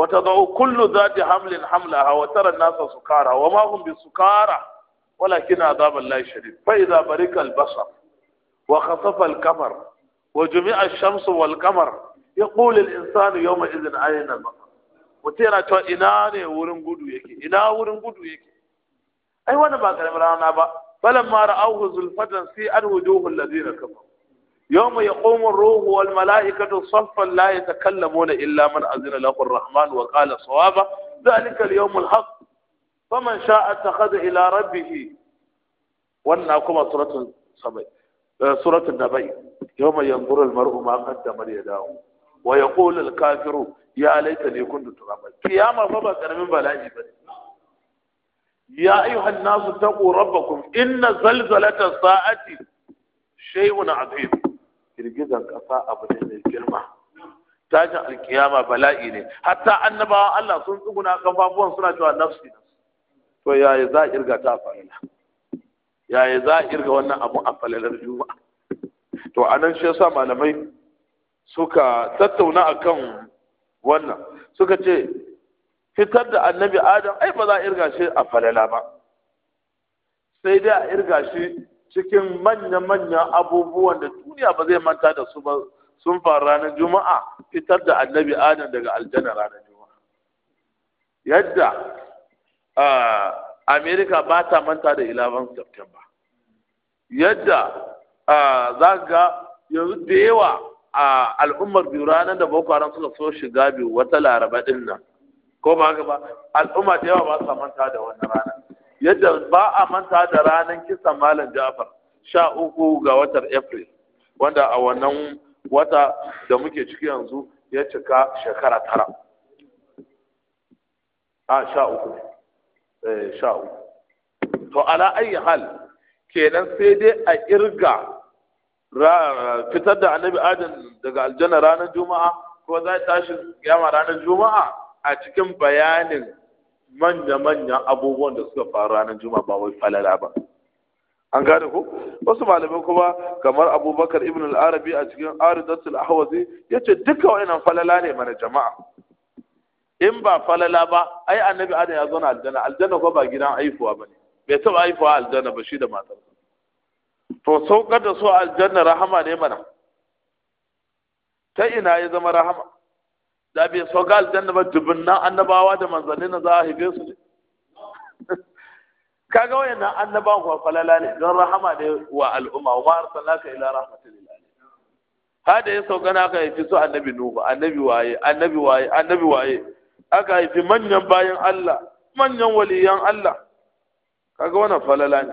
wa tad'u kullu dhati hamlin hamlaha wa tara an-nasa sukara wa ma hum bisukara walakin adhab Allah shadid fa idha barika al-basar wa khasafa al-qamar wa jumi'a ash-shamsu wal-qamar yaqulu al-insanu yawma idhin ayna al-basar mutum yana cewa ina ne wurin gudu yake ina wurin gudu yake ai wannan ba karamin rana ba balan ma ra'awhu zulfatan si an wujuhul ladina kafaru يوم يقوم الروح والملائكة صفا لا يتكلمون إلا من أذن له الرحمن وقال صوابا ذلك اليوم الحق فمن شاء اتخذ إلى ربه ونعكم سورة الصبي سورة النبي يوم ينظر المرء ما قدم يداه ويقول الكافر يا ليتني كنت ترابا قيامة فما كان من بلائي يا أيها الناس اتقوا ربكم إن زلزلة الساعة شيء عظيم girgizan ƙasa abu ne mai girma tashin alkiyama bala'i ne hatta annabawa Allah sun tsuguna kafafuwan suna cewa nafsi to yaya za a irga ta falala yaya za a irga wannan abu a falalar juma'a to anan shi yasa malamai suka tattauna akan wannan suka ce fitar da annabi adam ai ba za a irga shi a falala ba sai dai a irga shi cikin manya manya abubuwan da duniya ba zai manta da su ba sun faru ranar juma'a fitar da annabi adam daga aljanna ranar juma'a yadda america ba ta manta da 11 september yadda za ga yanzu da yawa a al'ummar biyu ranar da boko haram suka so shiga biyu wata laraba din nan ko ba ga ba al'umma da yawa ba sa manta da wannan rana yadda ba a manta da ranar kisan malam Ja'far sha uku ga watan April wanda a wannan wata da muke ciki yanzu ya cika shekara tara a sha uku eh, sha uku to ala ayyi hal kenan sai dai a irga fitar da annabi adam daga aljanna ranar juma'a ko za ta tashi kiyama ranar juma'a a cikin bayanin manya-manyan abubuwan da suka faru ranar juma ba wai falala ba an gane ku? wasu malamai kuma kamar abubakar ibn al-arabi a cikin aridatul ahwazi yace duka wayannan falala ne mana jama'a in ba falala ba ai annabi adam ya zauna aljanna aljanna ko ba gidan haifuwa bane bai taba haifuwa aljanna ba shi da matar to saukar da su aljanna rahama ne mana ta ina ya zama rahama da bai so ga aljanna da dubunnan annabawa da manzanni na za a haife su ne kaga wayannan annabawan ko falala ne don rahama ne wa al'umma wa arsalaka ila rahmatil alamin hada ya sauka na aka su annabi nuhu annabi waye annabi waye annabi waye aka haifi manyan bayan Allah manyan waliyan Allah kaga wannan falala ne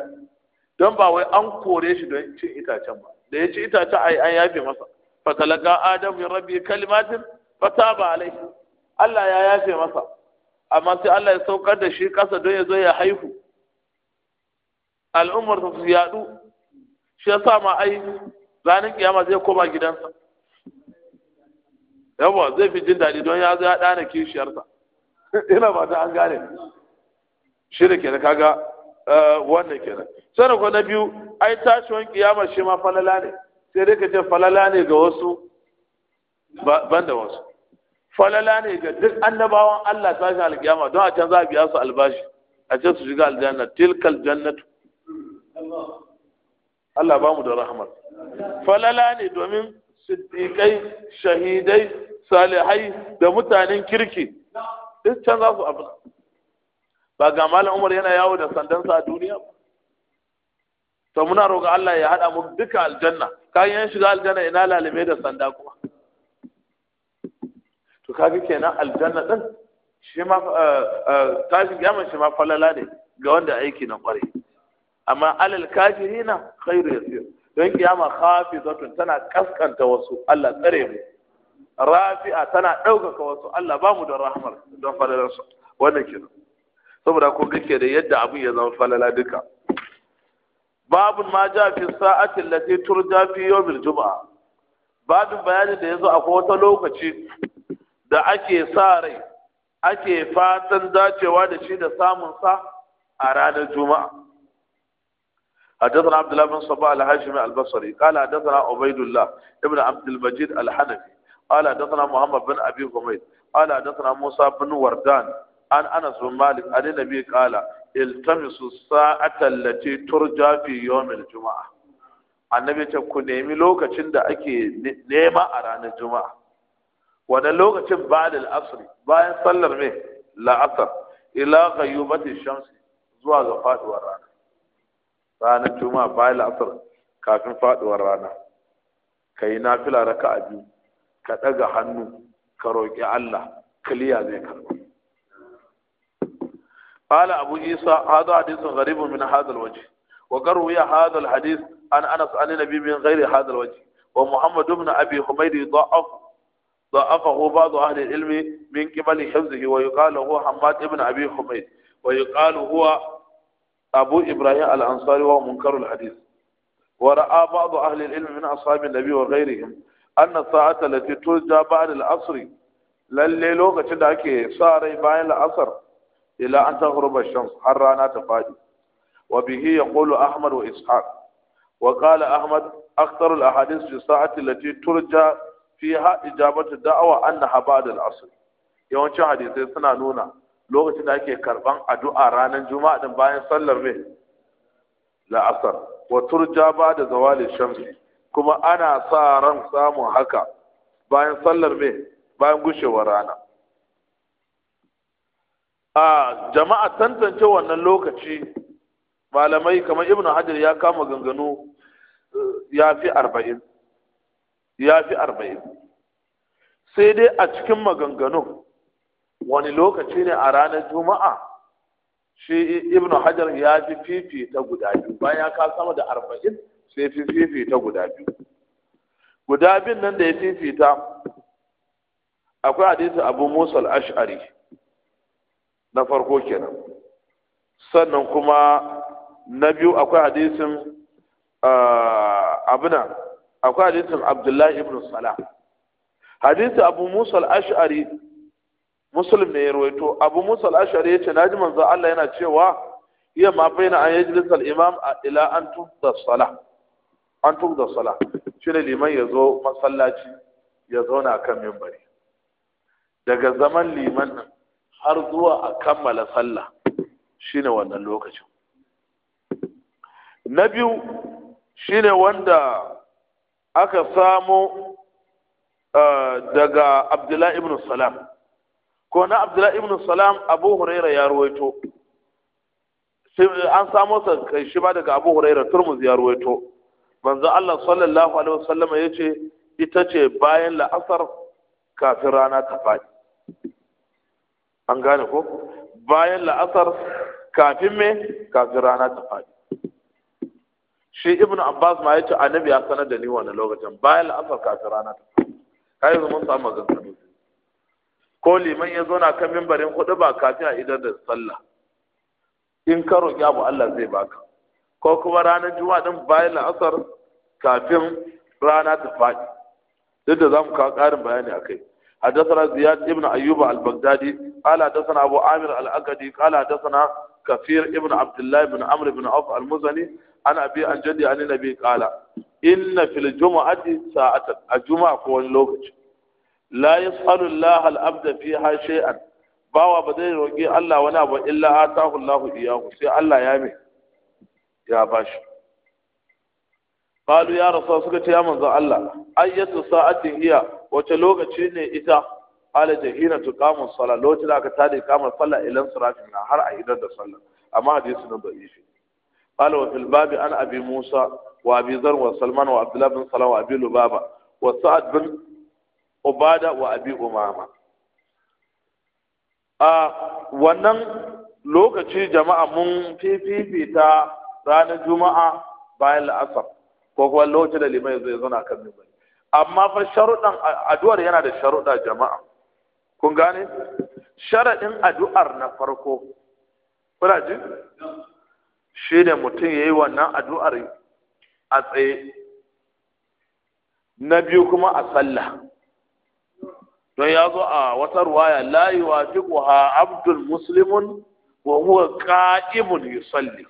don ba wai an kore shi don cin itacen ba da ya ci itacen ai an yafe masa fatalaka adamu rabbi kalimatin fataba alai Allah ya yafe masa amma sai Allah ya saukar da shi kasa don ya zo ya haihu al'ummar su yadu shi sa ma ai ranar kiyama zai koma gidansa yawa zai fi jin daɗi don ya zo ya ɗana kishiyarsa ina ba ta an gane shi da kenan kaga eh, wannan kenan da ko na biyu ai tashiwan kiyama shi ma falala ne sai dai ka ce falala ne ga wasu ban da wasu falala ne ga duk annabawan Allah tashin alkiyama don a can za a biya su albashi a can su shiga aljanna tilkal jannatu Allah ba mu da rahama. falala ne domin siddiƙai shahidai salihai da mutanen kirki duk can za su abu ba ga malam Umar yana yawo da sandansa a duniya ba to muna roƙa Allah ya haɗa mu duka aljanna kayan shiga aljanna ina lalime da sanda kuma to kaga kenan aljanna din shi ma eh, eh, tashin kiyama shi ma falala ne ga wanda aiki na kware amma alal kafirina khairu yasir don kiyama khafizatun tana kaskanta wasu Allah tsare mu rafi'a tana ɗaukaka wasu Allah ba mu da rahmar don su wannan kenan saboda ko kake da yadda abin ya zama falala duka babun ma ja fi sa'ati allati turja fi yawmil jum'a babin bayanin da yazo akwai wata lokaci da ake sa rai ake fatan dacewa da shi da samun sa a ranar juma'a حدثنا عبد الله بن صباح الهاشمي البصري قال حدثنا عبيد الله ابن عبد المجيد الحنفي قال حدثنا محمد بن ابي حميد قال حدثنا موسى بن وردان عن انس بن مالك عن النبي قال التمسوا الساعه التي ترجى في يوم juma'a. annabi ta ku nemi lokacin da ake nema a ranar juma'a wannan lokacin ba da asr bayan sallar me la'asar ila ghayubati shamsi zuwa ga faduwar rana ranar juma'a bayan la'asar kafin faduwar rana kai nafila raka'a biyu ka ɗaga hannu ka roƙi Allah kaliya zai karba قال أبو عيسى هذا حديث غريب من هذا الوجه وقد روي هذا الحديث عن أنس عن النبي من غير هذا الوجه ومحمد بن أبي حميد يضعف ضعفه بعض أهل العلم من قبل حفظه ويقال هو حماد بن أبي حميد ويقال هو أبو إبراهيم الأنصاري وهو منكر الحديث ورأى بعض أهل العلم من أصحاب النبي وغيرهم أن الساعة التي ترجى بعد العصر lalle lokacin da ake sa rai bayan la'asar ila an ta hurba shams har rana ta fadi wa bihi yaqulu ahmad wa ishaq wa qala ahmad akthar al ahadith fi sa'ati allati turja Fi ha ijabatu da'awa annaha ba'da al-asr yawancin hadisai suna nuna lokacin da ake karban addu'a ranar juma'a din bayan sallar mai la'asar wa turja ba'da zawali shamsi kuma ana sa ran samun haka bayan sallar mai bayan gushewar rana a jama'a tantance wannan lokaci malamai kamar ibnu hajar ya kama ganganu eh, ya fi arba'in ya fi arba'in sai dai a cikin maganganun wani lokaci ne a ranar juma'a shi ibn hajar ya fi fifita guda biyu bayan ya kawo sama da arba'in sai fi fifita guda biyu guda biyun nan da ya fifita akwai hadisi abu musa al-ash'ari na farko kenan sannan kuma na biyu akwai hadisin ah, abu nan. akwai hadisin abdullahi ibn Sala. hadisi abu musa al-ash'ari musulun ne ya rawaito abu musa al-ash'ari yace ji manzo Allah yana cewa iya ma baina an yi imam imam ila an tuk da an shi ne liman ya zo masallaci ya zauna kan mimbari daga zaman liman nan har zuwa a kammala sallah shine wannan lokacin na biyu shi ne wanda aka samu uh, daga abdullahi ibn salam ko na abdullahi ibn salam abu huraira ya ruwaito an samo sa kai shi ba daga abu huraira turmuz ya ruwaito manzo Allah sallallahu alaihi wasallam ya ce ita ce bayan la'asar kafin rana ta faɗi an gane ko bayan la'asar kafin me kafin rana ta faɗi shi ibnu abbas ma yace annabi ya sanar da ni wannan lokacin bayan la'asar kafin rana ta kai mun samu maganganu ko liman ya zo na kan mimbarin hudu ba kafin a idar da sallah in ka roƙi abu Allah zai baka ko kuma ranar juma'a din bayan la'asar kafin rana ta faɗi duk da zamu kawo ƙarin bayani akai حدثنا زياد ابن أيوب البغدادي قال حدثنا أبو عامر الأكدي قال حدثنا كثير ابن عبد الله بن عمرو بن عوف المزني عن أبي عن جدي عن النبي قال إن في الجمعة ساعة الجمعة كون لوكتش لا يسأل الله الأبد فيها شيئا باوا بدأ يرقي الله ولا إلا آتاه الله إياه سي الله يامي يا باشا قالوا يا رسول الله يا من الله أية ساعة هي وتلوكتش إتا qala jahina tuqamu salat lokacin da aka tada kamar sallah ilan sirafin na har a idar da sallah amma hadisi na da'ifi qala wa fil babi an abi musa wa abi zar wa salman wa abdullah bin salam wa abi lubaba wa sa'ad bin ubada wa abi umama a wannan lokaci jama'a mun fifita ranar juma'a bayan la'asar ko kuma lokacin da limai zai zauna kan mimbari amma fa sharuɗan addu'ar yana da sharuɗa jama'a kun gane sharaɗin addu'ar na farko kuna ji shi ne mutum ya yi wannan addu'ar a tsaye na biyu kuma a sallah don ya zo a wata ruwaya la yuwafiquha abdul muslimun wa huwa qa'imun yusalli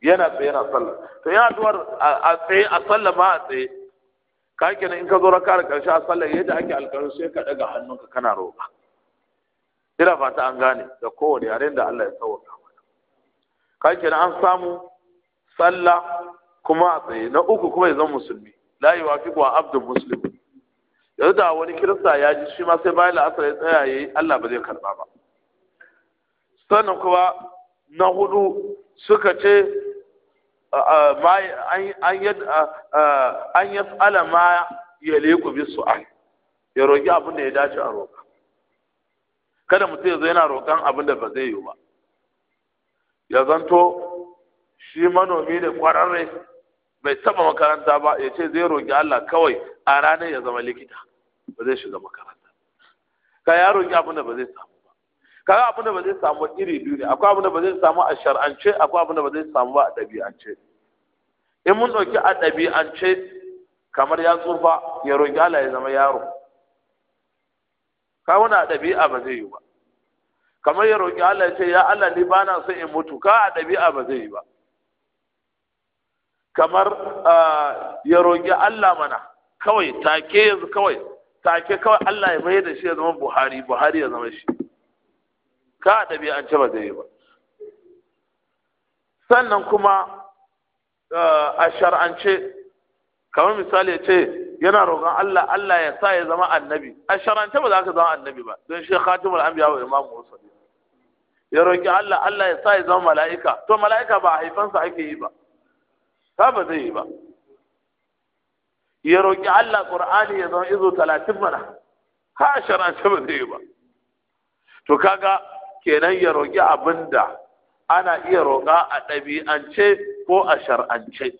yana tsaye na sallah to yana addu'ar a tsaye a sallah ma a tsaye ka kenan in ka zo raka da karshe a sallar yadda ake ya sai ka daga hannunka kana roƙa ina fata an gane da kowane yare da Allah ya sauka ka kenan an samu sallah kuma a tsaye na uku kuma ya zama musulmi la yuwafiqu abdul muslim yanzu da wani kirista ya ji shi ma sai bayan la'asar ya tsaya ya Allah ba zai karɓa ba sannan kuma na hudu suka ce an yi yas'ala ma yaliku bi su su'al ya roki abin da ya dace a roka kada mutum ya zo yana roƙon abin da ba zai yi ba ya zanto shi manomi da ƙwararre bai taɓa makaranta ba ya ce zai roƙi Allah kawai a ranar ya zama likita ba zai shiga makaranta ka ya roƙi abin da ba zai samu kaga abin da ba zai samu iri biyu ne akwai abin da ba zai samu a shar'ance akwai abin da ba zai samu ba a ɗabi'ance in mun ɗauki a ɗabi'ance kamar ya tsufa ya roƙi Allah ya zama yaro ka wani a ɗabi'a ba zai yi ba kamar ya roƙi Allah ya ce ya Allah ni ba na son in mutu ka a ɗabi'a ba zai yi ba kamar ya roƙi Allah mana kawai take yanzu kawai take kawai Allah ya mai da shi ya zama Buhari Buhari ya zama shi ka a ɗabi'ance ba zai yi ba sannan kuma eh, a shar'ance kamar misali ce yana roƙon Allah Allah ya sa ya zama annabi a shar'ance ba za ka zama annabi ba don shi khatimul anbiya wa imam mursali ya roƙi Allah Allah ya sa ya zama mala'ika to mala'ika ba haifansa ake yi ba ka ba zai yi ba ya roƙi Allah Qur'ani ya zama izo talatin mana ka a shar'ance ba zai yi ba to kaga kenan ya roƙi abin da ana iya roƙa a ɗabi'ance ko a shar'ance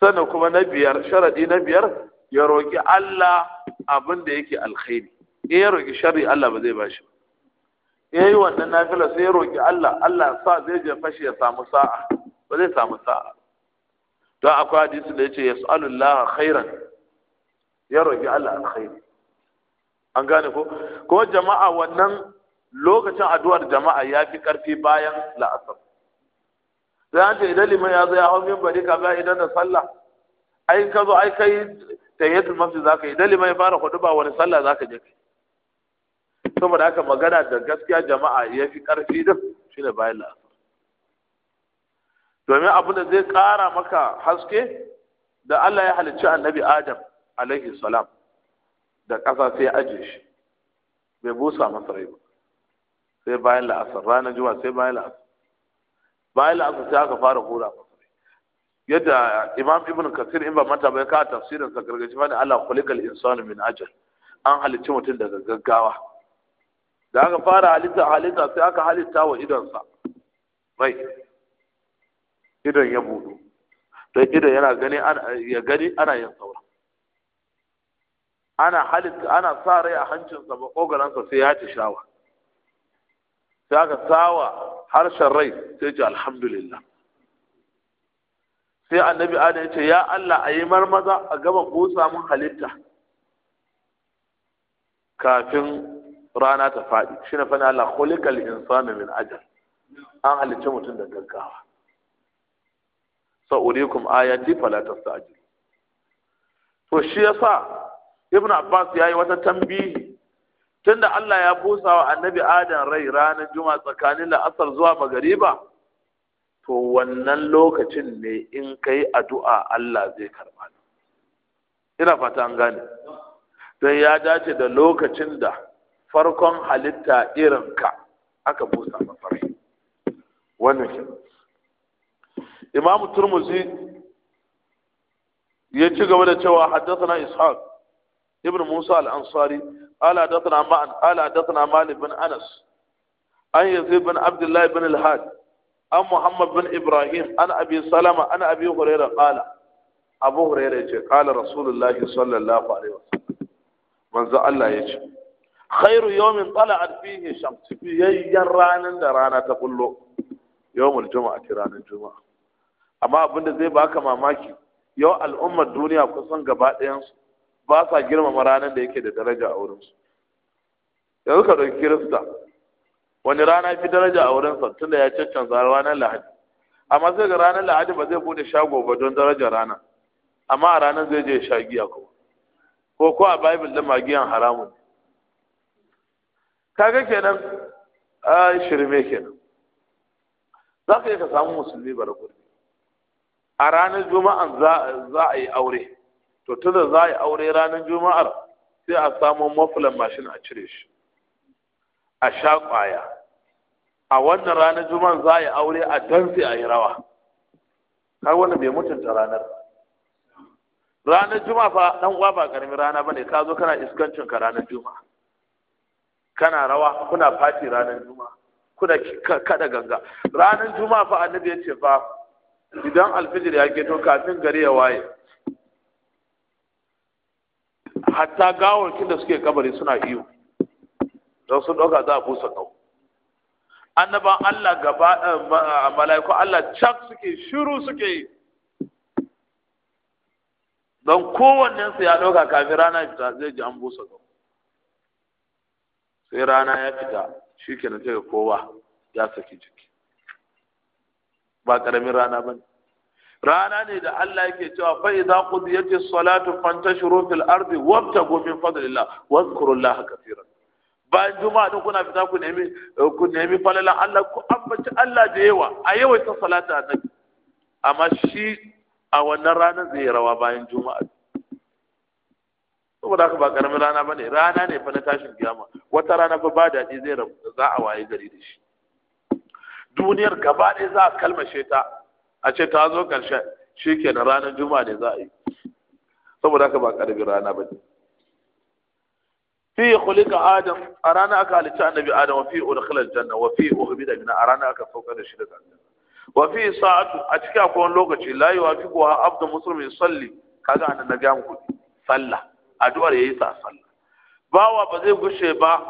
sannan kuma na biyar sharaɗi na biyar ya roƙi Allah abin da yake alkhairi in ya roƙi shari Allah ba zai ba shi ya yi wannan nafila sai ya roƙi Allah Allah sa zai je fashi ya samu sa'a ba zai samu sa'a don akwai hadisi da ya ce Allah khairan ya roƙi Allah alkhairi an gane ko ko jama'a wannan lokacin addu'ar jama'a ya fi ƙarfi bayan la'asar sai an ce idan liman ya zo ya hau min bari ka ga idan da sallah ai ka zo ai kai tayyatul masjid zaka idan liman ya fara ba wani sallah za ka je saboda haka magana da gaskiya jama'a ya fi ƙarfi din ne bayan la'asar domin abu da zai ƙara maka haske da Allah ya halicci annabi Adam alaihi salam da ƙasa sai ya aje shi bai busa masa rai ba sai bayan la'asar ranar juma'a sai bayan la'asar bayan la'asar sai aka fara hura yadda imam ibn kasir in ba manta bai ka tafsirin sa gargaji mani Allah khuliqal insanu min ajal an halicci mutum daga gaggawa da aka fara halitta halitta sai aka halitta wa idonsa mai idon ya budu don idan yana gani ya gani ana yin saura ana halitta ana sa rai a hancinsa ba sa sai ya ci shawa sai aka sawa harshen rai sai ce alhamdulillah sai annabi adam ya ce ya Allah a yi marmaza a gama busa mun halitta kafin rana ta faɗi shi na fani Allah khuliqal insanu min ajal an halicci mutum da gaggawa sa'urikum ayati fala tasta'jil to shi yasa ibn abbas yayi wata tambihi Tun da Allah ya busa wa annabi Adam rai ranar juma tsakanin la'asar zuwa magariba to wannan lokacin ne in kai addu'a Allah zai karba ina fata an gane don ya dace da lokacin da farkon halitta irinka aka busa mafarai wannan shi imam turmuzi ya ci gaba da cewa haddasa na ishaq ibn musa al-ansari قال حدثنا معن قال حدثنا مالك بن انس عن يزيد بن عبد الله بن الهاد عن محمد بن ابراهيم عن ابي سلمه عن ابي هريره قال ابو هريره قال رسول الله صلى الله عليه وسلم من ذا الله يجي خير يوم طلعت فيه الشمس في يرانا درانا تقول يوم الجمعه رانا الجمعه amma abin da zai baka mamaki yau al'ummar duniya kusan gaba ɗayansu ba sa girmama ranar da yake da daraja a wurinsu yanzu ka ɗauki kirista wani rana fi daraja a wurinsa tunda ya cancanza ranar lahadi amma sai ga ranar lahadi ba zai bude shago ba don daraja rana amma a ranar zai je sha giya kuma ko ko a bible da magiyan haramun kaga kenan a shirme kenan za ka iya ka samu musulmi bara a ranar juma'an za a yi aure to tunda za a yi aure ranar juma'ar sai a samo mafulan mashin a cire shi a sha kwaya a wannan ranar juma'ar za a yi aure a danse a yi rawa har wannan bai mutunta ranar ranar juma'a fa dan uwa ba karamin rana bane ka zo kana iskancin ka ranar juma'a kana rawa kuna fati ranar juma'a kuna kada ganga ranar juma'a fa annabi ya ce fa idan alfijir ya keto kafin gari ya waye hatta gawarkin da suke kabari suna iyo don sun ɗauka za a busa kau annaban Allah gaba eh, mala'iku Allah cak suke shiru suke yi don kowannensu ya ɗauka kafin rana fita zai ji an busa kau sai rana ya fita shi ke na kowa ya saki jiki ba ƙaramin rana ba ne rana ne da Allah yake cewa fa idza qudiyatis salatu fantashuru fil ardi wabtagu min fadlillah wazkurullaha katiran bayan juma'a da kuna fita ku nemi ku nemi falala Allah ku ambaci Allah da yawa a ta salata nan amma shi a wannan ranar zai rawa bayan juma'a saboda haka ba karamin rana bane rana ne fa na tashin kiyama wata rana fa ba daɗi zai rabu za a waye gari da shi duniyar gaba ɗaya za a kalmashe ta a ce ta zo ƙarshen shi ke na ranar juma'a ne za a yi saboda haka ba ƙarfi rana ba ne fi khuliqa adam a rana aka halitta annabi adam wa fi udkhila janna wa fi da min a rana aka sauka da shi da aljanna wa fi sa'atu a cikin akwai lokaci fi kuwa abdu musulmi salli kaga annabi na ga muku sallah addu'ar yayi sa sallah bawa ba zai gushe ba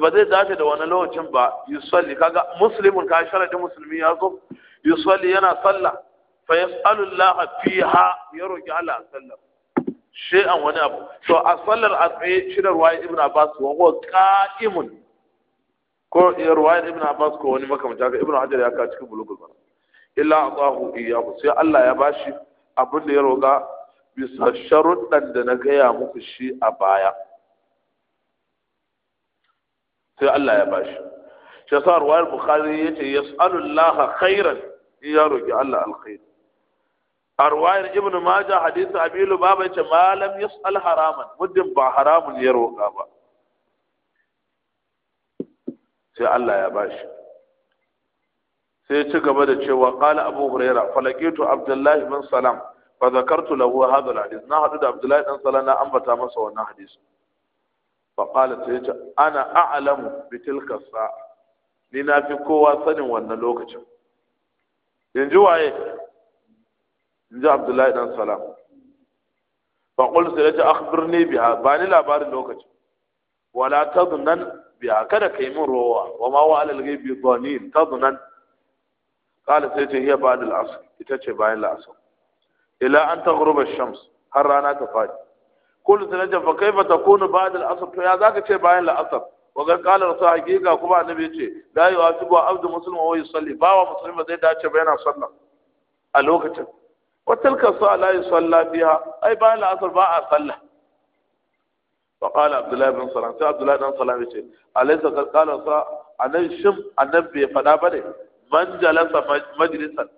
ba zai dace da wani lokacin ba yusalli kaga muslimun ka da musulmi ya zo yusalli yana sallah fa yas'alu Allah fiha ya roki Allah sallah shay'an wani abu to a sallar azmi shi da ruwayar ibn Abbas wa huwa qa'imun ko ruwayar ibn Abbas ko wani makamanta haka ibn Hajar ya ka cikin bulugul maram illa atahu iyyahu sai Allah ya bashi abin da ya roga bisa sharuɗan da na gaya muku shi a baya sai Allah ya bashi shi sa ruwayar bukhari yace yas'alullaha khairan ya roki Allah alkhair a ruwayar ibn majah hadisi abilu baba yace malam yas'al haraman muddin ba haramun ya roka ba sai Allah ya bashi sai ci gaba da cewa qala abu huraira falakitu abdullahi bin salam fa zakartu lahu hadha alhadith na hadu da abdullahi dan salam na ambata masa wannan hadisi fa qala sai ce ana a'lamu bi tilka sa'a ni na fi kowa sanin wannan lokacin in ji waye in ji abdullahi dan salam faƙul sai aka akhbirni biha ba ni labarin lokacin wala tadnan biha kada kai min rowa wa ma wa alal ghaibi dhanin tadnan qala sai ce hiya ba'd al asr ita ce bayan la'asar ila an taghruba shams har rana ta fadi kul sai kai fa kaifa takunu ba'd al asr to ya zaka ce bayan la'asar wagar kalar sa hakika kuma annabi ya ce wa tubu abdu muslim wa yusalli wa muslim zai dace ba yana sallah a lokacin wa tilka sa la yusalla biha ai bayan la'asar ba a sallah wa kala abdullahi bin salam sai Abdullahi dan salam ya ce alaysa qad qala sa anan shim annabi ya fada bane man jalasa majlisan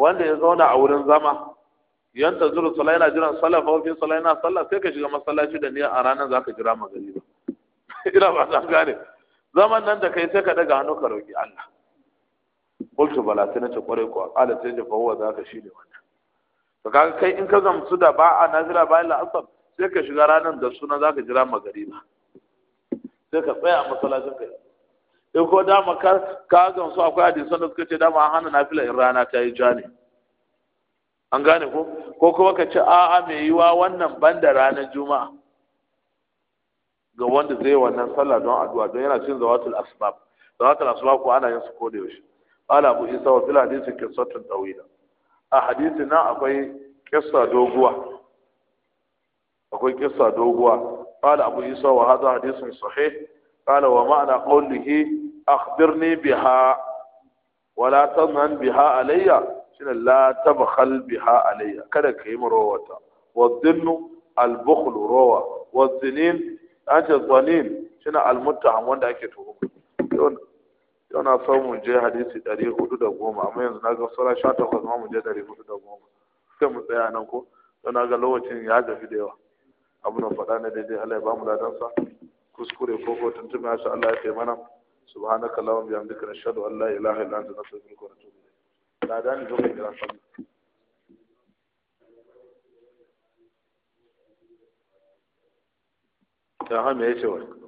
wanda ya zauna a wurin zama yanta zuru sala yana jiran sallah fa fi sala yana sallah sai ka shiga masallaci da niyya a ranar zaka jira magariba ina ba san gane zaman nan da kai sai ka daga hannu ka roki Allah qultu bala sai na ce kwarai ko Allah sai da fawa zaka shine wannan to kaga kai in ka gamsu da ba a nazira illa la'asar sai ka shiga ranar da suna zaka jira magariba sai ka tsaya a masallacin kai in ko dama ka ka gamsu akwai hadisan da suka ce dama an hana nafila in rana ta yi ja ne an gane ko ko kuma ka ce a'a mai yiwa wannan banda ranar juma'a ga wanda zai wannan sallah don addu'a don yana cin zawatul asbab zawatul asbab ko ana yin su ko da yaushe qala abu isa wa fil hadisi qissatun tawila a hadisi na akwai qissa doguwa akwai qissa doguwa qala abu isa wa hadha hadisun sahih qala wa ma'ana qawlihi akhbirni biha wala tanhan biha alayya shine la tabkhal biha alayya kada ka yi marowata wa dhinnu al bukhlu rawa wa dhinin an ce zalim shine almuttaham wanda ake tuhuma yau na so mu je hadisi 410 hudu da goma amma yanzu na ga sura sha takwas ma mu je 410 hudu da goma sai mu tsaya nan ko yau na ga lokacin ya gafi da yawa abu na faɗa na daidai Allah ya ba mu sa kuskure ko ko tuntuma ya sha Allah ya taimana subhanaka allahumma bihamdika ashhadu an la ilaha illa anta astaghfiruka wa atubu ilayk ladan zo mai jira sallah ta hama ya ce wani